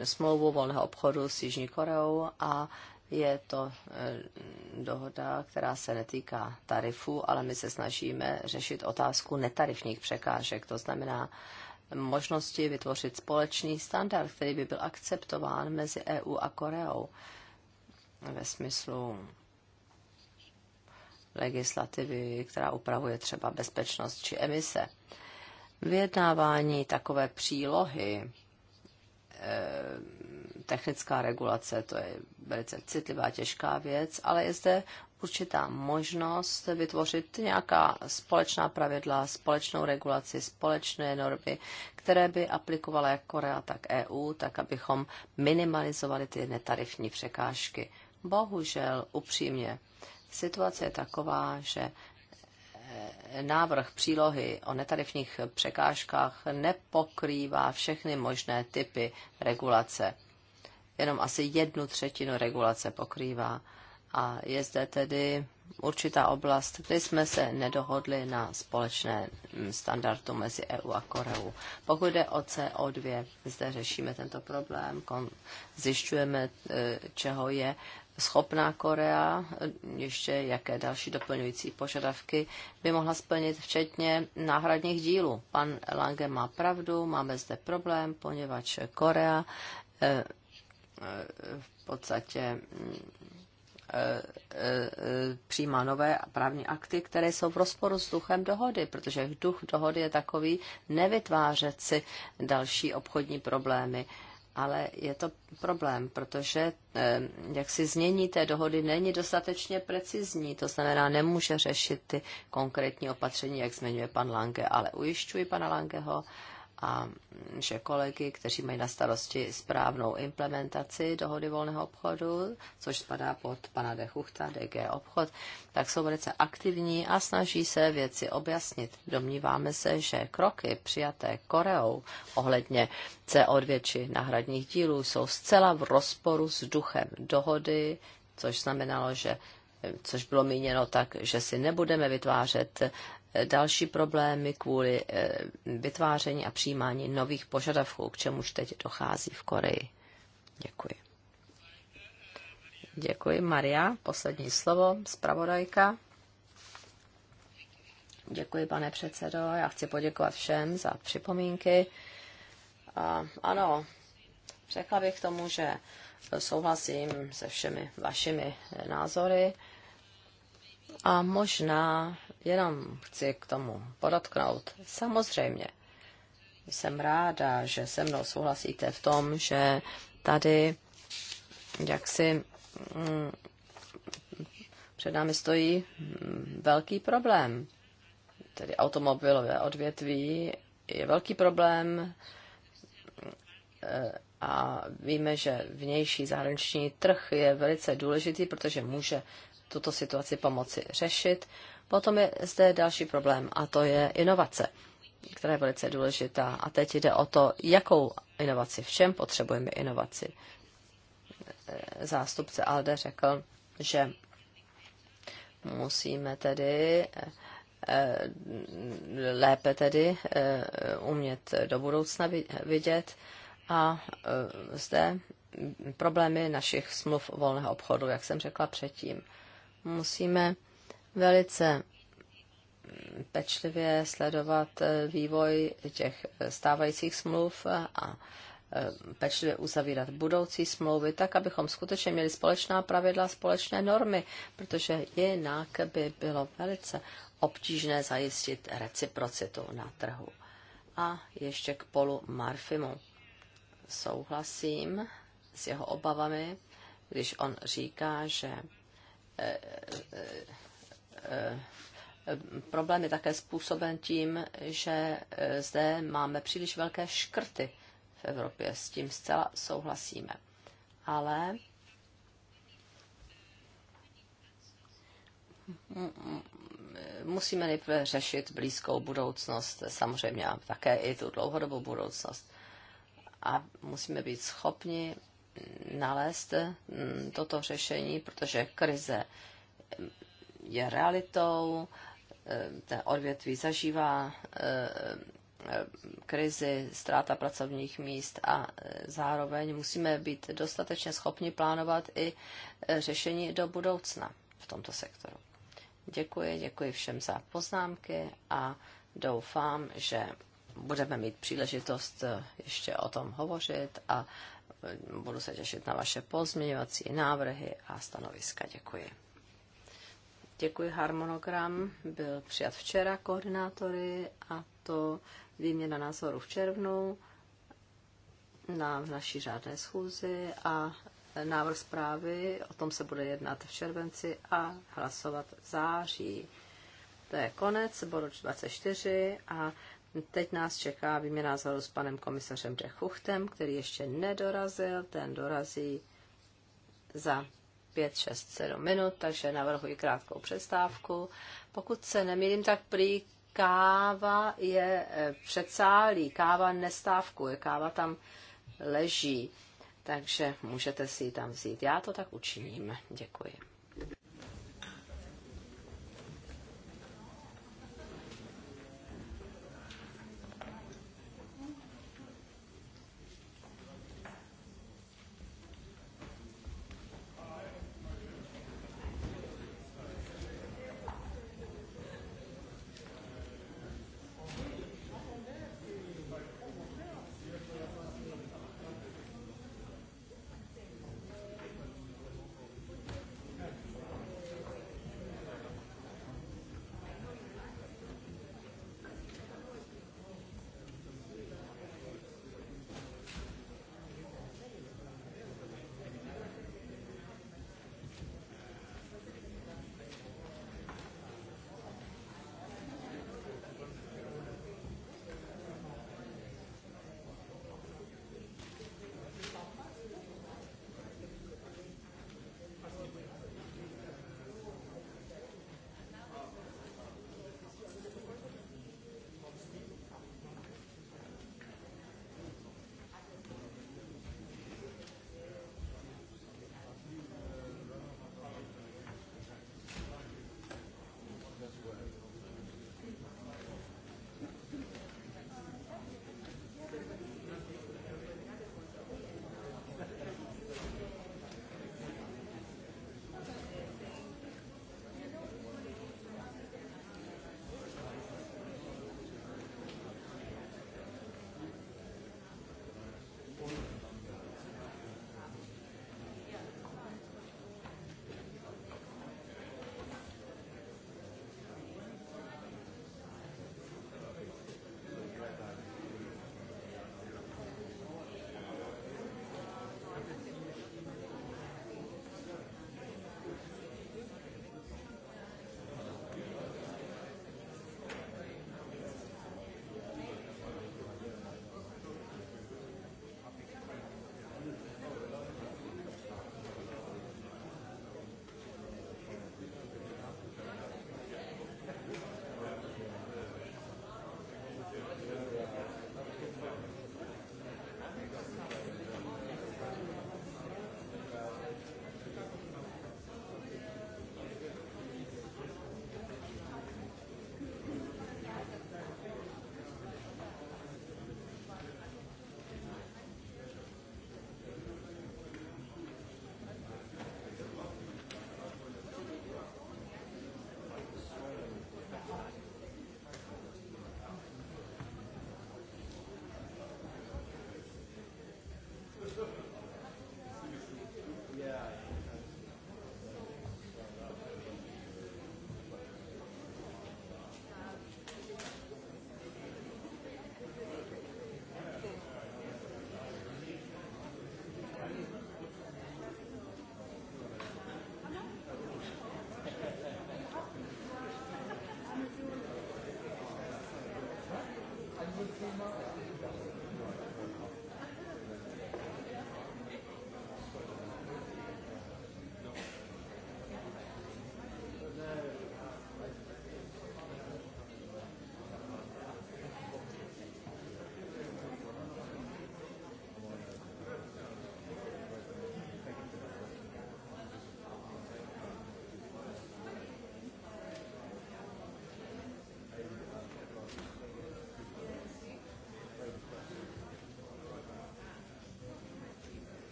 [SPEAKER 3] eh, smlouvu volného obchodu s Jižní Koreou a je to eh, dohoda, která se netýká tarifu, ale my se snažíme řešit otázku netarifních překážek, to znamená možnosti vytvořit společný standard, který by byl akceptován mezi EU a Koreou ve smyslu legislativy, která upravuje třeba bezpečnost či emise. Vyjednávání takové přílohy eh, technická regulace, to je velice citlivá, těžká věc, ale je zde určitá možnost vytvořit nějaká společná pravidla, společnou regulaci, společné normy, které by aplikovala jak Korea, tak EU, tak abychom minimalizovali ty netarifní překážky. Bohužel, upřímně, situace je taková, že eh, návrh přílohy o netarifních překážkách nepokrývá všechny možné typy regulace jenom asi jednu třetinu regulace pokrývá. A je zde tedy určitá oblast, kde jsme se nedohodli na společné standardu mezi EU a Koreou. Pokud jde o CO2, zde řešíme tento problém, zjišťujeme, e, čeho je schopná Korea, ještě jaké další doplňující požadavky by mohla splnit, včetně náhradních dílů. Pan Lange má pravdu, máme zde problém, poněvadž Korea e, v podstatě eh, eh, přijímá nové právní akty, které jsou v rozporu s duchem dohody, protože duch dohody je takový nevytvářet si další obchodní problémy. Ale je to problém, protože eh, jak si změní té dohody není dostatečně precizní, to znamená nemůže řešit ty konkrétní opatření, jak zmiňuje pan Lange, ale ujišťuji pana Langeho, a že kolegy, kteří mají na starosti správnou implementaci dohody volného obchodu, což spadá pod pana de Chuchta, DG obchod, tak jsou velice aktivní a snaží se věci objasnit. Domníváme se, že kroky přijaté Koreou ohledně CO2 či náhradních dílů jsou zcela v rozporu s duchem dohody, což znamenalo, že což bylo míněno tak, že si nebudeme vytvářet další problémy kvůli eh, vytváření a přijímání nových požadavků, k čemuž teď dochází v Koreji. Děkuji. Děkuji, Maria. Poslední slovo, zpravodajka. Děkuji, pane předsedo. Já chci poděkovat všem za připomínky. A, ano, řekla bych tomu, že souhlasím se všemi vašimi názory a možná jenom chci k tomu podotknout. Samozřejmě jsem ráda, že se mnou souhlasíte v tom, že tady jaksi mm, před námi stojí mm, velký problém. Tedy automobilové odvětví je velký problém eh, a víme, že vnější zahraniční trh je velice důležitý, protože může tuto situaci pomoci řešit Potom je zde další problém a to je inovace, která je velice důležitá. A teď jde o to, jakou inovaci, v čem potřebujeme inovaci. Zástupce Alde řekl, že musíme tedy eh, lépe tedy eh, umět do budoucna vidět a eh, zde problémy našich smluv volného obchodu, jak jsem řekla předtím. Musíme velice pečlivě sledovat eh, vývoj těch eh, stávajících smluv a eh, pečlivě uzavírat budoucí smlouvy, tak abychom skutečně měli společná pravidla, společné normy, protože jinak by bylo velice obtížné zajistit reciprocitu na trhu. A ještě k polu Marfimu. Souhlasím s jeho obavami, když on říká, že Eh, problém je také způsoben tím, že eh, zde máme příliš velké škrty v Evropě. S tím zcela souhlasíme. Ale musíme nejprve řešit blízkou budoucnost, samozřejmě a také i tu dlouhodobou budoucnost. A musíme být schopni nalézt mm, toto řešení, protože krize je realitou, eh, ten odvětví zažívá eh, eh, krizi, ztráta pracovních míst a zároveň musíme být dostatečně schopni plánovat i řešení do budoucna v tomto sektoru. Děkuji, děkuji všem za poznámky a doufám, že budeme mít příležitost ještě o tom hovořit a budu se těšit na vaše pozměňovací návrhy a stanoviska. Děkuji. Děkuji. Harmonogram byl přijat včera koordinátory a to výměna názoru v červnu na naší řádné schůzi a návrh zprávy, o tom se bude jednat v červenci a hlasovat v září. To je konec bodu 24 a teď nás čeká výměna názoru s panem komisařem Dechuchtem, který ještě nedorazil, ten dorazí za 5-6-7 minut, takže navrhuji krátkou přestávku. Pokud se nemýlím, tak prý káva je e, přecálí, káva nestávkuje, káva tam leží, takže můžete si ji tam vzít. Já to tak učiním. Děkuji.
[SPEAKER 1] klima.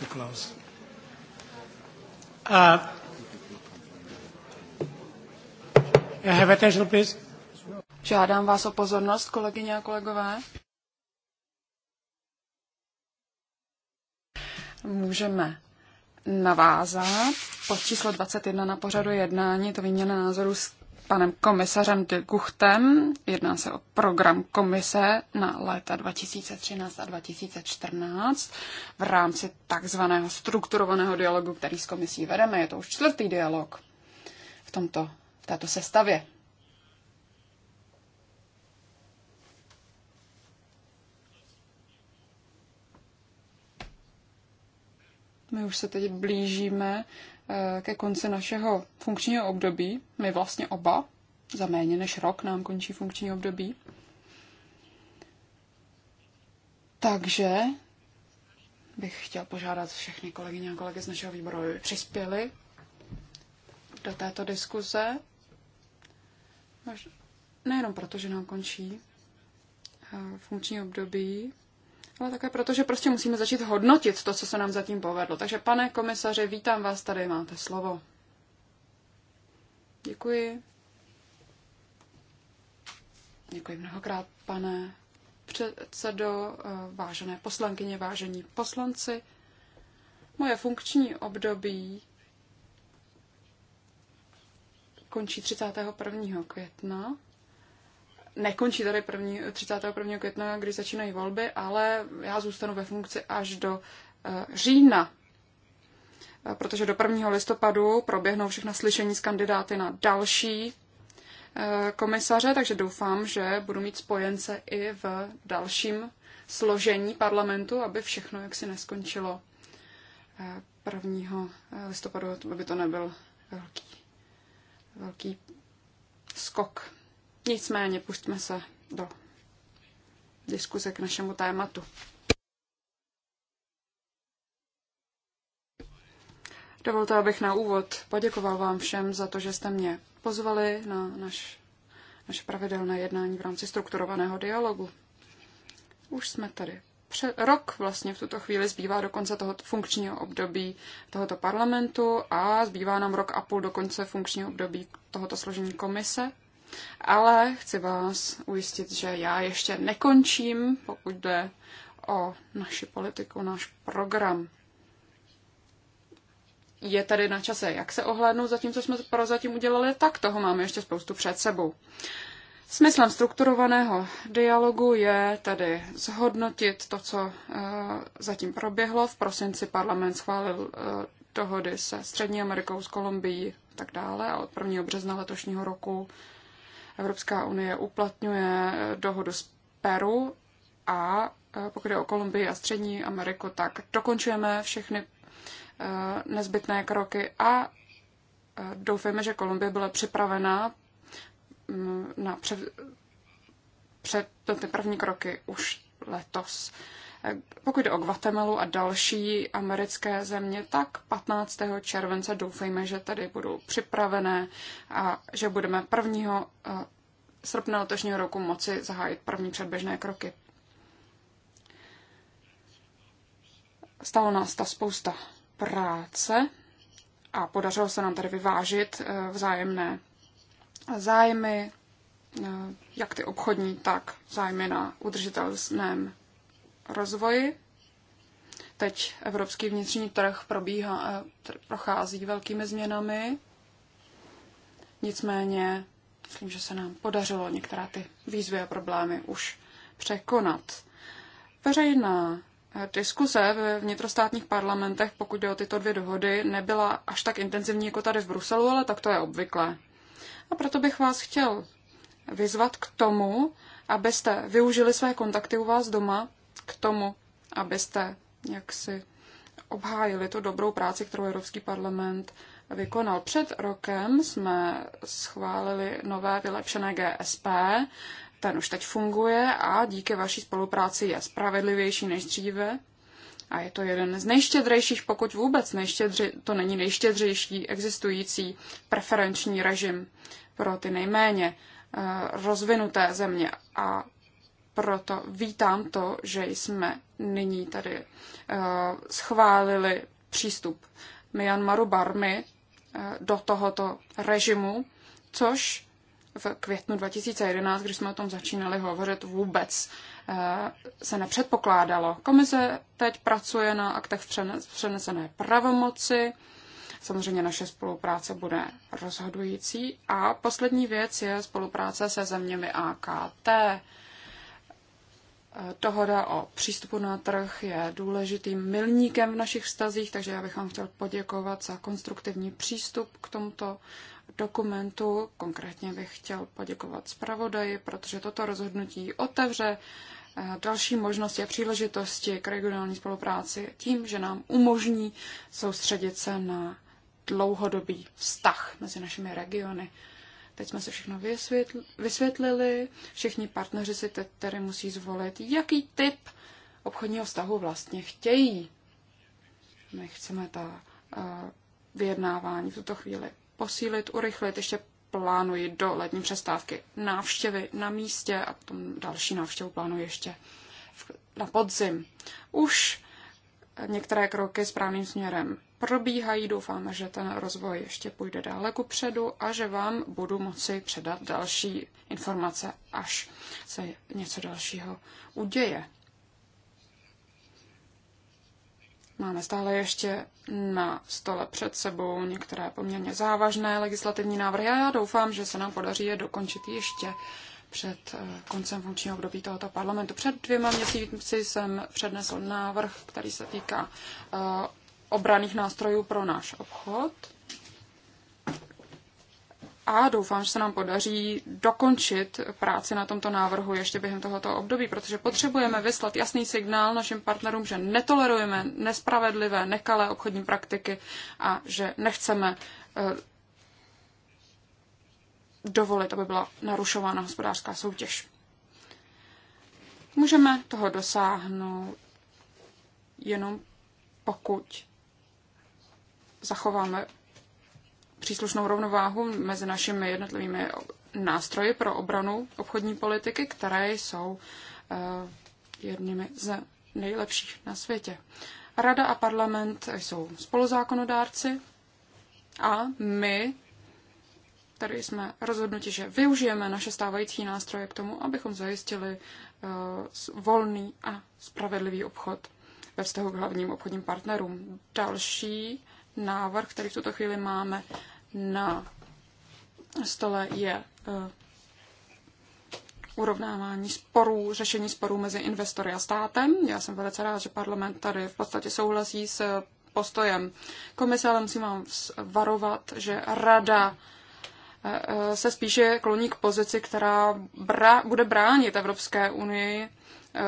[SPEAKER 1] to close. Uh, have attention, please. Žádám vás o pozornost, kolegyně a kolegové. Můžeme navázat. Pod číslo 21 na pořadu jednání to výměna názoru s panem komisařem de Guchtem. Jedná se o program komise na léta 2013 a 2014 v rámci takzvaného strukturovaného dialogu, který s komisí vedeme. Je to už čtvrtý dialog v, tomto, v této sestavě. už se teď blížíme eh, ke konci našeho funkčního období. My vlastně oba, za méně než rok nám končí funkční období. Takže bych chtěl požádat všechny kolegyně a kolegy z našeho výboru, aby přispěli do této diskuze. Nejenom proto, že nám končí eh, funkční období, ale také proto, že prostě musíme začít hodnotit to, co se nám zatím povedlo. Takže pane komisaři, vítám vás tady, máte slovo. Děkuji. Děkuji mnohokrát, pane předsedo, vážené poslankyně, vážení poslanci. Moje funkční období končí 31. května nekončí tady první, 31. května, kdy začínají volby, ale já zůstanu ve funkci až do eh, října eh, protože do 1. listopadu proběhnou všechna slyšení s kandidáty na další eh, komisaře, takže doufám, že budu mít spojence i v dalším složení parlamentu, aby všechno jaksi neskončilo 1. listopadu, aby to nebyl velký, velký skok. Nicméně pustíme se do diskuze k našemu tématu. Dovolte, abych na úvod poděkoval vám všem za to, že jste mě pozvali na naš, naše pravidelné jednání v rámci strukturovaného dialogu. Už jsme tady. Pře- rok vlastně v tuto chvíli zbývá do konce tohoto funkčního období tohoto parlamentu a zbývá nám rok a půl do konce funkčního období tohoto složení komise. Ale chci vás ujistit, že já ještě nekončím, pokud jde o naši politiku, náš program. Je tady na čase, jak se ohlédnout za tím, co jsme prozatím udělali, tak toho máme ještě spoustu před sebou. Smyslem strukturovaného dialogu je tedy zhodnotit to, co eh, zatím proběhlo. V prosinci parlament schválil eh, dohody se Střední Amerikou, s Kolumbií a tak dále a od 1. března letošního roku Evropská unie uplatňuje eh, dohodu z Peru a eh, pokud je o Kolumbii a Střední Ameriku, tak dokončujeme všechny eh, nezbytné kroky a doufejme, že Kolumbie byla připravena mm, na před, před ty první kroky už letos. Pokud jde o Guatemalu a další americké země, tak 15. července doufejme, že tady budou připravené a že budeme 1. Eh, srpna letošního roku moci zahájit první předběžné kroky. Stalo nás ta spousta práce a podařilo se nám tady vyvážit eh, vzájemné zájmy, eh, jak ty obchodní, tak zájmy na udržitelném rozvoji. Teď evropský vnitřní trh probíhá, eh, prochází velkými změnami, nicméně myslím, že se nám podařilo některé ty výzvy a problémy už překonat. Veřejná eh, Diskuse ve vnitrostátních parlamentech, pokud jde o tyto dvě dohody, nebyla až tak intenzivní jako tady v Bruselu, ale tak to je obvyklé. A proto bych vás chtěl vyzvat k tomu, abyste využili své kontakty u vás doma k tomu, abyste jaksi obhájili tu dobrou práci, kterou Evropský parlament vykonal. Před rokem jsme schválili nové vylepšené GSP, ten už teď funguje a díky vaší spolupráci je spravedlivější než dříve. A je to jeden z nejštědřejších, pokud vůbec nejštědři, to není nejštědřejší existující preferenční režim pro ty nejméně eh, rozvinuté země. A proto vítám to, že jsme nyní tady eh, schválili přístup Myanmaru Barmy eh, do tohoto režimu, což v květnu 2011, když jsme o tom začínali hovořit, vůbec eh, se nepředpokládalo. Komise teď pracuje na aktech přenesené pravomoci, Samozřejmě naše spolupráce bude rozhodující. A poslední věc je spolupráce se zeměmi AKT. Dohoda o přístupu na trh je důležitým milníkem v našich vztazích, takže já bych vám chtěl poděkovat za konstruktivní přístup k tomuto dokumentu. Konkrétně bych chtěl poděkovat zpravodaji, protože toto rozhodnutí otevře eh, další možnosti a příležitosti k regionální spolupráci tím, že nám umožní soustředit se na dlouhodobý vztah mezi našimi regiony Teď jsme si všechno vysvětlili, všichni partneři si teď tedy musí zvolit, jaký typ obchodního vztahu vlastně chtějí. My chceme ta eh, vyjednávání v tuto chvíli posílit, urychlit, ještě plánuji do letní přestávky návštěvy na místě a potom další návštěvu plánuji ještě na podzim. Už některé kroky správným směrem probíhají. Doufám, že ten rozvoj ještě půjde dále ku předu a že vám budu moci předat další informace, až se něco dalšího uděje. Máme stále ještě na stole před sebou některé poměrně závažné legislativní návrhy a já doufám, že se nám podaří je dokončit ještě před eh, koncem funkčního období tohoto parlamentu. Před dvěma měsíci jsem přednesl návrh, který se týká eh, obraných nástrojů pro náš obchod. A doufám, že se nám podaří dokončit práci na tomto návrhu ještě během tohoto období, protože potřebujeme vyslat jasný signál našim partnerům, že netolerujeme nespravedlivé, nekalé obchodní praktiky a že nechceme eh, dovolit, aby byla narušována hospodářská soutěž. Můžeme toho dosáhnout jenom pokud zachováme příslušnou rovnováhu mezi našimi jednotlivými nástroji pro obranu obchodní politiky, které jsou eh, jednými z nejlepších na světě. Rada a parlament jsou spoluzákonodárci a my tady jsme rozhodnuti, že využijeme naše stávající nástroje k tomu, abychom zajistili eh, volný a spravedlivý obchod ve vztahu k hlavním obchodním partnerům. Další návrh, který v tuto chvíli máme na stole, je e, urovnávání sporů, řešení sporů mezi investory a státem. Já jsem velice rád, že parlament tady v podstatě souhlasí s postojem komise, ale musím vám varovat, že rada e, e, se spíše kloní k pozici, která bra- bude bránit Evropské unii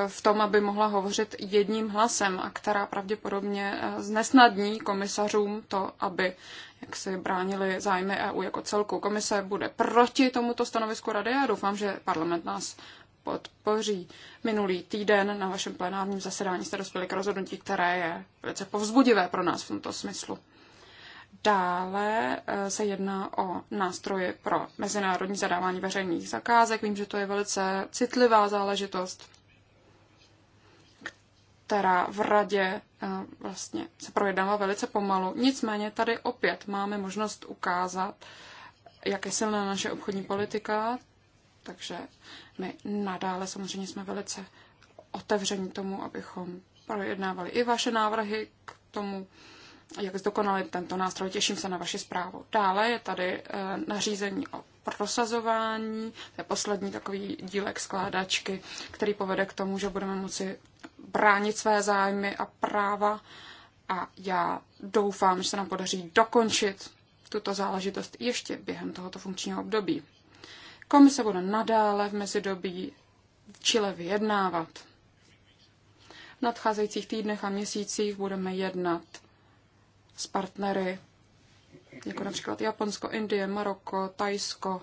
[SPEAKER 1] v tom, aby mohla hovořit jedním hlasem a která pravděpodobně eh, znesnadní komisařům to, aby jak si bránili zájmy EU jako celku. Komise bude proti tomuto stanovisku rady a doufám, že parlament nás podpoří. Minulý týden na vašem plenárním zasedání jste dospěli k rozhodnutí, které je velice povzbudivé pro nás v tomto smyslu. Dále eh, se jedná o nástroje pro mezinárodní zadávání veřejných zakázek. Vím, že to je velice citlivá záležitost která v radě eh, vlastně se projednává velice pomalu. Nicméně tady opět máme možnost ukázat, jak je silná naše obchodní politika, takže my nadále samozřejmě jsme velice otevření tomu, abychom projednávali i vaše návrhy k tomu, jak zdokonalit tento nástroj. Těším se na vaši zprávu. Dále je tady eh, nařízení o prosazování, to je poslední takový dílek skládačky, který povede k tomu, že budeme moci bránit své zájmy a práva a já doufám, že se nám podaří dokončit tuto záležitost ještě během tohoto funkčního období. Komise bude nadále v mezidobí v Chile vyjednávat. V nadcházejících týdnech a měsících budeme jednat s partnery, jako například Japonsko, Indie, Maroko, Tajsko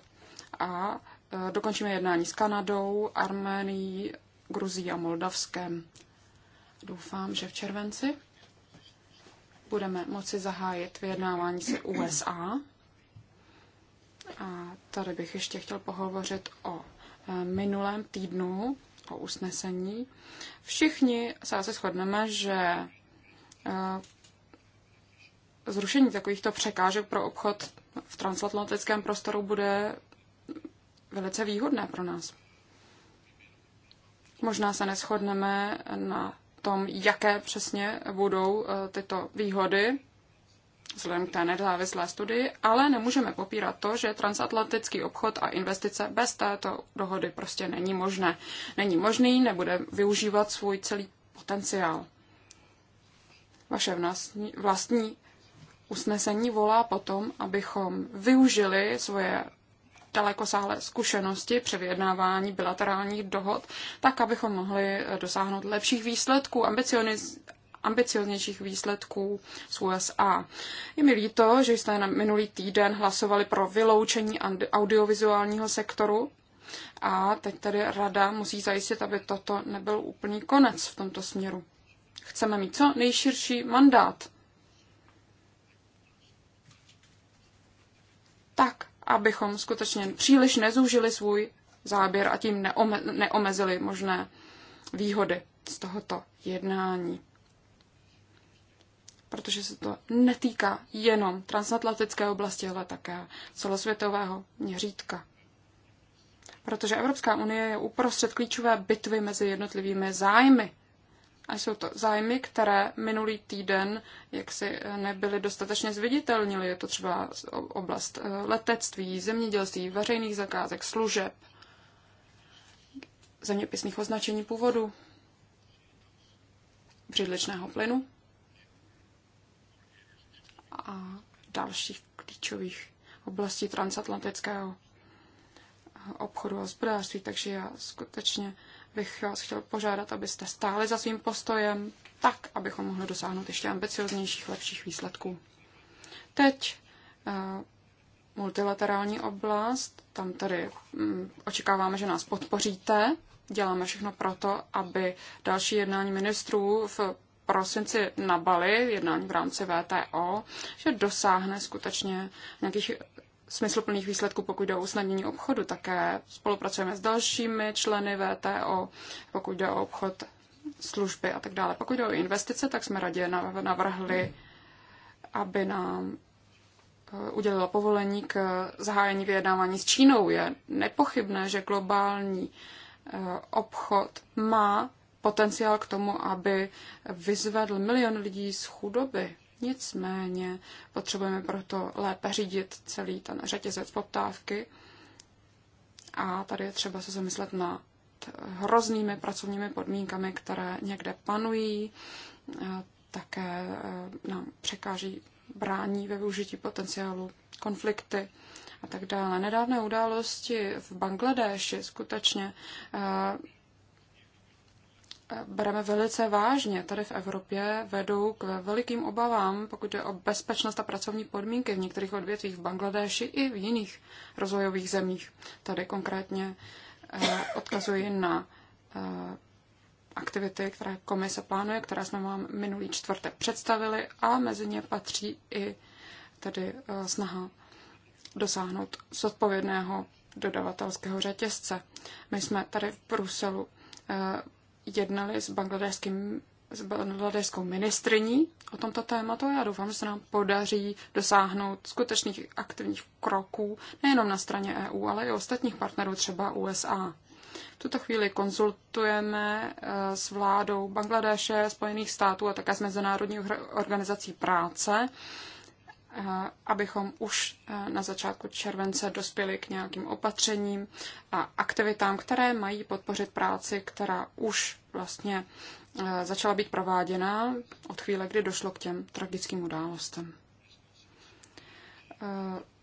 [SPEAKER 1] a e, dokončíme jednání s Kanadou, Arménií, Gruzí a Moldavskem Doufám, že v červenci budeme moci zahájit vyjednávání se USA. A tady bych ještě chtěl pohovořit o eh, minulém týdnu, o usnesení. Všichni se asi shodneme, že eh, zrušení takovýchto překážek pro obchod v transatlantickém prostoru bude velice výhodné pro nás. Možná se neschodneme na tom, jaké přesně budou eh, tyto výhody vzhledem k té nezávislé studii, ale nemůžeme popírat to, že transatlantický obchod a investice bez této dohody prostě není možné. Není možný, nebude využívat svůj celý potenciál. Vaše vlastní, vlastní usnesení volá potom, abychom využili svoje dalekosáhlé zkušenosti při vyjednávání bilaterálních dohod, tak abychom mohli dosáhnout lepších výsledků, ambicioniz ambicioznějších výsledků z USA. Je mi líto, že jste na minulý týden hlasovali pro vyloučení audiovizuálního sektoru a teď tedy rada musí zajistit, aby toto nebyl úplný konec v tomto směru. Chceme mít co nejširší mandát. Tak, abychom skutečně příliš nezúžili svůj záběr a tím neome, neomezili možné výhody z tohoto jednání. Protože se to netýká jenom transatlantické oblasti, ale také celosvětového měřítka. Protože Evropská unie je uprostřed klíčové bitvy mezi jednotlivými zájmy. A jsou to zájmy, které minulý týden jaksi eh, nebyly dostatečně zviditelnily. Je to třeba oblast eh, letectví, zemědělství, veřejných zakázek, služeb, zeměpisných označení původu, břidličného plynu a dalších klíčových oblastí transatlantického obchodu a hospodářství, takže já skutečně bych vás chtěl požádat, abyste stáli za svým postojem, tak, abychom mohli dosáhnout ještě ambicioznějších, lepších výsledků. Teď eh, multilaterální oblast, tam tady mm, očekáváme, že nás podpoříte. Děláme všechno proto, aby další jednání ministrů v prosinci na Bali, jednání v rámci VTO, že dosáhne skutečně nějakých smysluplných výsledků, pokud jde o usnadnění obchodu. Také spolupracujeme s dalšími členy VTO, pokud jde o obchod služby a tak dále. Pokud jde o investice, tak jsme radě navrhli, aby nám eh, udělila povolení k zahájení vyjednávání s Čínou. Je nepochybné, že globální eh, obchod má potenciál k tomu, aby vyzvedl milion lidí z chudoby. Nicméně potřebujeme proto lépe řídit celý ten řetězec poptávky a tady je třeba se zamyslet nad hroznými pracovními podmínkami, které někde panují, eh, také eh, nám překáží brání ve využití potenciálu konflikty a tak dále. Nedávné události v Bangladeši skutečně eh, bereme velice vážně tady v Evropě, vedou k velikým obavám, pokud je o bezpečnost a pracovní podmínky v některých odvětvích v Bangladeši i v jiných rozvojových zemích. Tady konkrétně eh, odkazuji na eh, aktivity, které komise plánuje, které jsme vám minulý čtvrtek představili a mezi ně patří i tedy eh, snaha dosáhnout zodpovědného dodavatelského řetězce. My jsme tady v Bruselu jednali s, bangladeským, s bangladeskou ministriní o tomto tématu a já doufám, že se nám podaří dosáhnout skutečných aktivních kroků nejenom na straně EU, ale i ostatních partnerů, třeba USA. V tuto chvíli konzultujeme eh, s vládou Bangladeše, Spojených států a také s Mezinárodní organizací práce Eh, abychom už eh, na začátku července dospěli k nějakým opatřením a aktivitám, které mají podpořit práci, která už vlastně eh, začala být prováděna od chvíle, kdy došlo k těm tragickým událostem.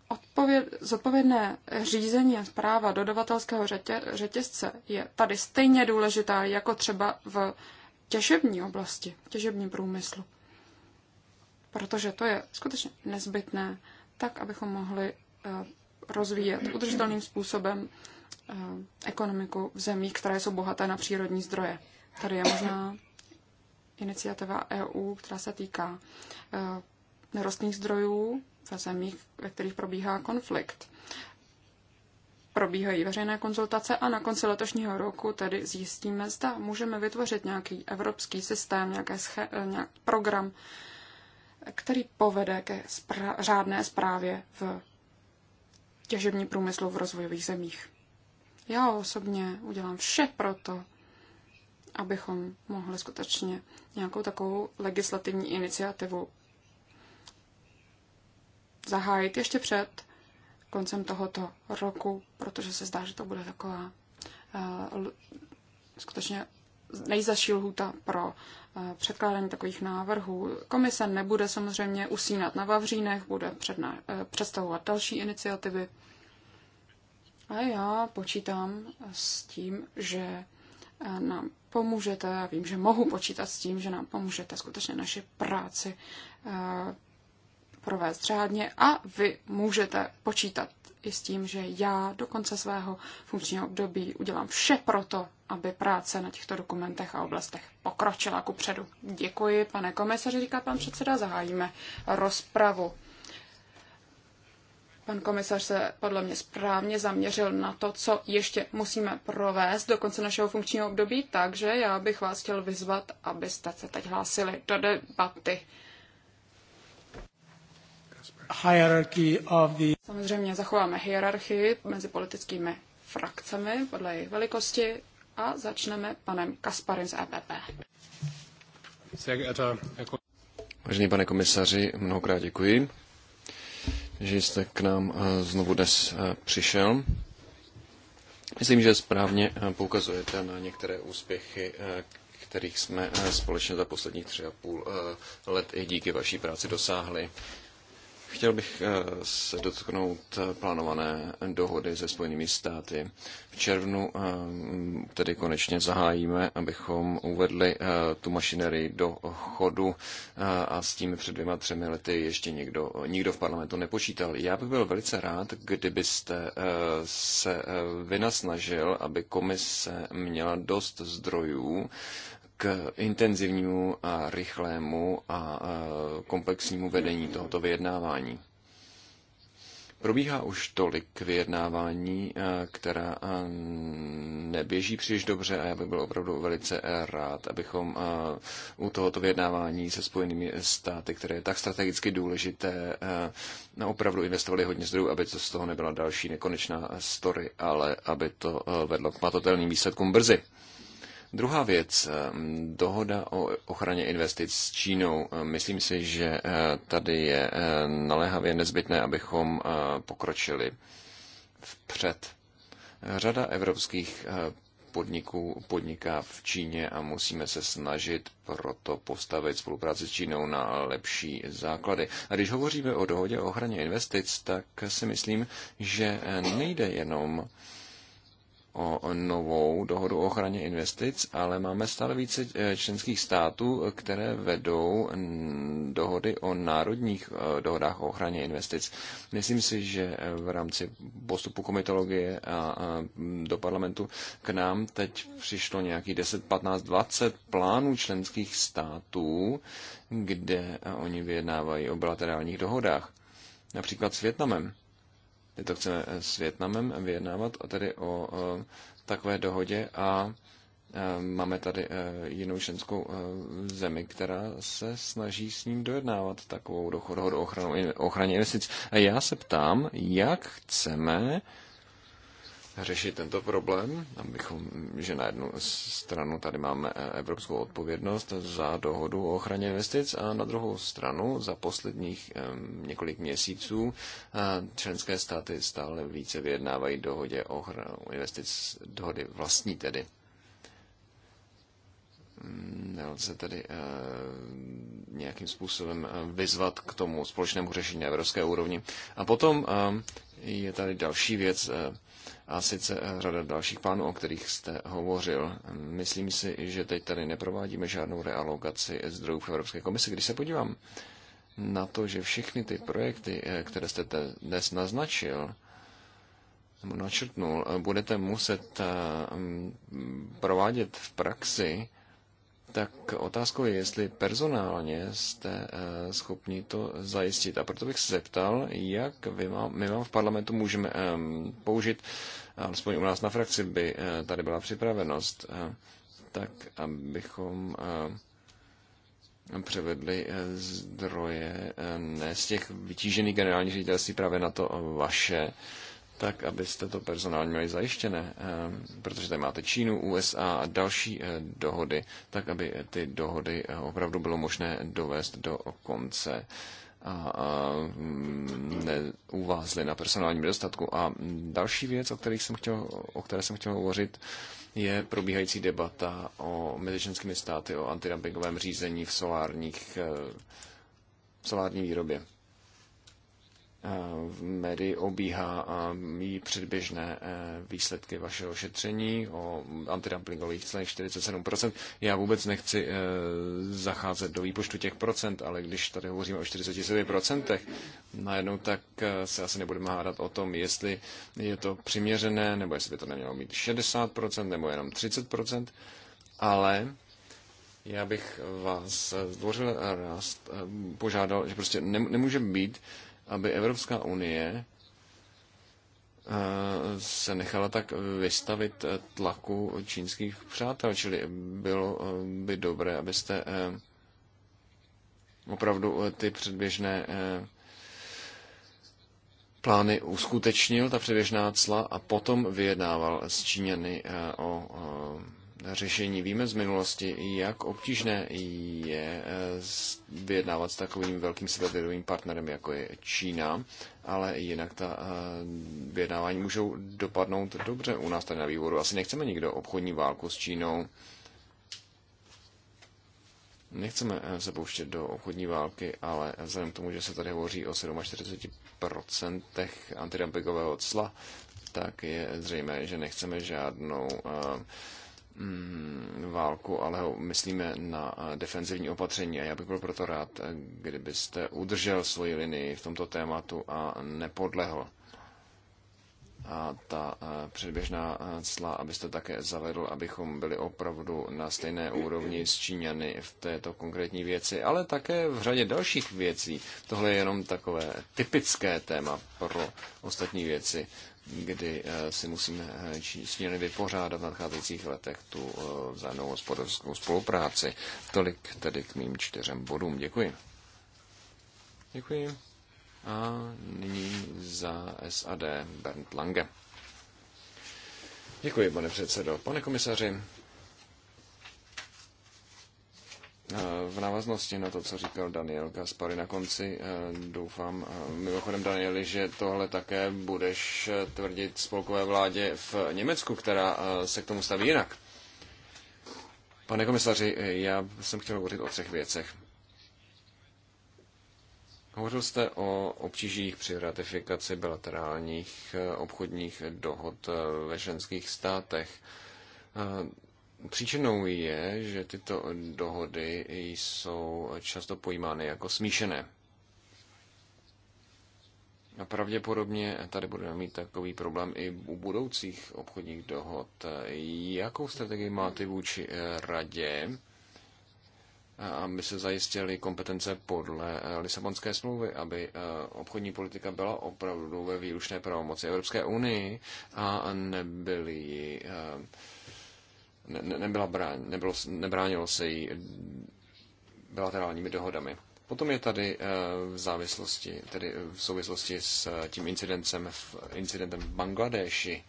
[SPEAKER 1] Odpověd, zodpovědné řízení a zpráva dodavatelského řetě, řetězce je tady stejně důležitá jako třeba v těžební oblasti, těžební průmyslu protože to je skutečně nezbytné, tak abychom mohli eh, rozvíjet udržitelným způsobem eh, ekonomiku v zemích, které jsou bohaté na přírodní zdroje. Tady je možná iniciativa EU, která se týká eh, nerostných zdrojů ve zemích, ve kterých probíhá konflikt. Probíhají veřejné konzultace a na konci letošního roku tedy zjistíme, zda můžeme vytvořit nějaký evropský systém, nějaký program který povede ke spra- řádné zprávě v těžební průmyslu v rozvojových zemích. Já osobně udělám vše pro to, abychom mohli skutečně nějakou takovou legislativní iniciativu zahájit ještě před koncem tohoto roku, protože se zdá, že to bude taková uh, skutečně nejzaší lhůta pro eh, předkládání takových návrhů. Komise nebude samozřejmě usínat na Vavřínech, bude předna- eh, představovat další iniciativy. A já počítám s tím, že eh, nám pomůžete, a vím, že mohu počítat s tím, že nám pomůžete skutečně naši práci provést řádně a vy můžete počítat i s tím, že já do konce svého funkčního období udělám vše pro to aby práce na těchto dokumentech a oblastech pokročila ku předu. Děkuji, pane komisaři, říká pan předseda, zahájíme rozpravu. Pan komisař se podle mě správně zaměřil na to, co ještě musíme provést do konce našeho funkčního období, takže já bych vás chtěl vyzvat, abyste se teď hlásili do debaty. Of the... Samozřejmě zachováme hierarchii mezi politickými frakcemi podle jejich velikosti a začneme panem Kasparem z EPP.
[SPEAKER 2] Vážený pane komisaři, mnohokrát děkuji, že jste k nám eh, znovu dnes eh, přišel. Myslím, že správně eh, poukazujete na některé úspěchy, kterých jsme společně za posledních tři a půl let i díky vaší práci dosáhli. Chtěl bych eh, se dotknout eh, plánované dohody se Spojenými státy. V červnu eh, tedy konečně zahájíme, abychom uvedli tu mašinerii do chodu a s tím před dvěma, třemi lety ještě nikdo, nikdo v parlamentu nepočítal. Já bych byl velice rád, kdybyste se vynasnažil, aby komise měla dost zdrojů k intenzivnímu a rychlému a komplexnímu vedení tohoto vyjednávání. Probíhá už tolik vyjednávání, která neběží příliš dobře a já bych byl opravdu velice rád, abychom u tohoto vyjednávání se spojenými státy, které je tak strategicky důležité, no, opravdu investovali hodně zdrojů, aby to z toho nebyla další nekonečná story, ale aby to vedlo k matotelným výsledkům brzy. Druhá věc, eh, dohoda o ochraně investic s Čínou. Eh, myslím si, že eh, tady je naléhavě nezbytné, abychom pokročili vpřed. Řada evropských podniků podniká v Číně a musíme se snažit proto postavit spolupráci s Čínou na lepší základy. A když hovoříme o dohodě o ochraně investic, tak si myslím, že nejde jenom o novou dohodu o ochraně investic, ale máme stále více eh, členských států, které vedou dohody o národních eh, dohodách o ochraně investic. Myslím si, že eh, v rámci postupu komitologie a mm, do parlamentu k nám teď přišlo nějakých 10, 15, 20 plánů členských států, kde oni vyjednávají o bilaterálních dohodách. Například s Větnamem to chceme s Větnamem vyjednávat a tedy o takové dohodě a máme tady e, jinou členskou e, zemi, která se snaží s ním dojednávat takovou dohodu o ochraně investic. A já se ptám, jak chceme řešit tento problém, abychom, že na jednu stranu tady máme eh, evropskou odpovědnost za dohodu o ochraně investic a na druhou stranu za posledních několik měsíců eh, členské státy stále více vyjednávají dohodě o investic, dohody vlastní tedy nelze tedy eh, nějakým způsobem eh, vyzvat k tomu společnému řešení na evropské úrovni. A potom eh, je tady další věc, a sice řada dalších pánů, o kterých jste hovořil. Myslím si, že teď tady neprovádíme žádnou realokaci zdrojů v Evropské komisi. Když se podívám na to, že všechny ty projekty, které jste dnes naznačil, načrtnul, budete muset provádět v praxi tak otázkou je, jestli personálně jste eh, schopni to zajistit. A proto bych se zeptal, jak vy má, my vám v parlamentu můžeme ehm, použít, alespoň u nás na frakci by eh, tady byla připravenost, eh, tak abychom převedli zdroje ne z těch vytížených generálních ředitelství právě na to vaše, tak abyste to personálně měli zajištěné, eh, protože tady máte Čínu, USA a další eh, dohody, tak aby ty dohody eh, opravdu bylo možné dovést do konce a, mm, neuvázly na personálním nedostatku. A další věc, o, kterých jsem chtěl, o které jsem chtěl hovořit, je probíhající debata o mezičenskými státy o antidumpingovém řízení v solárních v solární výrobě v médii obíhá mý předběžné eh, výsledky vašeho šetření o antidumpingových celých 47%. Já vůbec nechci eh, zacházet do výpočtu těch procent, ale když tady hovoříme o 47%, najednou tak eh, se asi nebudeme hádat o tom, jestli je to přiměřené, nebo jestli by to nemělo mít 60%, nebo jenom 30%, ale já bych vás zdvořil rád požádal, že prostě nemůže být, aby Evropská unie eh, se nechala tak vystavit eh, tlaku čínských přátel, čili bylo eh, by dobré, abyste opravdu ty předběžné plány uskutečnil, ta předběžná cla, a potom vyjednával s Číňany o řešení. Víme z minulosti, jak obtížné je eh, vyjednávat s takovým velkým světovým partnerem, jako je Čína, ale jinak ta eh, vyjednávání můžou dopadnout dobře u nás tady na výboru. Asi nechceme nikdo obchodní válku s Čínou. Nechceme eh, se pouštět do obchodní války, ale vzhledem k tomu, že se tady hovoří o 47% antidumpingového cla, tak je zřejmé, že nechceme žádnou uh, Mm, válku, ale myslíme na eh, defenzivní opatření a já bych byl proto rád, eh, kdybyste udržel svoji linii v tomto tématu a nepodlehl. A ta eh, předběžná cla, abyste také zavedl, abychom byli opravdu na stejné úrovni s Číňany v této konkrétní věci, ale také v řadě dalších věcí. Tohle je jenom takové typické téma pro ostatní věci kdy eh, si musíme eh, čísně vypořádat v nadcházejících letech tu eh, vzájemnou hospodářskou spolupráci. Tolik tedy k mým čtyřem bodům. Děkuji. Děkuji. A nyní za SAD Bernd Lange. Děkuji, pane předsedo. Pane komisaři, Eh, v návaznosti na to, co říkal Daniel Kaspary na konci, eh, doufám, eh, mimochodem Danieli, že tohle také budeš tvrdit spolkové vládě v Německu, která se k tomu staví jinak. Pane komisaři, já jsem chtěl hovořit o třech věcech. Hovořil jste o obtížích při ratifikaci bilaterálních obchodních dohod ve ženských státech. Příčinou je, že tyto dohody jsou často pojímány jako smíšené. A pravděpodobně tady budeme mít takový problém i u budoucích obchodních dohod. Jakou strategii máte vůči eh, radě, aby se zajistily kompetence podle eh, Lisabonské smlouvy, aby eh, obchodní politika byla opravdu ve výlučné pravomoci Evropské unii a nebyly ne, nebyla brán, nebylo, nebránilo se jí bilaterálními dohodami. Potom je tady eh, v závislosti, tedy v souvislosti s eh, tím incidentem v, incidentem v Bangladeši.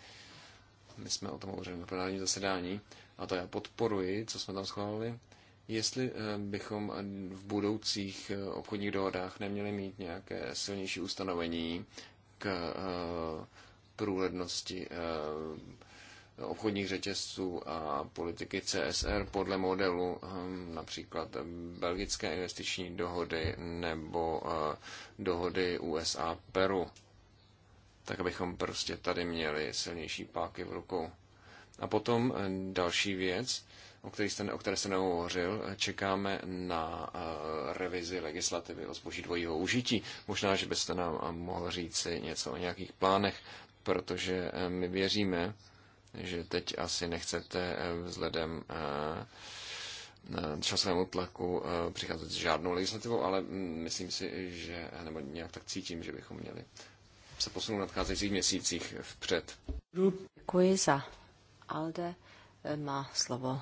[SPEAKER 2] My jsme o tom hovořili na plenárním zasedání a to já podporuji, co jsme tam schválili. Jestli eh, bychom v budoucích obchodních dohodách neměli mít nějaké silnější ustanovení k průhlednosti obchodních řetězců a politiky CSR podle modelu hm, například belgické investiční dohody nebo eh, dohody USA Peru. Tak abychom prostě tady měli silnější páky v rukou. A potom eh, další věc, o které jste, o které jste nehovořil, eh, čekáme na revizi legislativy o zboží dvojího užití. Možná, že byste nám mohl říci něco o nějakých plánech, protože my věříme, že teď asi nechcete eh, vzhledem eh, časovému tlaku eh, přicházet s žádnou legislativou, ale mm, myslím si, že, nebo nějak tak cítím, že bychom měli se posunout v nadcházejících měsících vpřed.
[SPEAKER 3] Děkuji za Alde. Má slovo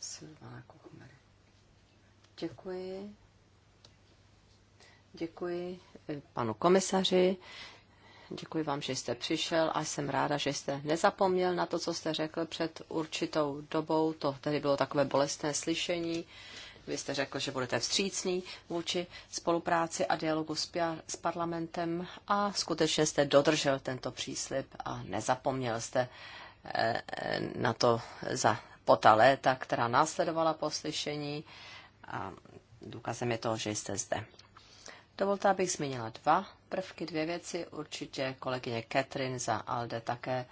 [SPEAKER 3] Silvana Kuchmer. Děkuji. Děkuji panu komisaři Děkuji vám, že jste přišel a jsem ráda, že jste nezapomněl na to, co jste řekl před určitou dobou. To tedy bylo takové bolestné slyšení. Vy jste řekl, že budete vstřícný vůči spolupráci a dialogu s, s parlamentem a skutečně jste dodržel tento příslip a nezapomněl jste eh, eh, na to za pota léta, která následovala po slyšení a důkazem je toho, že jste zde. Dovolte, abych zmínila dva prvky, dvě věci. Určitě kolegyně Katrin za ALDE také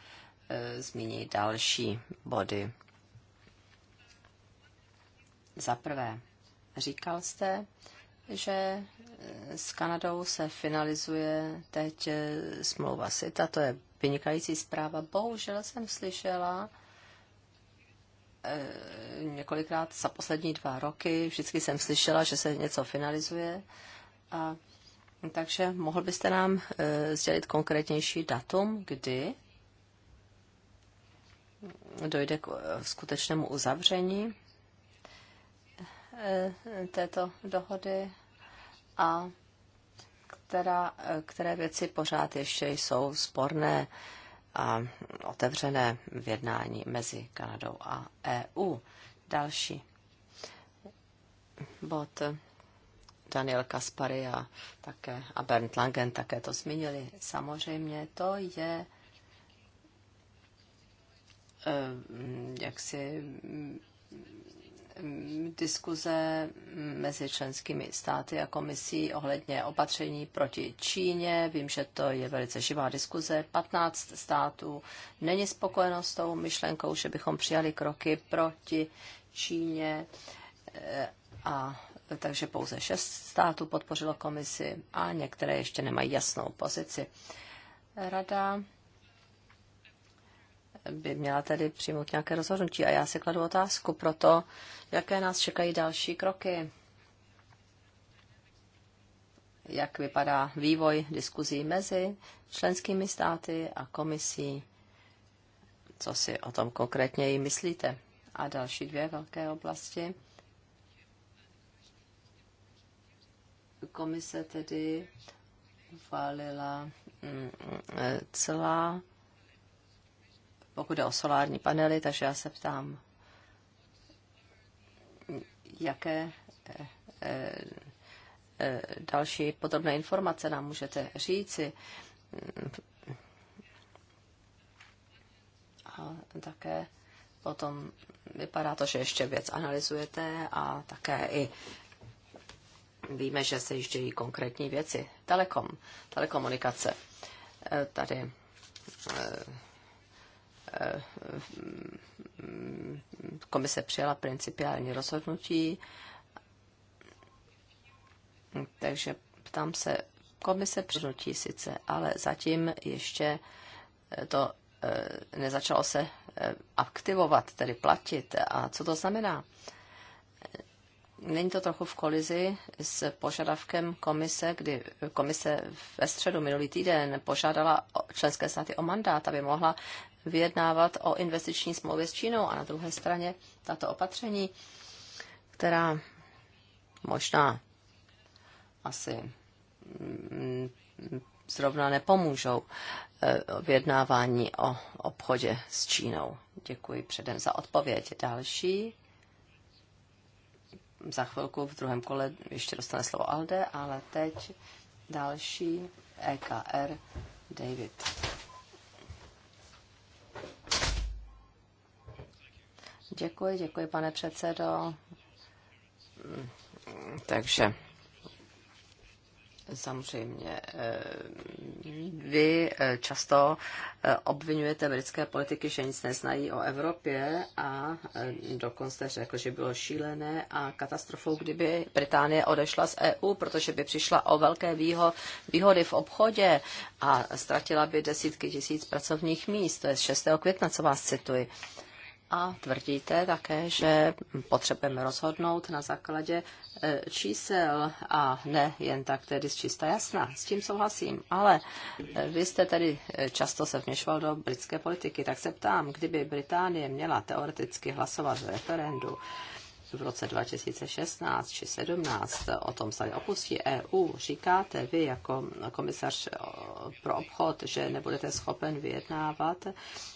[SPEAKER 3] e, zmíní další body. Za prvé, říkal jste, že e, s Kanadou se finalizuje teď e, smlouva SITA, to je vynikající zpráva. Bohužel jsem slyšela e, několikrát za poslední dva roky, vždycky jsem slyšela, že se něco finalizuje a takže mohl byste nám e, sdělit konkrétnější datum, kdy dojde k eh, skutečnému uzavření eh, této dohody a která, které věci pořád ještě jsou sporné a otevřené v jednání mezi Kanadou a EU. Další bod Daniel Kaspary a, také, a Bernd Langen také to zmínili. Samozřejmě to je eh, jaksi mm, diskuze mezi členskými státy a komisí ohledně opatření proti Číně. Vím, že to je velice živá diskuze. 15 států není spokojeno s tou myšlenkou, že bychom přijali kroky proti Číně eh, a takže pouze šest států podpořilo komisi a některé ještě nemají jasnou pozici. Rada by měla tedy přijmout nějaké rozhodnutí a já si kladu otázku pro to, jaké nás čekají další kroky. Jak vypadá vývoj diskuzí mezi členskými státy a komisí? Co si o tom konkrétně myslíte? A další dvě velké oblasti komise tedy uvalila mm, mm, celá, pokud je o solární panely, takže já se ptám, jaké eh, eh, eh, další podrobné informace nám můžete říci. A také potom vypadá to, že ještě věc analyzujete a také i Víme, že se již dějí konkrétní věci. Telekom, telekomunikace. Eh, tady eh, eh, komise přijala principiální rozhodnutí, takže ptám se, komise přinutí sice, ale zatím ještě to nezačalo se aktivovat, tedy platit. A co to znamená? Není to trochu v kolizi s požadavkem komise, kdy komise ve středu minulý týden požádala členské státy o mandát, aby mohla vyjednávat o investiční smlouvě s Čínou a na druhé straně tato opatření, která možná asi mm, zrovna nepomůžou eh, vyjednávání o obchodě s Čínou. Děkuji předem za odpověď. Další za chvilku v druhém kole ještě dostane slovo Alde, ale teď další EKR David. Děkuji, děkuji, pane předsedo. Takže Samozřejmě eh, vy eh, často eh, obvinujete americké politiky, že nic neznají o Evropě a dokonce řekl, že bylo šílené a katastrofou, kdyby Británie odešla z EU, protože by přišla o velké výho- výhody v obchodě a ztratila by desítky tisíc pracovních míst. To je z 6. května, co vás cituji a tvrdíte také, že potřebujeme rozhodnout na základě e, čísel a ne jen tak tedy z čista jasná. S tím souhlasím, ale e, vy jste tedy e, často se vměšoval do britské politiky, tak se ptám, kdyby Británie měla teoreticky hlasovat v referendu, v roce 2016 či 2017 o tom se opustí EU, říkáte vy jako komisař eh, pro obchod, že nebudete schopen vyjednávat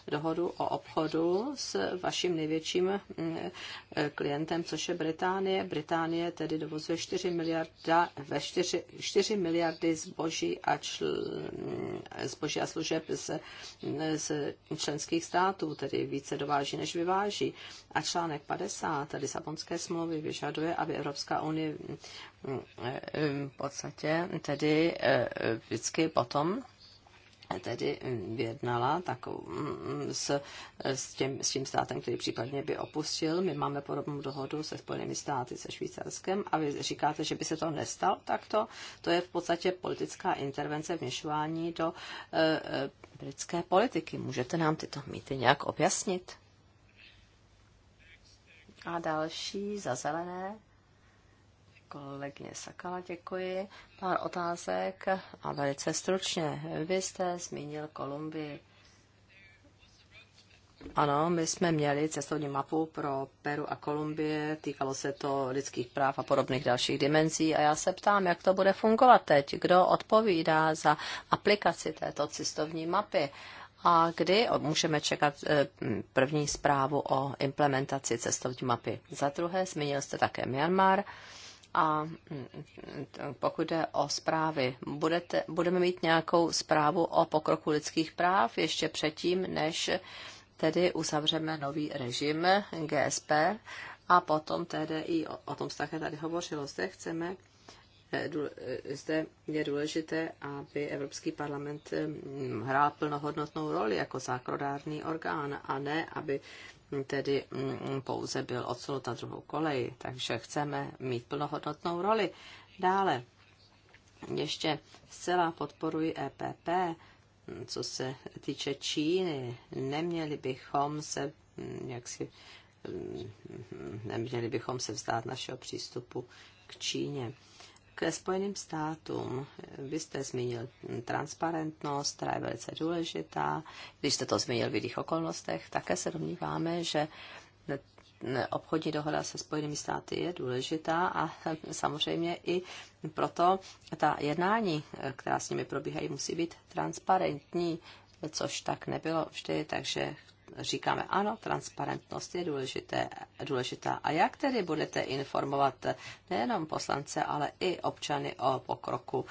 [SPEAKER 3] dohodu o obchodu s vaším největším eh, klientem, což je Británie. Británie tedy dovozuje 4 miliardy, ve 4, 4 miliardy zboží a, čl, mm, zboží a služeb z, z členských států, tedy více dováží než vyváží. A článek 50, tedy Lisabonské Lisabonské smlouvy vyžaduje, aby Evropská unie mm, mm, v podstatě tedy eh, vždycky potom tedy vyjednala mm, takovou, s, s, tím, s tím státem, který případně by opustil. My máme podobnou dohodu se Spojenými státy, se Švýcarskem a vy říkáte, že by se to nestalo takto. To je v podstatě politická intervence vněšování do e, e, britské politiky. Můžete nám tyto mýty nějak objasnit? A další za zelené. Kolegyně Sakala, děkuji. Pár otázek a velice stručně. Vy jste zmínil Kolumbii. Ano, my jsme měli cestovní mapu pro Peru a Kolumbie, týkalo se to lidských práv a podobných dalších dimenzí a já se ptám, jak to bude fungovat teď, kdo odpovídá za aplikaci této cestovní mapy a kdy můžeme čekat eh, první zprávu o implementaci cestovní mapy. Za druhé, zmínil jste také Myanmar a mm, pokud jde o zprávy, budete, budeme mít nějakou zprávu o pokroku lidských práv ještě předtím, než tedy uzavřeme nový režim GSP a potom tedy i o, o tom se také tady hovořilo, zde chceme zde je důležité, aby Evropský parlament hrál plnohodnotnou roli jako zákrodárný orgán a ne, aby tedy mm, pouze byl odsunut na druhou kolej. Takže chceme mít plnohodnotnou roli. Dále ještě zcela podporuji EPP, co se týče Číny. Neměli bychom se mm, jaksi mm, neměli bychom se vzdát našeho přístupu k Číně. Ke Spojeným státům. Vy jste zmínil transparentnost, která je velice důležitá. Když jste to zmínil v jiných okolnostech, také se domníváme, že obchodní dohoda se Spojenými státy je důležitá a samozřejmě i proto ta jednání, která s nimi probíhají, musí být transparentní, což tak nebylo vždy, takže říkáme ano, transparentnost je důležité, důležitá. A jak tedy budete informovat nejenom poslance, ale i občany o pokroku,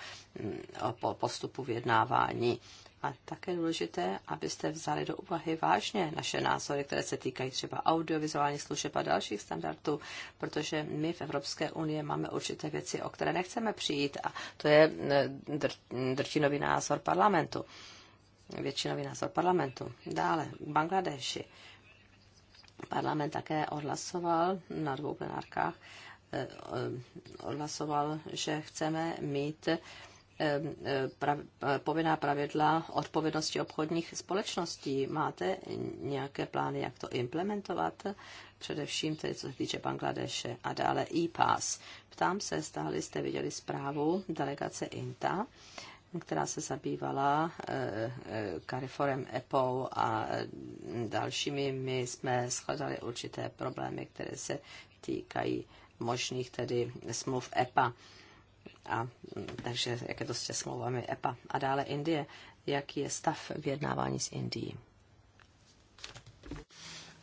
[SPEAKER 3] mm, o postupu vyjednávání? A také důležité, abyste vzali do úvahy vážně naše názory, které se týkají třeba audiovizuálních služeb a dalších standardů, protože my v Evropské unii máme určité věci, o které nechceme přijít a to je mm, drtinový názor parlamentu většinový názor parlamentu. Dále k Bangladeši. Parlament také odhlasoval na dvou plenárkách, eh, odhlasoval, že chceme mít eh, prav, povinná pravidla odpovědnosti obchodních společností. Máte nějaké plány, jak to implementovat? Především tedy, co se týče Bangladeše a dále e-pass. Ptám se, stále jste viděli zprávu delegace INTA, která se zabývala eh, eh, Cariforem EPO a mm, dalšími. My jsme shledali určité problémy, které se týkají možných tedy smluv EPA. A, mm, takže jak je to s tě smlouvami EPA. A dále Indie. Jaký je stav vyjednávání s Indií?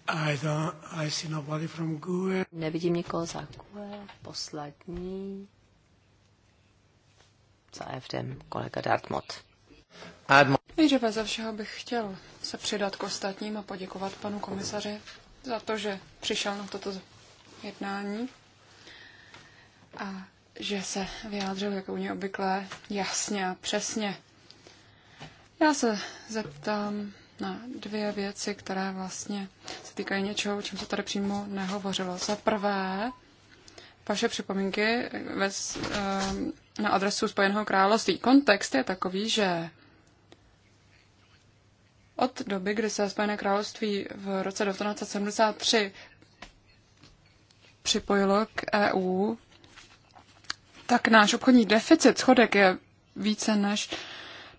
[SPEAKER 1] I don't, I see nobody from GUE.
[SPEAKER 3] Nevidím nikoho za GUE.
[SPEAKER 1] Poslední
[SPEAKER 3] za FD, kolega
[SPEAKER 1] Nejdříve ze všeho bych chtěl se přidat k ostatním a poděkovat panu komisaři za to, že přišel na toto jednání a že se vyjádřil jako u něj obvykle jasně a přesně. Já se zeptám na dvě věci, které vlastně se týkají něčeho, o čem se tady přímo nehovořilo. Za prvé, vaše připomínky ve, ehm, na adresu Spojeného království. Kontext je takový, že od doby, kdy se Spojené království v roce 1973 připojilo k EU, tak náš obchodní deficit, schodek je více než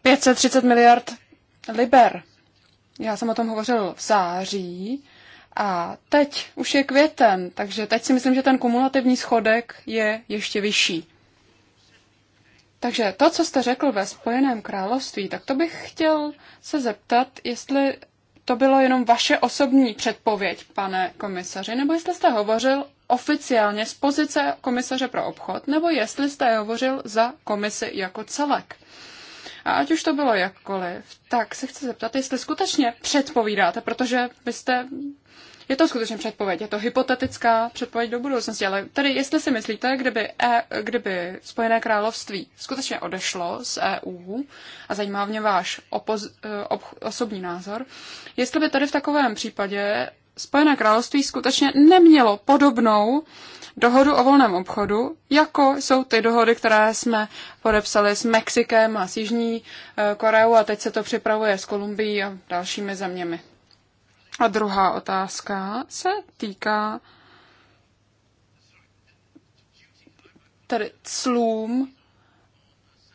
[SPEAKER 1] 530 miliard liber. Já jsem o tom hovořil v září a teď už je květen, takže teď si myslím, že ten kumulativní schodek je ještě vyšší. Takže to, co jste řekl ve Spojeném království, tak to bych chtěl se zeptat, jestli to bylo jenom vaše osobní předpověď, pane komisaři, nebo jestli jste hovořil oficiálně z pozice komisaře pro obchod, nebo jestli jste hovořil za komisi jako celek. A ať už to bylo jakkoliv, tak se chci zeptat, jestli skutečně předpovídáte, protože byste je to skutečně předpověď, je to hypotetická předpověď do budoucnosti, ale tady jestli si myslíte, kdyby, e, kdyby Spojené království skutečně odešlo z EU, a zajímá mě váš opoz, e, ob, osobní názor, jestli by tady v takovém případě Spojené království skutečně nemělo podobnou dohodu o volném obchodu, jako jsou ty dohody, které jsme podepsali s Mexikem a s Jižní e, Koreou a teď se to připravuje s Kolumbií a dalšími zeměmi. A druhá otázka se týká tedy clům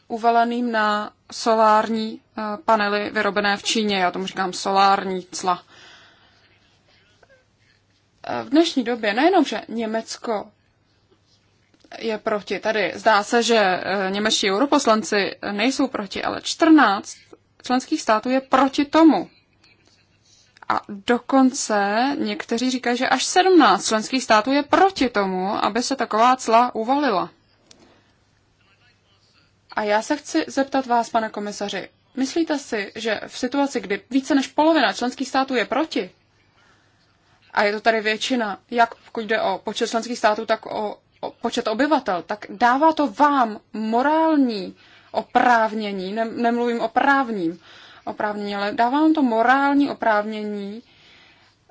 [SPEAKER 1] uvaleným na solární eh, panely vyrobené v Číně. Já tomu říkám solární cla. Eh, v dnešní době nejenom, že Německo je proti, tady zdá se, že eh, němečtí europoslanci nejsou proti, ale 14 členských států je proti tomu. A dokonce někteří říkají, že až 17 členských států je proti tomu, aby se taková cla uvalila. A já se chci zeptat vás, pane komisaři, myslíte si, že v situaci, kdy více než polovina členských států je proti, a je to tady většina, jak pokud jde o počet členských států, tak o, o počet obyvatel, tak dává to vám morální oprávnění, ne, nemluvím o právním, oprávnění, ale dává vám to morální oprávnění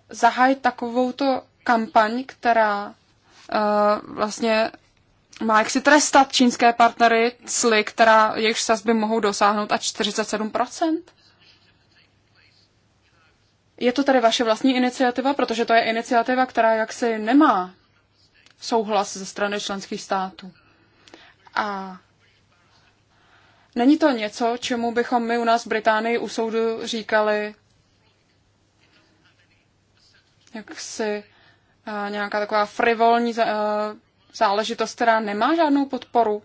[SPEAKER 1] zahájit takovouto kampaň, která uh, vlastně má jaksi trestat čínské partnery cly, která jejich sazby mohou dosáhnout až 47%. Je to tedy vaše vlastní iniciativa, protože to je iniciativa, která jaksi nemá souhlas ze strany členských států. A Není to něco, čemu bychom my u nás v Británii u soudu říkali jaksi eh, nějaká taková frivolní eh, záležitost, která nemá žádnou podporu.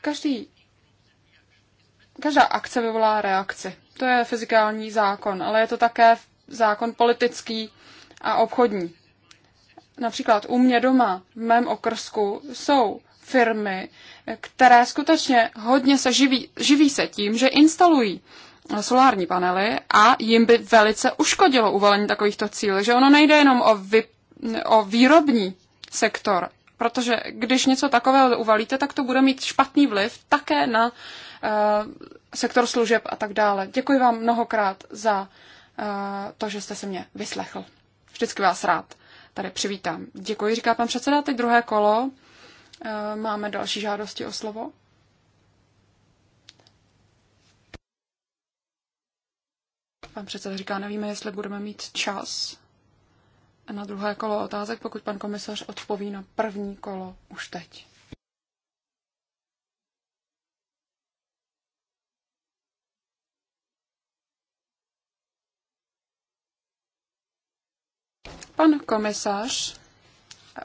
[SPEAKER 1] Každý, každá akce vyvolá reakci. To je fyzikální zákon, ale je to také zákon politický a obchodní například u mě doma, v mém okrsku, jsou firmy, které skutečně hodně se živí, živí se tím, že instalují solární panely a jim by velice uškodilo uvalení takovýchto cílů, že ono nejde jenom o, vy, o výrobní sektor, protože když něco takového uvalíte, tak to bude mít špatný vliv také na uh, sektor služeb a tak dále. Děkuji vám mnohokrát za uh, to, že jste se mě vyslechl. Vždycky vás rád tady přivítám. Děkuji, říká pan předseda. Teď druhé kolo. Eh, máme další žádosti o slovo. Pan předseda říká, nevíme, jestli budeme mít čas na druhé kolo otázek, pokud pan komisař odpoví na první kolo už teď. Pan komisař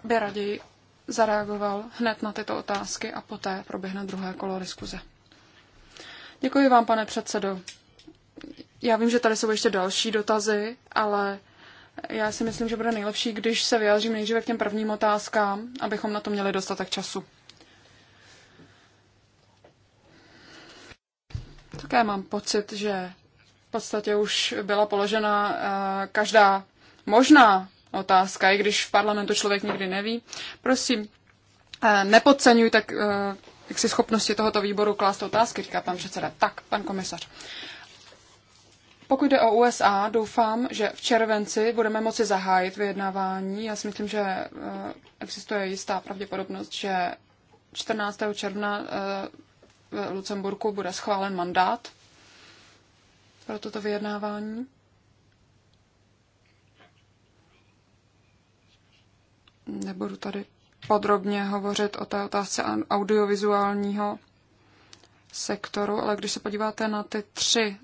[SPEAKER 1] by raději zareagoval hned na tyto otázky a poté proběhne druhé kolo diskuze. Děkuji vám, pane předsedo. Já vím, že tady jsou ještě další dotazy, ale já si myslím, že bude nejlepší, když se vyjádřím nejdříve k těm prvním otázkám, abychom na to měli dostatek času. Také mám pocit, že v podstatě už byla položena eh, každá možná otázka, i když v parlamentu člověk nikdy neví. Prosím, eh, nepodceňuj tak eh, jak si schopnosti tohoto výboru klást otázky, říká pan předseda. Tak, pan komisař. Pokud jde o USA, doufám, že v červenci budeme moci zahájit vyjednávání. Já si myslím, že eh, existuje jistá pravděpodobnost, že 14. června v Lucemburku bude schválen mandát pro toto vyjednávání. Nebudu tady podrobně hovořit o té otázce audiovizuálního sektoru, ale když se podíváte na ty tři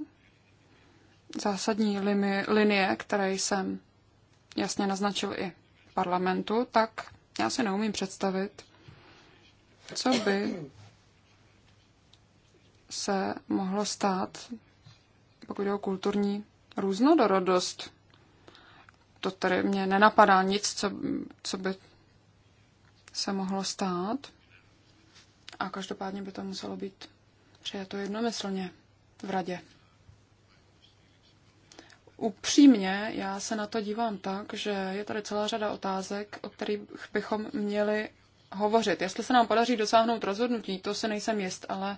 [SPEAKER 1] zásadní linie, které jsem jasně naznačil i parlamentu, tak já si neumím představit, co by se mohlo stát, pokud je o kulturní různodorodost to tady mě nenapadá nic, co, co by se mohlo stát. A každopádně by to muselo být přijato jednomyslně v radě. Upřímně, já se na to dívám tak, že je tady celá řada otázek, o kterých bychom měli hovořit. Jestli se nám podaří dosáhnout rozhodnutí, to se nejsem jist, ale uh,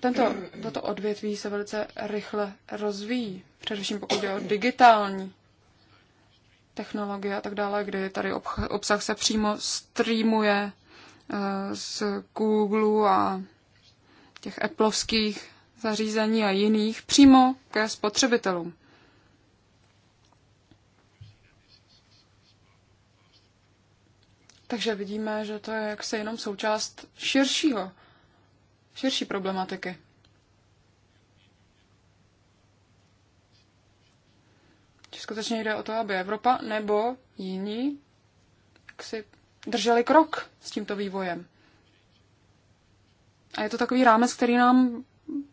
[SPEAKER 1] Tento, toto odvětví se velice rychle rozvíjí, především pokud jde o digitální technologie a tak dále, kdy tady obsah se přímo streamuje eh, z Google a těch Appleovských zařízení a jiných přímo ke spotřebitelům. Takže vidíme, že to je jaksi jenom součást širšího širší problematiky. Či skutečně jde o to, aby Evropa nebo jiní jak si drželi krok s tímto vývojem. A je to takový rámec, který nám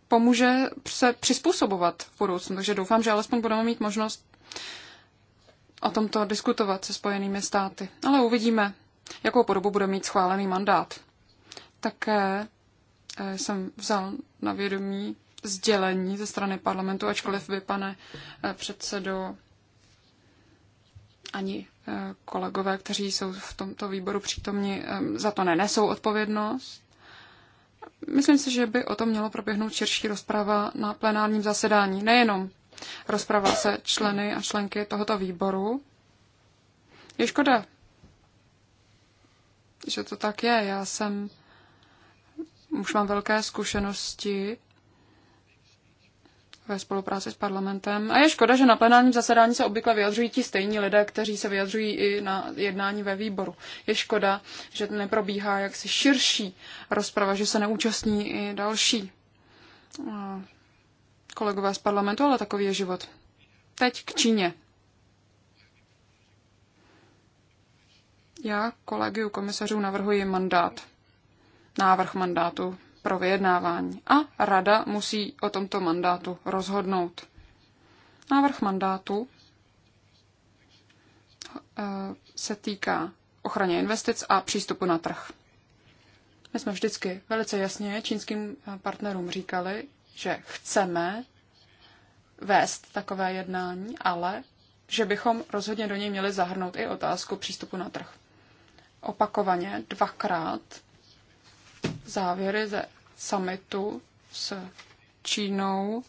[SPEAKER 1] pomůže se přizpůsobovat v budoucnu. Takže doufám, že alespoň budeme mít možnost o tomto diskutovat se Spojenými státy. Ale uvidíme, jakou podobu bude mít schválený mandát. Také jsem vzal na vědomí sdělení ze strany parlamentu, ačkoliv vy, pane eh, předsedo, ani eh, kolegové, kteří jsou v tomto výboru přítomni, eh, za to nenesou odpovědnost. Myslím si, že by o tom mělo proběhnout širší rozprava na plenárním zasedání. Nejenom rozprava se členy a členky tohoto výboru. Je škoda, že to tak je. Já jsem už mám velké zkušenosti ve spolupráci s parlamentem. A je škoda, že na plenárním zasedání se obvykle vyjadřují ti stejní lidé, kteří se vyjadřují i na jednání ve výboru. Je škoda, že neprobíhá jaksi širší rozprava, že se neúčastní i další eh, kolegové z parlamentu, ale takový je život. Teď k Číně. Já kolegiu komisařů navrhuji mandát návrh mandátu pro vyjednávání a rada musí o tomto mandátu rozhodnout. Návrh mandátu eh, se týká ochraně investic a přístupu na trh. My jsme vždycky velice jasně čínským eh, partnerům říkali, že chceme vést takové jednání, ale že bychom rozhodně do něj měli zahrnout i otázku přístupu na trh. Opakovaně dvakrát závěry ze summitu s Čínou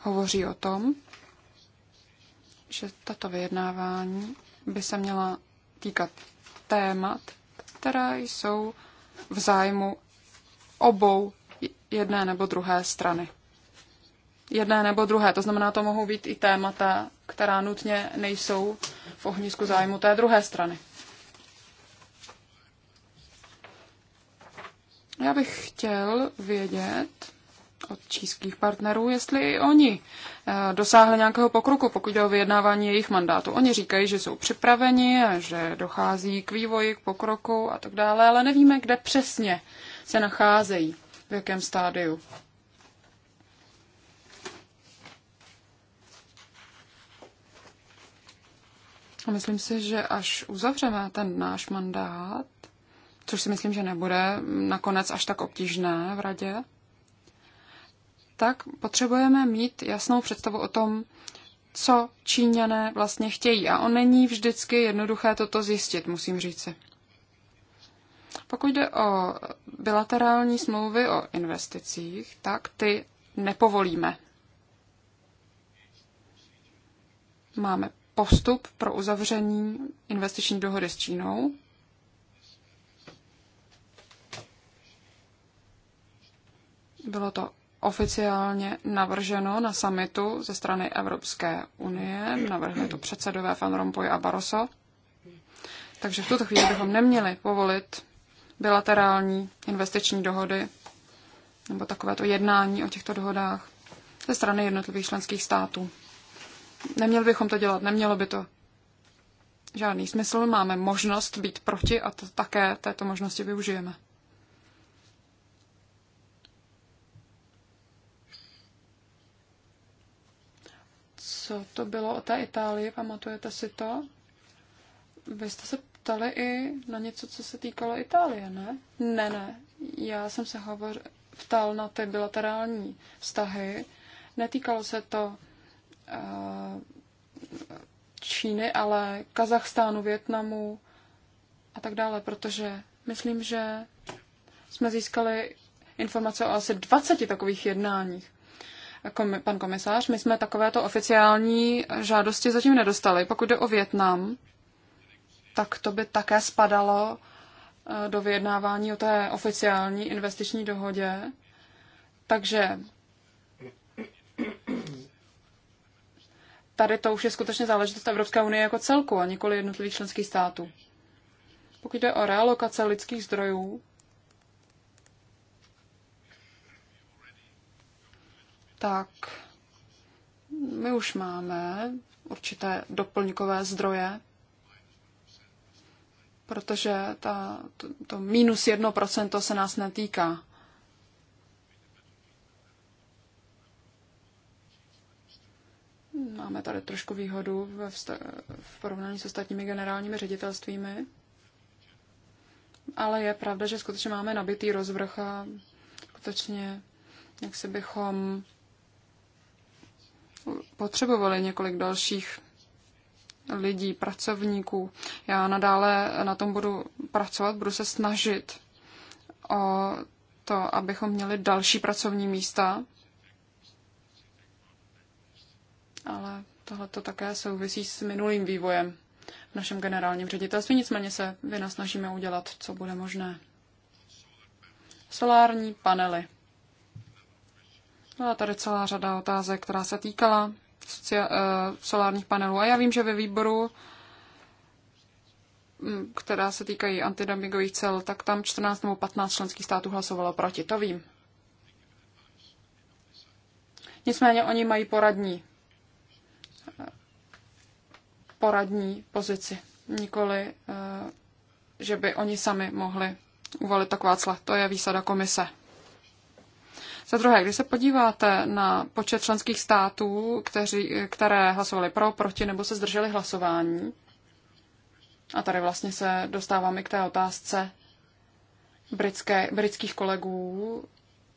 [SPEAKER 1] hovoří o tom, že tato vyjednávání by se měla týkat témat, která jsou v zájmu obou jedné nebo druhé strany. Jedné nebo druhé, to znamená, to mohou být i témata, která nutně nejsou v ohnisku zájmu té druhé strany. Já bych chtěl vědět od čínských partnerů, jestli i oni eh, dosáhli nějakého pokroku, pokud jde o vyjednávání jejich mandátu. Oni říkají, že jsou připraveni a že dochází k vývoji, k pokroku a tak dále, ale nevíme, kde přesně se nacházejí, v jakém stádiu. A myslím si, že až uzavřeme ten náš mandát, což si myslím, že nebude nakonec až tak obtížné v radě, tak potřebujeme mít jasnou představu o tom, co Číňané vlastně chtějí. A on není vždycky jednoduché toto zjistit, musím říci. Pokud jde o bilaterální smlouvy o investicích, tak ty nepovolíme. Máme postup pro uzavření investiční dohody s Čínou Bylo to oficiálně navrženo na samitu ze strany Evropské unie. Navrhli to předsedové Van Rompuy a Barroso. Takže v tuto chvíli bychom neměli povolit bilaterální investiční dohody nebo takovéto jednání o těchto dohodách ze strany jednotlivých členských států. Neměli bychom to dělat, nemělo by to žádný smysl. Máme možnost být proti a to také této možnosti využijeme. co to bylo o té Itálii, pamatujete si to? Vy jste se ptali i na něco, co se týkalo Itálie, ne? Ne, ne. Já jsem se hovoř, ptal na ty bilaterální vztahy. Netýkalo se to uh, Číny, ale Kazachstánu, Větnamu a tak dále, protože myslím, že jsme získali informace o asi 20 takových jednáních kom, pan komisář, my jsme takovéto oficiální žádosti zatím nedostali. Pokud jde o Větnam, tak to by také spadalo eh, do vyjednávání o té oficiální investiční dohodě. Takže tady to už je skutečně záležitost Evropské unie jako celku a nikoli jednotlivých členských států. Pokud jde o realokace lidských zdrojů, tak my už máme určité doplňkové zdroje, protože ta, to, to minus jedno procento se nás netýká. Máme tady trošku výhodu ve v porovnání s ostatními generálními ředitelstvími, ale je pravda, že skutečně máme nabitý rozvrh a skutečně jak si bychom potřebovali několik dalších lidí, pracovníků. Já nadále na tom budu pracovat, budu se snažit o to, abychom měli další pracovní místa. Ale tohle to také souvisí s minulým vývojem v našem generálním ředitelství. Nicméně se snažíme udělat, co bude možné. Solární panely. Byla no tady celá řada otázek, která se týkala eh, solárních panelů. A já vím, že ve výboru, mm, která se týkají antidumpingových cel, tak tam 14 nebo 15 členských států hlasovalo proti. To vím. Nicméně oni mají poradní eh, poradní pozici. Nikoli, eh, že by oni sami mohli uvalit taková cla. To je výsada komise. Za druhé, když se podíváte na počet členských států, kteří, které hlasovali pro, proti nebo se zdrželi hlasování, a tady vlastně se dostáváme k té otázce britské, britských kolegů,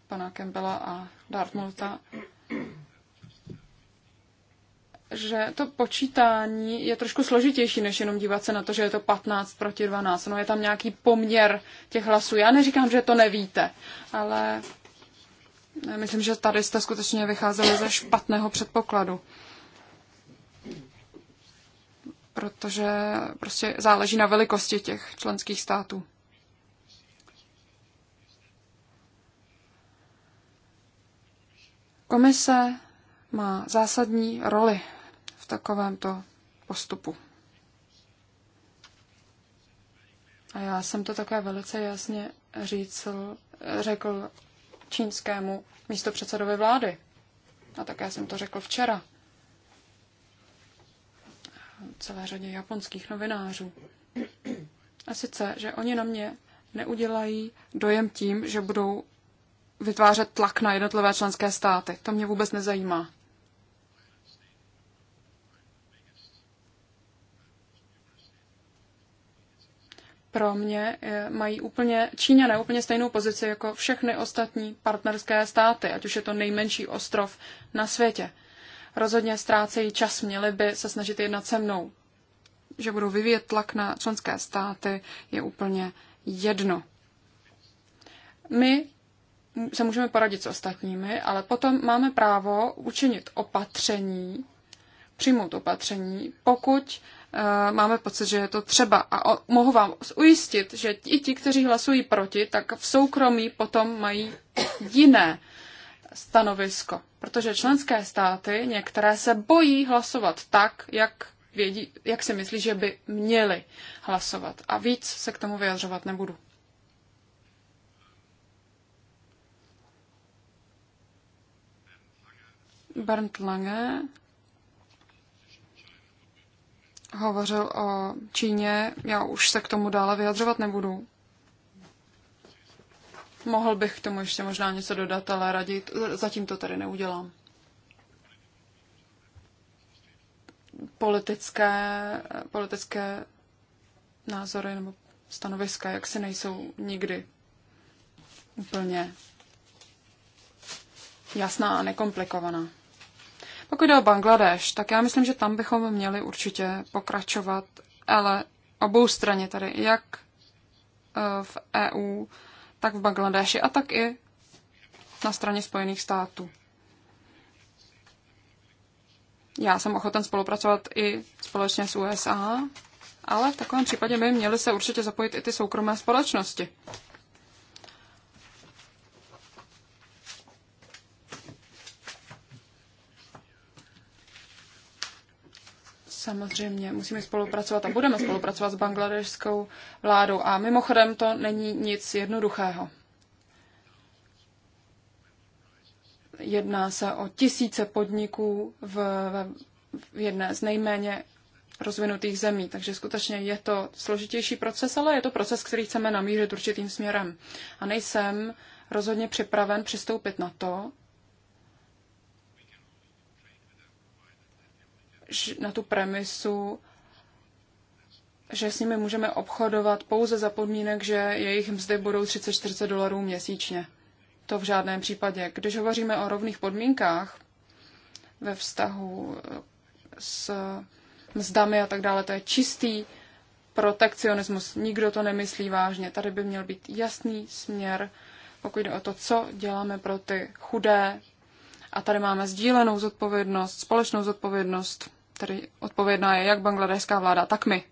[SPEAKER 1] pana Campbella a Dartmoutha, že to počítání je trošku složitější, než jenom dívat se na to, že je to 15 proti 12. No je tam nějaký poměr těch hlasů. Já neříkám, že to nevíte, ale Myslím, že tady jste skutečně vycházeli ze špatného předpokladu. Protože prostě záleží na velikosti těch členských států. Komise má zásadní roli v takovémto postupu. A já jsem to také velice jasně říct, řekl čínskému místopředsedovi vlády. A také jsem to řekl včera. Celé řadě japonských novinářů. A sice, že oni na mě neudělají dojem tím, že budou vytvářet tlak na jednotlivé členské státy. To mě vůbec nezajímá. pro mě eh, mají úplně Číňané úplně stejnou pozici jako všechny ostatní partnerské státy, ať už je to nejmenší ostrov na světě. Rozhodně ztrácejí čas, měli by se snažit jednat se mnou. Že budou vyvíjet tlak na členské státy, je úplně jedno. My se můžeme poradit s ostatními, ale potom máme právo učinit opatření, přijmout opatření, pokud Eh, máme pocit, že je to třeba. A o, mohu vám ujistit, že i ti, kteří hlasují proti, tak v soukromí potom mají jiné stanovisko, protože členské státy některé se bojí hlasovat tak, jak vědí, jak si myslí, že by měli hlasovat. A víc se k tomu vyjadřovat nebudu. Bernd Lange hovořil o Číně, já už se k tomu dále vyjadřovat nebudu. Mohl bych k tomu ještě možná něco dodat, ale radit. zatím to tady neudělám. Politické, politické názory nebo stanoviska, jak si nejsou nikdy úplně jasná a nekomplikovaná. Pokud jde o Bangladeš, tak já myslím, že tam bychom měli určitě pokračovat, ale obou straně tady, jak eh, v EU, tak v Bangladeši a tak i na straně Spojených států. Já jsem ochoten spolupracovat i společně s USA, ale v takovém případě by měly se určitě zapojit i ty soukromé společnosti. Samozřejmě musíme spolupracovat a budeme spolupracovat s bangladežskou vládou. A mimochodem to není nic jednoduchého. Jedná se o tisíce podniků v, v, v jedné z nejméně rozvinutých zemí. Takže skutečně je to složitější proces, ale je to proces, který chceme namířit určitým směrem. A nejsem rozhodně připraven přistoupit na to, na tu premisu, že s nimi můžeme obchodovat pouze za podmínek, že jejich mzdy budou 30-40 dolarů měsíčně. To v žádném případě. Když hovoříme o rovných podmínkách ve vztahu eh, s mzdami a tak dále, to je čistý protekcionismus. Nikdo to nemyslí vážně. Tady by měl být jasný směr, pokud jde o to, co děláme pro ty chudé. A tady máme sdílenou zodpovědnost, společnou zodpovědnost Tedy odpovědná je jak bangladeská vláda, tak my.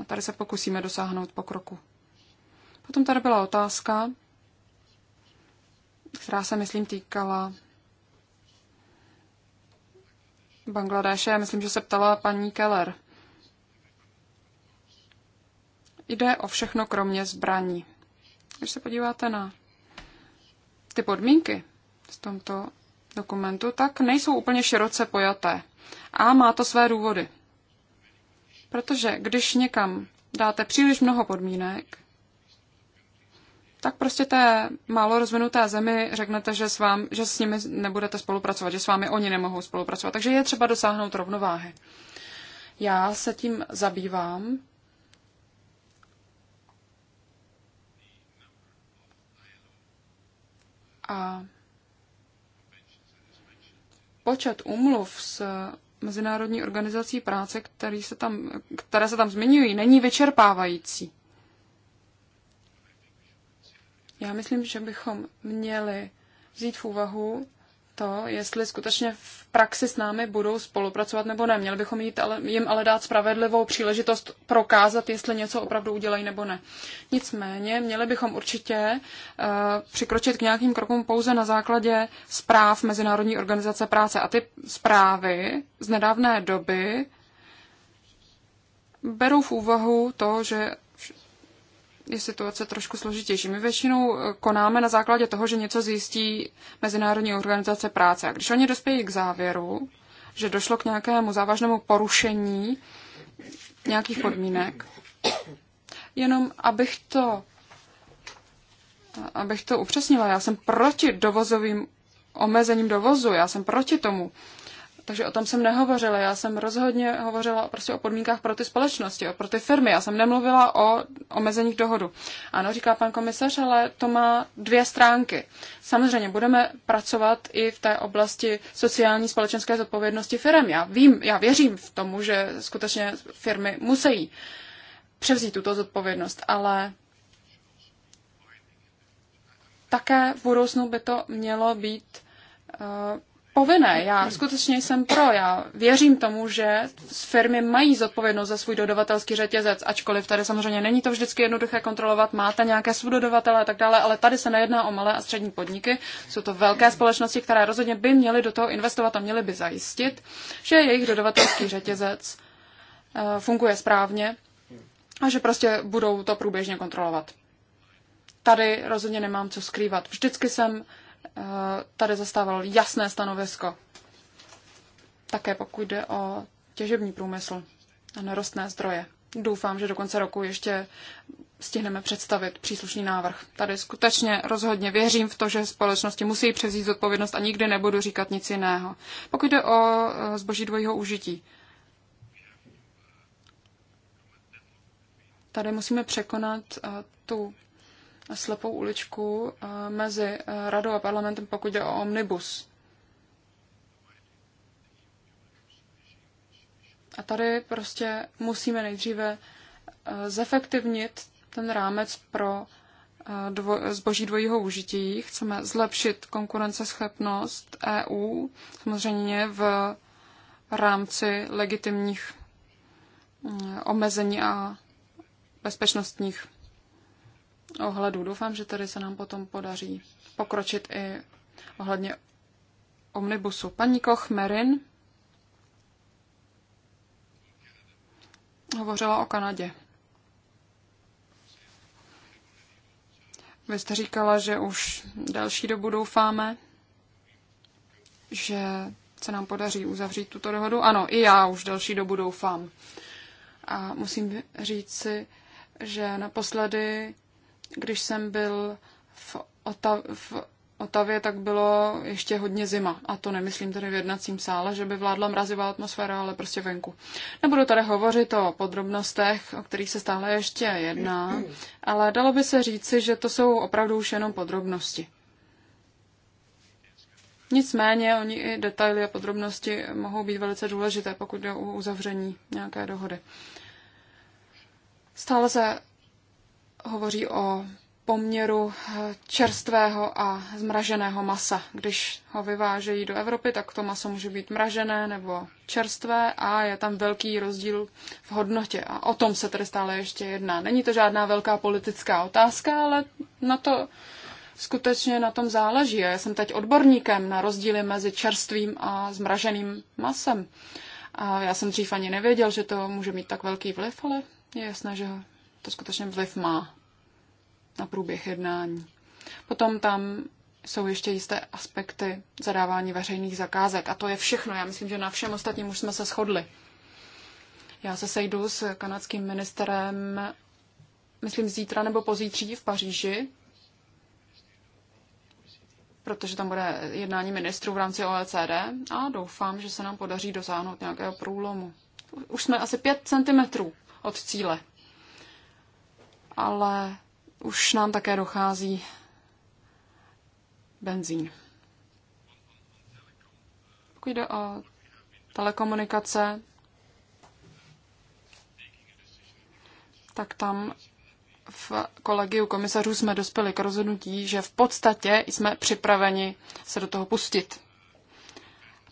[SPEAKER 1] A tady se pokusíme dosáhnout pokroku. Potom tady byla otázka, která se, myslím, týkala Bangladéše. Já myslím, že se ptala paní Keller. Jde o všechno kromě zbraní. Když se podíváte na ty podmínky v tomto dokumentu, tak nejsou úplně široce pojaté. A má to své důvody. Protože když někam dáte příliš mnoho podmínek, tak prostě té málo rozvinuté zemi řeknete, že s, vám, že s nimi nebudete spolupracovat, že s vámi oni nemohou spolupracovat. Takže je třeba dosáhnout rovnováhy. Já se tím zabývám. A počet umluv s Mezinárodní organizací práce, který se tam, které se tam zmiňují, není vyčerpávající. Já myslím, že bychom měli vzít v úvahu to, jestli skutečně v praxi s námi budou spolupracovat nebo ne. Měli bychom jít, ale, jim ale dát spravedlivou příležitost prokázat, jestli něco opravdu udělají nebo ne. Nicméně měli bychom určitě uh, přikročit k nějakým krokům pouze na základě zpráv Mezinárodní organizace práce. A ty zprávy z nedávné doby berou v úvahu to, že je situace trošku složitější. My většinou eh, konáme na základě toho, že něco zjistí Mezinárodní organizace práce. A když oni dospějí k závěru, že došlo k nějakému závažnému porušení nějakých podmínek, jenom abych to, abych to upřesnila, já jsem proti dovozovým omezením dovozu, já jsem proti tomu. Takže o tom jsem nehovořila. Já jsem rozhodně hovořila prostě o podmínkách pro ty společnosti, pro ty firmy. Já jsem nemluvila o omezeních dohodu. Ano, říká pan komisař, ale to má dvě stránky. Samozřejmě budeme pracovat i v té oblasti sociální společenské zodpovědnosti firm. Já vím, já věřím v tomu, že skutečně firmy musí převzít tuto zodpovědnost, ale také v budoucnu by to mělo být uh, povinné. Já skutečně jsem pro. Já věřím tomu, že firmy mají zodpovědnost za svůj dodavatelský řetězec, ačkoliv tady samozřejmě není to vždycky jednoduché kontrolovat, máte nějaké subdodavatele a tak dále, ale tady se nejedná o malé a střední podniky. Jsou to velké společnosti, které rozhodně by měly do toho investovat a měly by zajistit, že jejich dodavatelský řetězec eh, funguje správně a že prostě budou to průběžně kontrolovat. Tady rozhodně nemám co skrývat. Vždycky jsem Eh, tady zastával jasné stanovisko. Také pokud jde o těžební průmysl a nerostné zdroje. Doufám, že do konce roku ještě stihneme představit příslušný návrh. Tady skutečně rozhodně věřím v to, že společnosti musí převzít odpovědnost a nikdy nebudu říkat nic jiného. Pokud jde o eh, zboží dvojího užití, tady musíme překonat eh, tu slepou uličku eh, mezi eh, radou a parlamentem, pokud jde o omnibus. A tady prostě musíme nejdříve eh, zefektivnit ten rámec pro dvo, zboží dvojího užití. Chceme zlepšit konkurenceschopnost EU, samozřejmě v rámci legitimních mm, omezení a bezpečnostních ohledu. Doufám, že tady se nám potom podaří pokročit i ohledně omnibusu. Paní Koch Merin hovořila o Kanadě. Vy jste říkala, že už další dobu doufáme, že se nám podaří uzavřít tuto dohodu. Ano, i já už další dobu doufám. A musím říct si, že naposledy když jsem byl v, Ota- v Otavě, tak bylo ještě hodně zima. A to nemyslím tady v jednacím sále, že by vládla mrazivá atmosféra, ale prostě venku. Nebudu tady hovořit o podrobnostech, o kterých se stále ještě jedná, ale dalo by se říci, že to jsou opravdu už jenom podrobnosti. Nicméně oni i detaily a podrobnosti mohou být velice důležité, pokud jde o uzavření nějaké dohody. Stále se hovoří o poměru eh, čerstvého a zmraženého masa. Když ho vyvážejí do Evropy, tak to maso může být mražené nebo čerstvé a je tam velký rozdíl v hodnotě. A o tom se tedy stále ještě jedná. Není to žádná velká politická otázka, ale na to skutečně na tom záleží. Já jsem teď odborníkem na rozdíly mezi čerstvým a zmraženým masem. A já jsem dřív ani nevěděl, že to může mít tak velký vliv, ale je jasné, že to skutečně vliv má na průběh jednání. Potom tam jsou ještě jisté aspekty zadávání veřejných zakázek. A to je všechno. Já myslím, že na všem ostatním už jsme se shodli. Já se sejdu s kanadským ministerem, myslím, zítra nebo pozítří v Paříži, protože tam bude jednání ministrů v rámci OECD a doufám, že se nám podaří dosáhnout nějakého průlomu. Už jsme asi pět centimetrů od cíle ale už nám také dochází benzín. Pokud jde o telekomunikace, tak tam v kolegiu komisařů jsme dospěli k rozhodnutí, že v podstatě jsme připraveni se do toho pustit.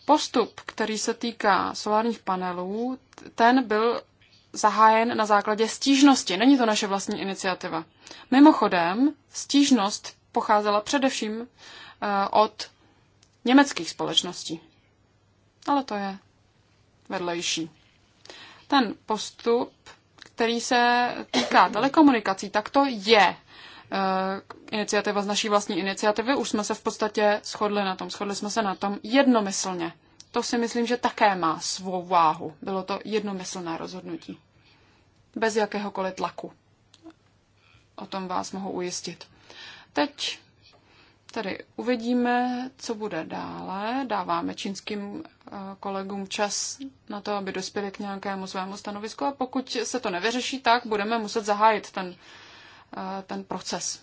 [SPEAKER 1] Postup, který se týká solárních panelů, ten byl zahájen na základě stížnosti. Není to naše vlastní iniciativa. Mimochodem, stížnost pocházela především eh, od německých společností. Ale to je vedlejší. Ten postup, který se týká telekomunikací, tak to je eh, iniciativa z naší vlastní iniciativy. Už jsme se v podstatě shodli na tom. Shodli jsme se na tom jednomyslně to si myslím, že také má svou váhu. Bylo to jednomyslné rozhodnutí. Bez jakéhokoliv tlaku. O tom vás mohu ujistit. Teď tedy uvidíme, co bude dále. Dáváme čínským eh, kolegům čas na to, aby dospěli k nějakému svému stanovisku a pokud se to nevyřeší, tak budeme muset zahájit ten, eh, ten proces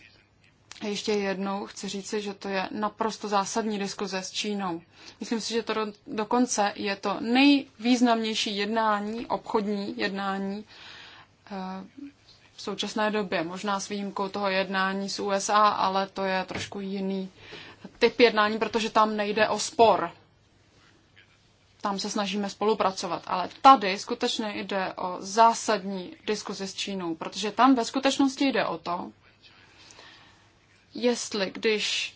[SPEAKER 1] ještě jednou chci říci, že to je naprosto zásadní diskuze s Čínou. Myslím si, že to do, dokonce je to nejvýznamnější jednání, obchodní jednání eh, v současné době. Možná s výjimkou toho jednání s USA, ale to je trošku jiný typ jednání, protože tam nejde o spor. Tam se snažíme spolupracovat, ale tady skutečně jde o zásadní diskuzi s Čínou, protože tam ve skutečnosti jde o to, jestli když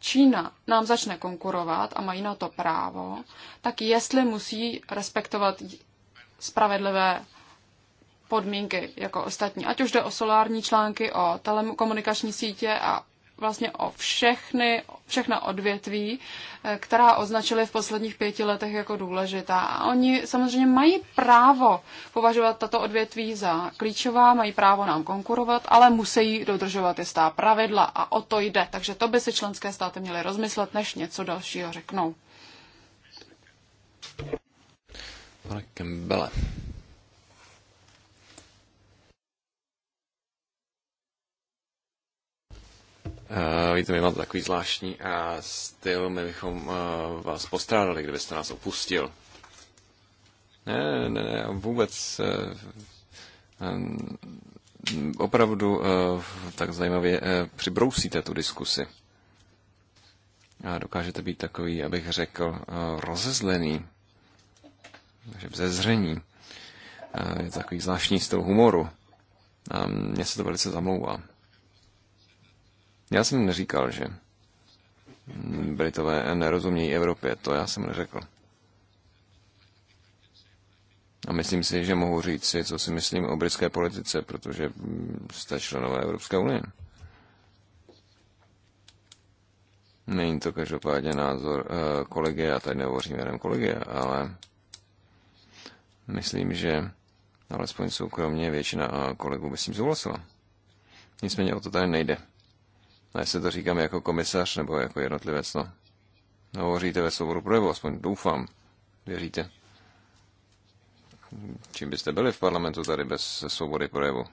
[SPEAKER 1] Čína nám začne konkurovat a mají na to právo, tak jestli musí respektovat spravedlivé podmínky jako ostatní. Ať už jde o solární články, o telekomunikační sítě a vlastně o všechny, všechna odvětví, eh, která označili v posledních pěti letech jako důležitá. A oni samozřejmě mají právo považovat tato odvětví za klíčová, mají právo nám konkurovat, ale musí dodržovat jistá pravidla a o to jde. Takže to by si členské státy měly rozmyslet, než něco dalšího řeknou.
[SPEAKER 2] Pane Kembele. Uh, víte, my máme takový zvláštní uh, styl, my bychom uh, vás postrádali, kdybyste nás opustil. Ne, ne, ne, vůbec. Uh, um, opravdu uh, tak zajímavě uh, přibrousíte tu diskusi. A dokážete být takový, abych řekl, uh, rozezlený, takže vzezření. Uh, je to takový zvláštní styl humoru. A mně se to velice zamlouvá. Já jsem neříkal, že Britové nerozumějí Evropě, to já jsem neřekl. A myslím si, že mohu říct si, co si myslím o britské politice, protože jste členové Evropské unie. Není to každopádně názor uh, eh, a tady nehovořím jenom kolegy, ale myslím, že alespoň soukromně většina eh, kolegů by s tím souhlasila. Nicméně o to tady nejde. A jestli to říkám jako komisař nebo jako jednotlivec, no. Hovoříte ve souboru projevu, aspoň doufám. Věříte? Čím byste byli v parlamentu tady bez svobody projevu?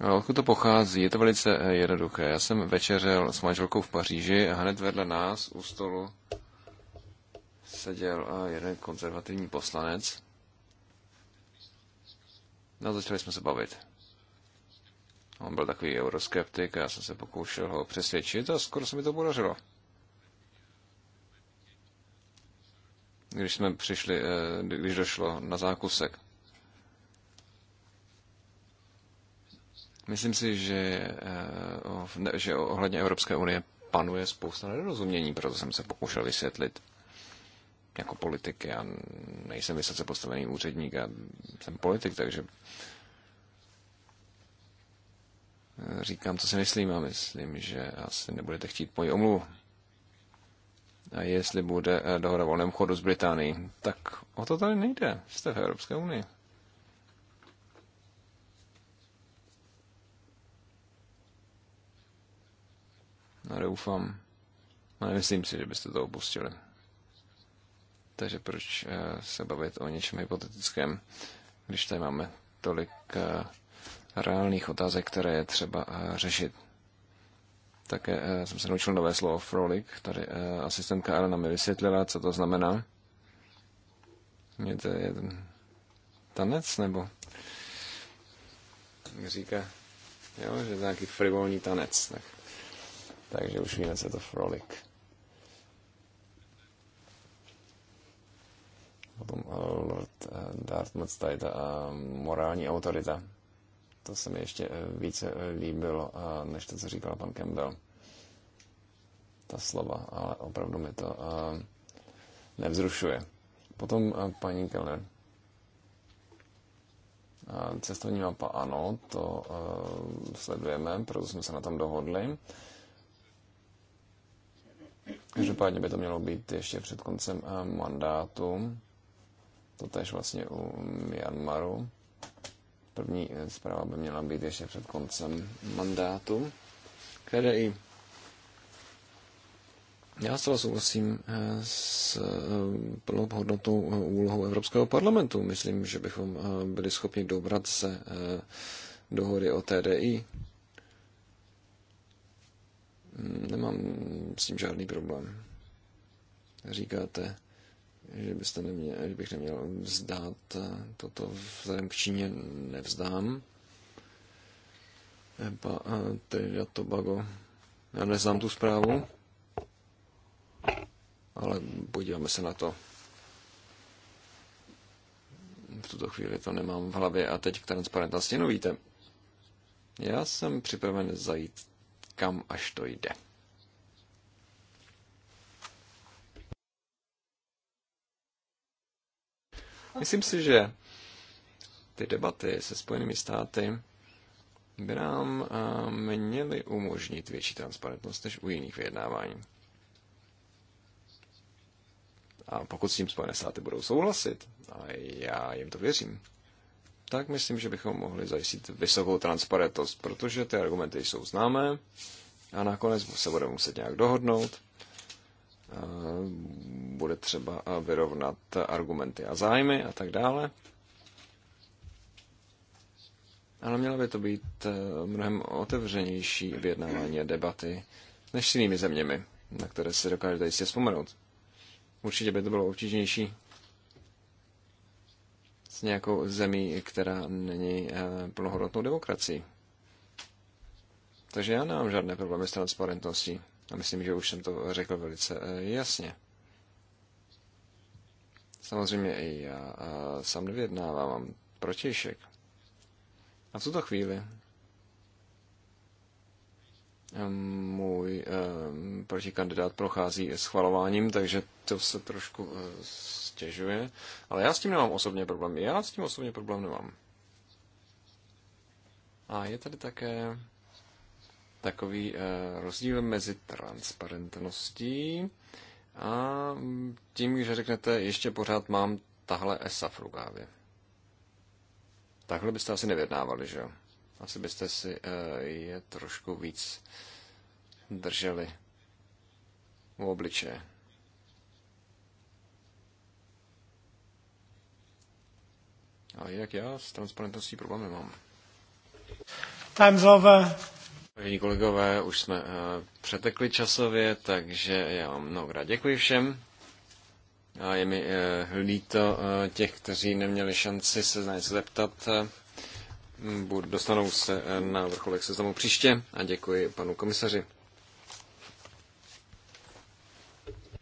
[SPEAKER 2] Ale odkud to pochází? Je to velice eh, jednoduché. Já jsem večeřel s manželkou v Paříži a hned vedle nás u stolu seděl jeden konzervativní poslanec. No, začali jsme se bavit. On byl takový euroskeptik a já jsem se pokoušel ho přesvědčit a skoro se mi to podařilo. Když jsme přišli, eh, když došlo na zákusek. Myslím si, že, eh, že ohledně Evropské unie panuje spousta nedorozumění, proto jsem se pokoušel vysvětlit jako politik. Já nejsem vysoce postavený úředník, já jsem politik, takže říkám, co si myslím a myslím, že asi nebudete chtít moji omluvu. A jestli bude eh, dohoda volném chodu s Británií, tak o to tady nejde. Jste v Evropské unii. No, a doufám, a no, nemyslím si, že byste to opustili. Takže proč eh, se bavit o něčem hypotetickém, když tady máme tolik eh, reálných otázek, které je třeba eh, řešit. Také eh, jsem se naučil nové slovo frolik. Tady eh, asistentka Elena mi vysvětlila, co to znamená. Je to jeden tanec, nebo říká, jo, že to je nějaký frivolní tanec. Tak. Takže už víme, co je to frolik. potom Lord Dartmouth, tady ta morální autorita. To se mi ještě eh, více eh, líbilo, eh, než to, co říkal pan Campbell. Ta slova, ale opravdu mi to nevzrušuje. Potom paní Keller. Cestovní mapa ano, to sledujeme, proto jsme se na tom dohodli. Každopádně by to mělo být ještě před koncem mandátu. To tež vlastně u Myanmaru. První zpráva by měla být ještě před koncem mandátu, které i já se souhlasím eh, s eh, plnou hodnotou eh, úlohou Evropského parlamentu. Myslím, že bychom byli schopni dobrat se dohody o TDI. Nemám s tím žádný problém. Říkáte, že, byste neměl, že bych neměl vzdát eh, toto vzhledem k Číně nevzdám. Epa, eh, to bago. Já neznám tu zprávu, ale podíváme se na to. V tuto chvíli to nemám v hlavě. A teď k transparentnosti. No víte, já jsem připraven zajít kam až to jde. Myslím si, že ty debaty se Spojenými státy by nám eh, měly umožnit větší transparentnost než u jiných vyjednávání. A pokud s tím Spojené státy budou souhlasit, a já jim to věřím, tak myslím, že bychom mohli zajistit vysokou transparentnost, protože ty argumenty jsou známé a nakonec se budeme muset nějak dohodnout Eh, bude třeba eh, vyrovnat argumenty a zájmy a tak dále. Ale mělo by to být eh, mnohem otevřenější vyjednávání a debaty než s jinými zeměmi, na které si dokážete jistě vzpomenout. Určitě by to bylo obtížnější s nějakou zemí, která není plnohodnotnou demokracií. Takže já nemám žádné problémy s transparentností. Myslím, že už jsem to řekl velice eh, jasně. Samozřejmě i já eh, sám nevyjednávám, mám protějšek. A v tuto chvíli eh, můj um, protikandidát prochází schvalováním, takže to se trošku uh, stěžuje. Ale já s tím nemám osobně problém. Já s tím osobně problém nemám. A je tady také takový eh, rozdíl mezi transparentností a tím, že řeknete, ještě pořád mám tahle ESA v rukávě. Takhle byste asi nevědnávali, že jo? Asi byste si eh, je trošku víc drželi u obličeje. Ale jinak já s transparentností problém nemám.
[SPEAKER 3] Time's over.
[SPEAKER 2] Vážení kolegové, už jsme eh, přetekli časově, takže já vám mnohokrát děkuji všem. A je mi eh, líto eh, těch, kteří neměli šanci se na něco zeptat. Dostanou se na vrcholek seznamu příště a děkuji panu komisaři.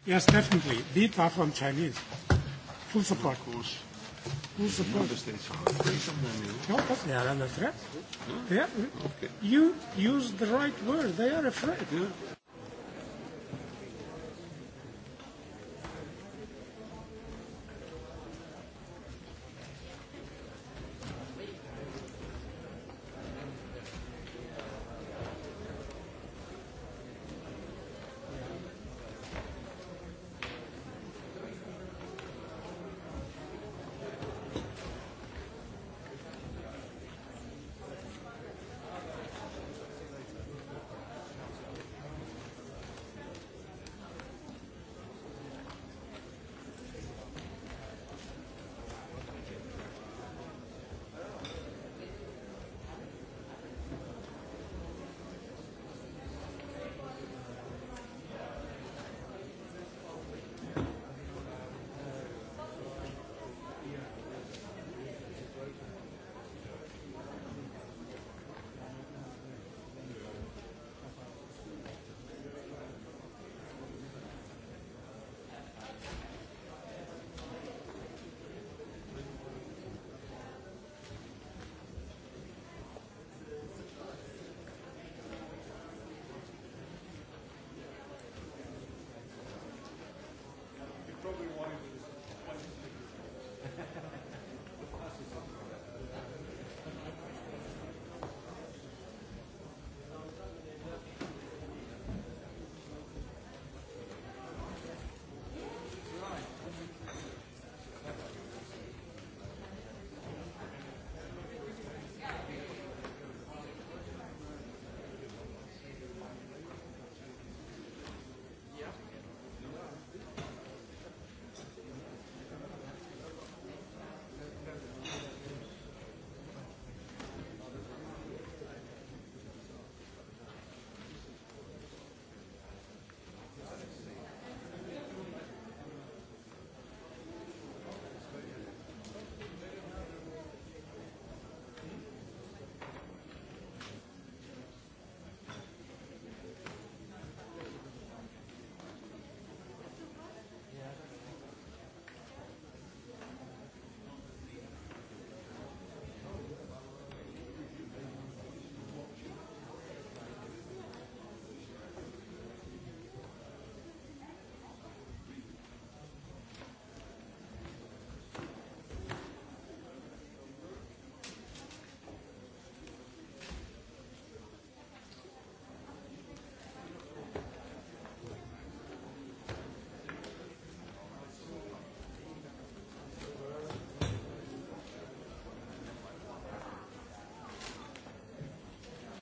[SPEAKER 3] Yes, definitely. Deep from Chinese. Full support. course. Who's the first? No, but they are under threat. Yeah. You use the right word. They are afraid. Yeah.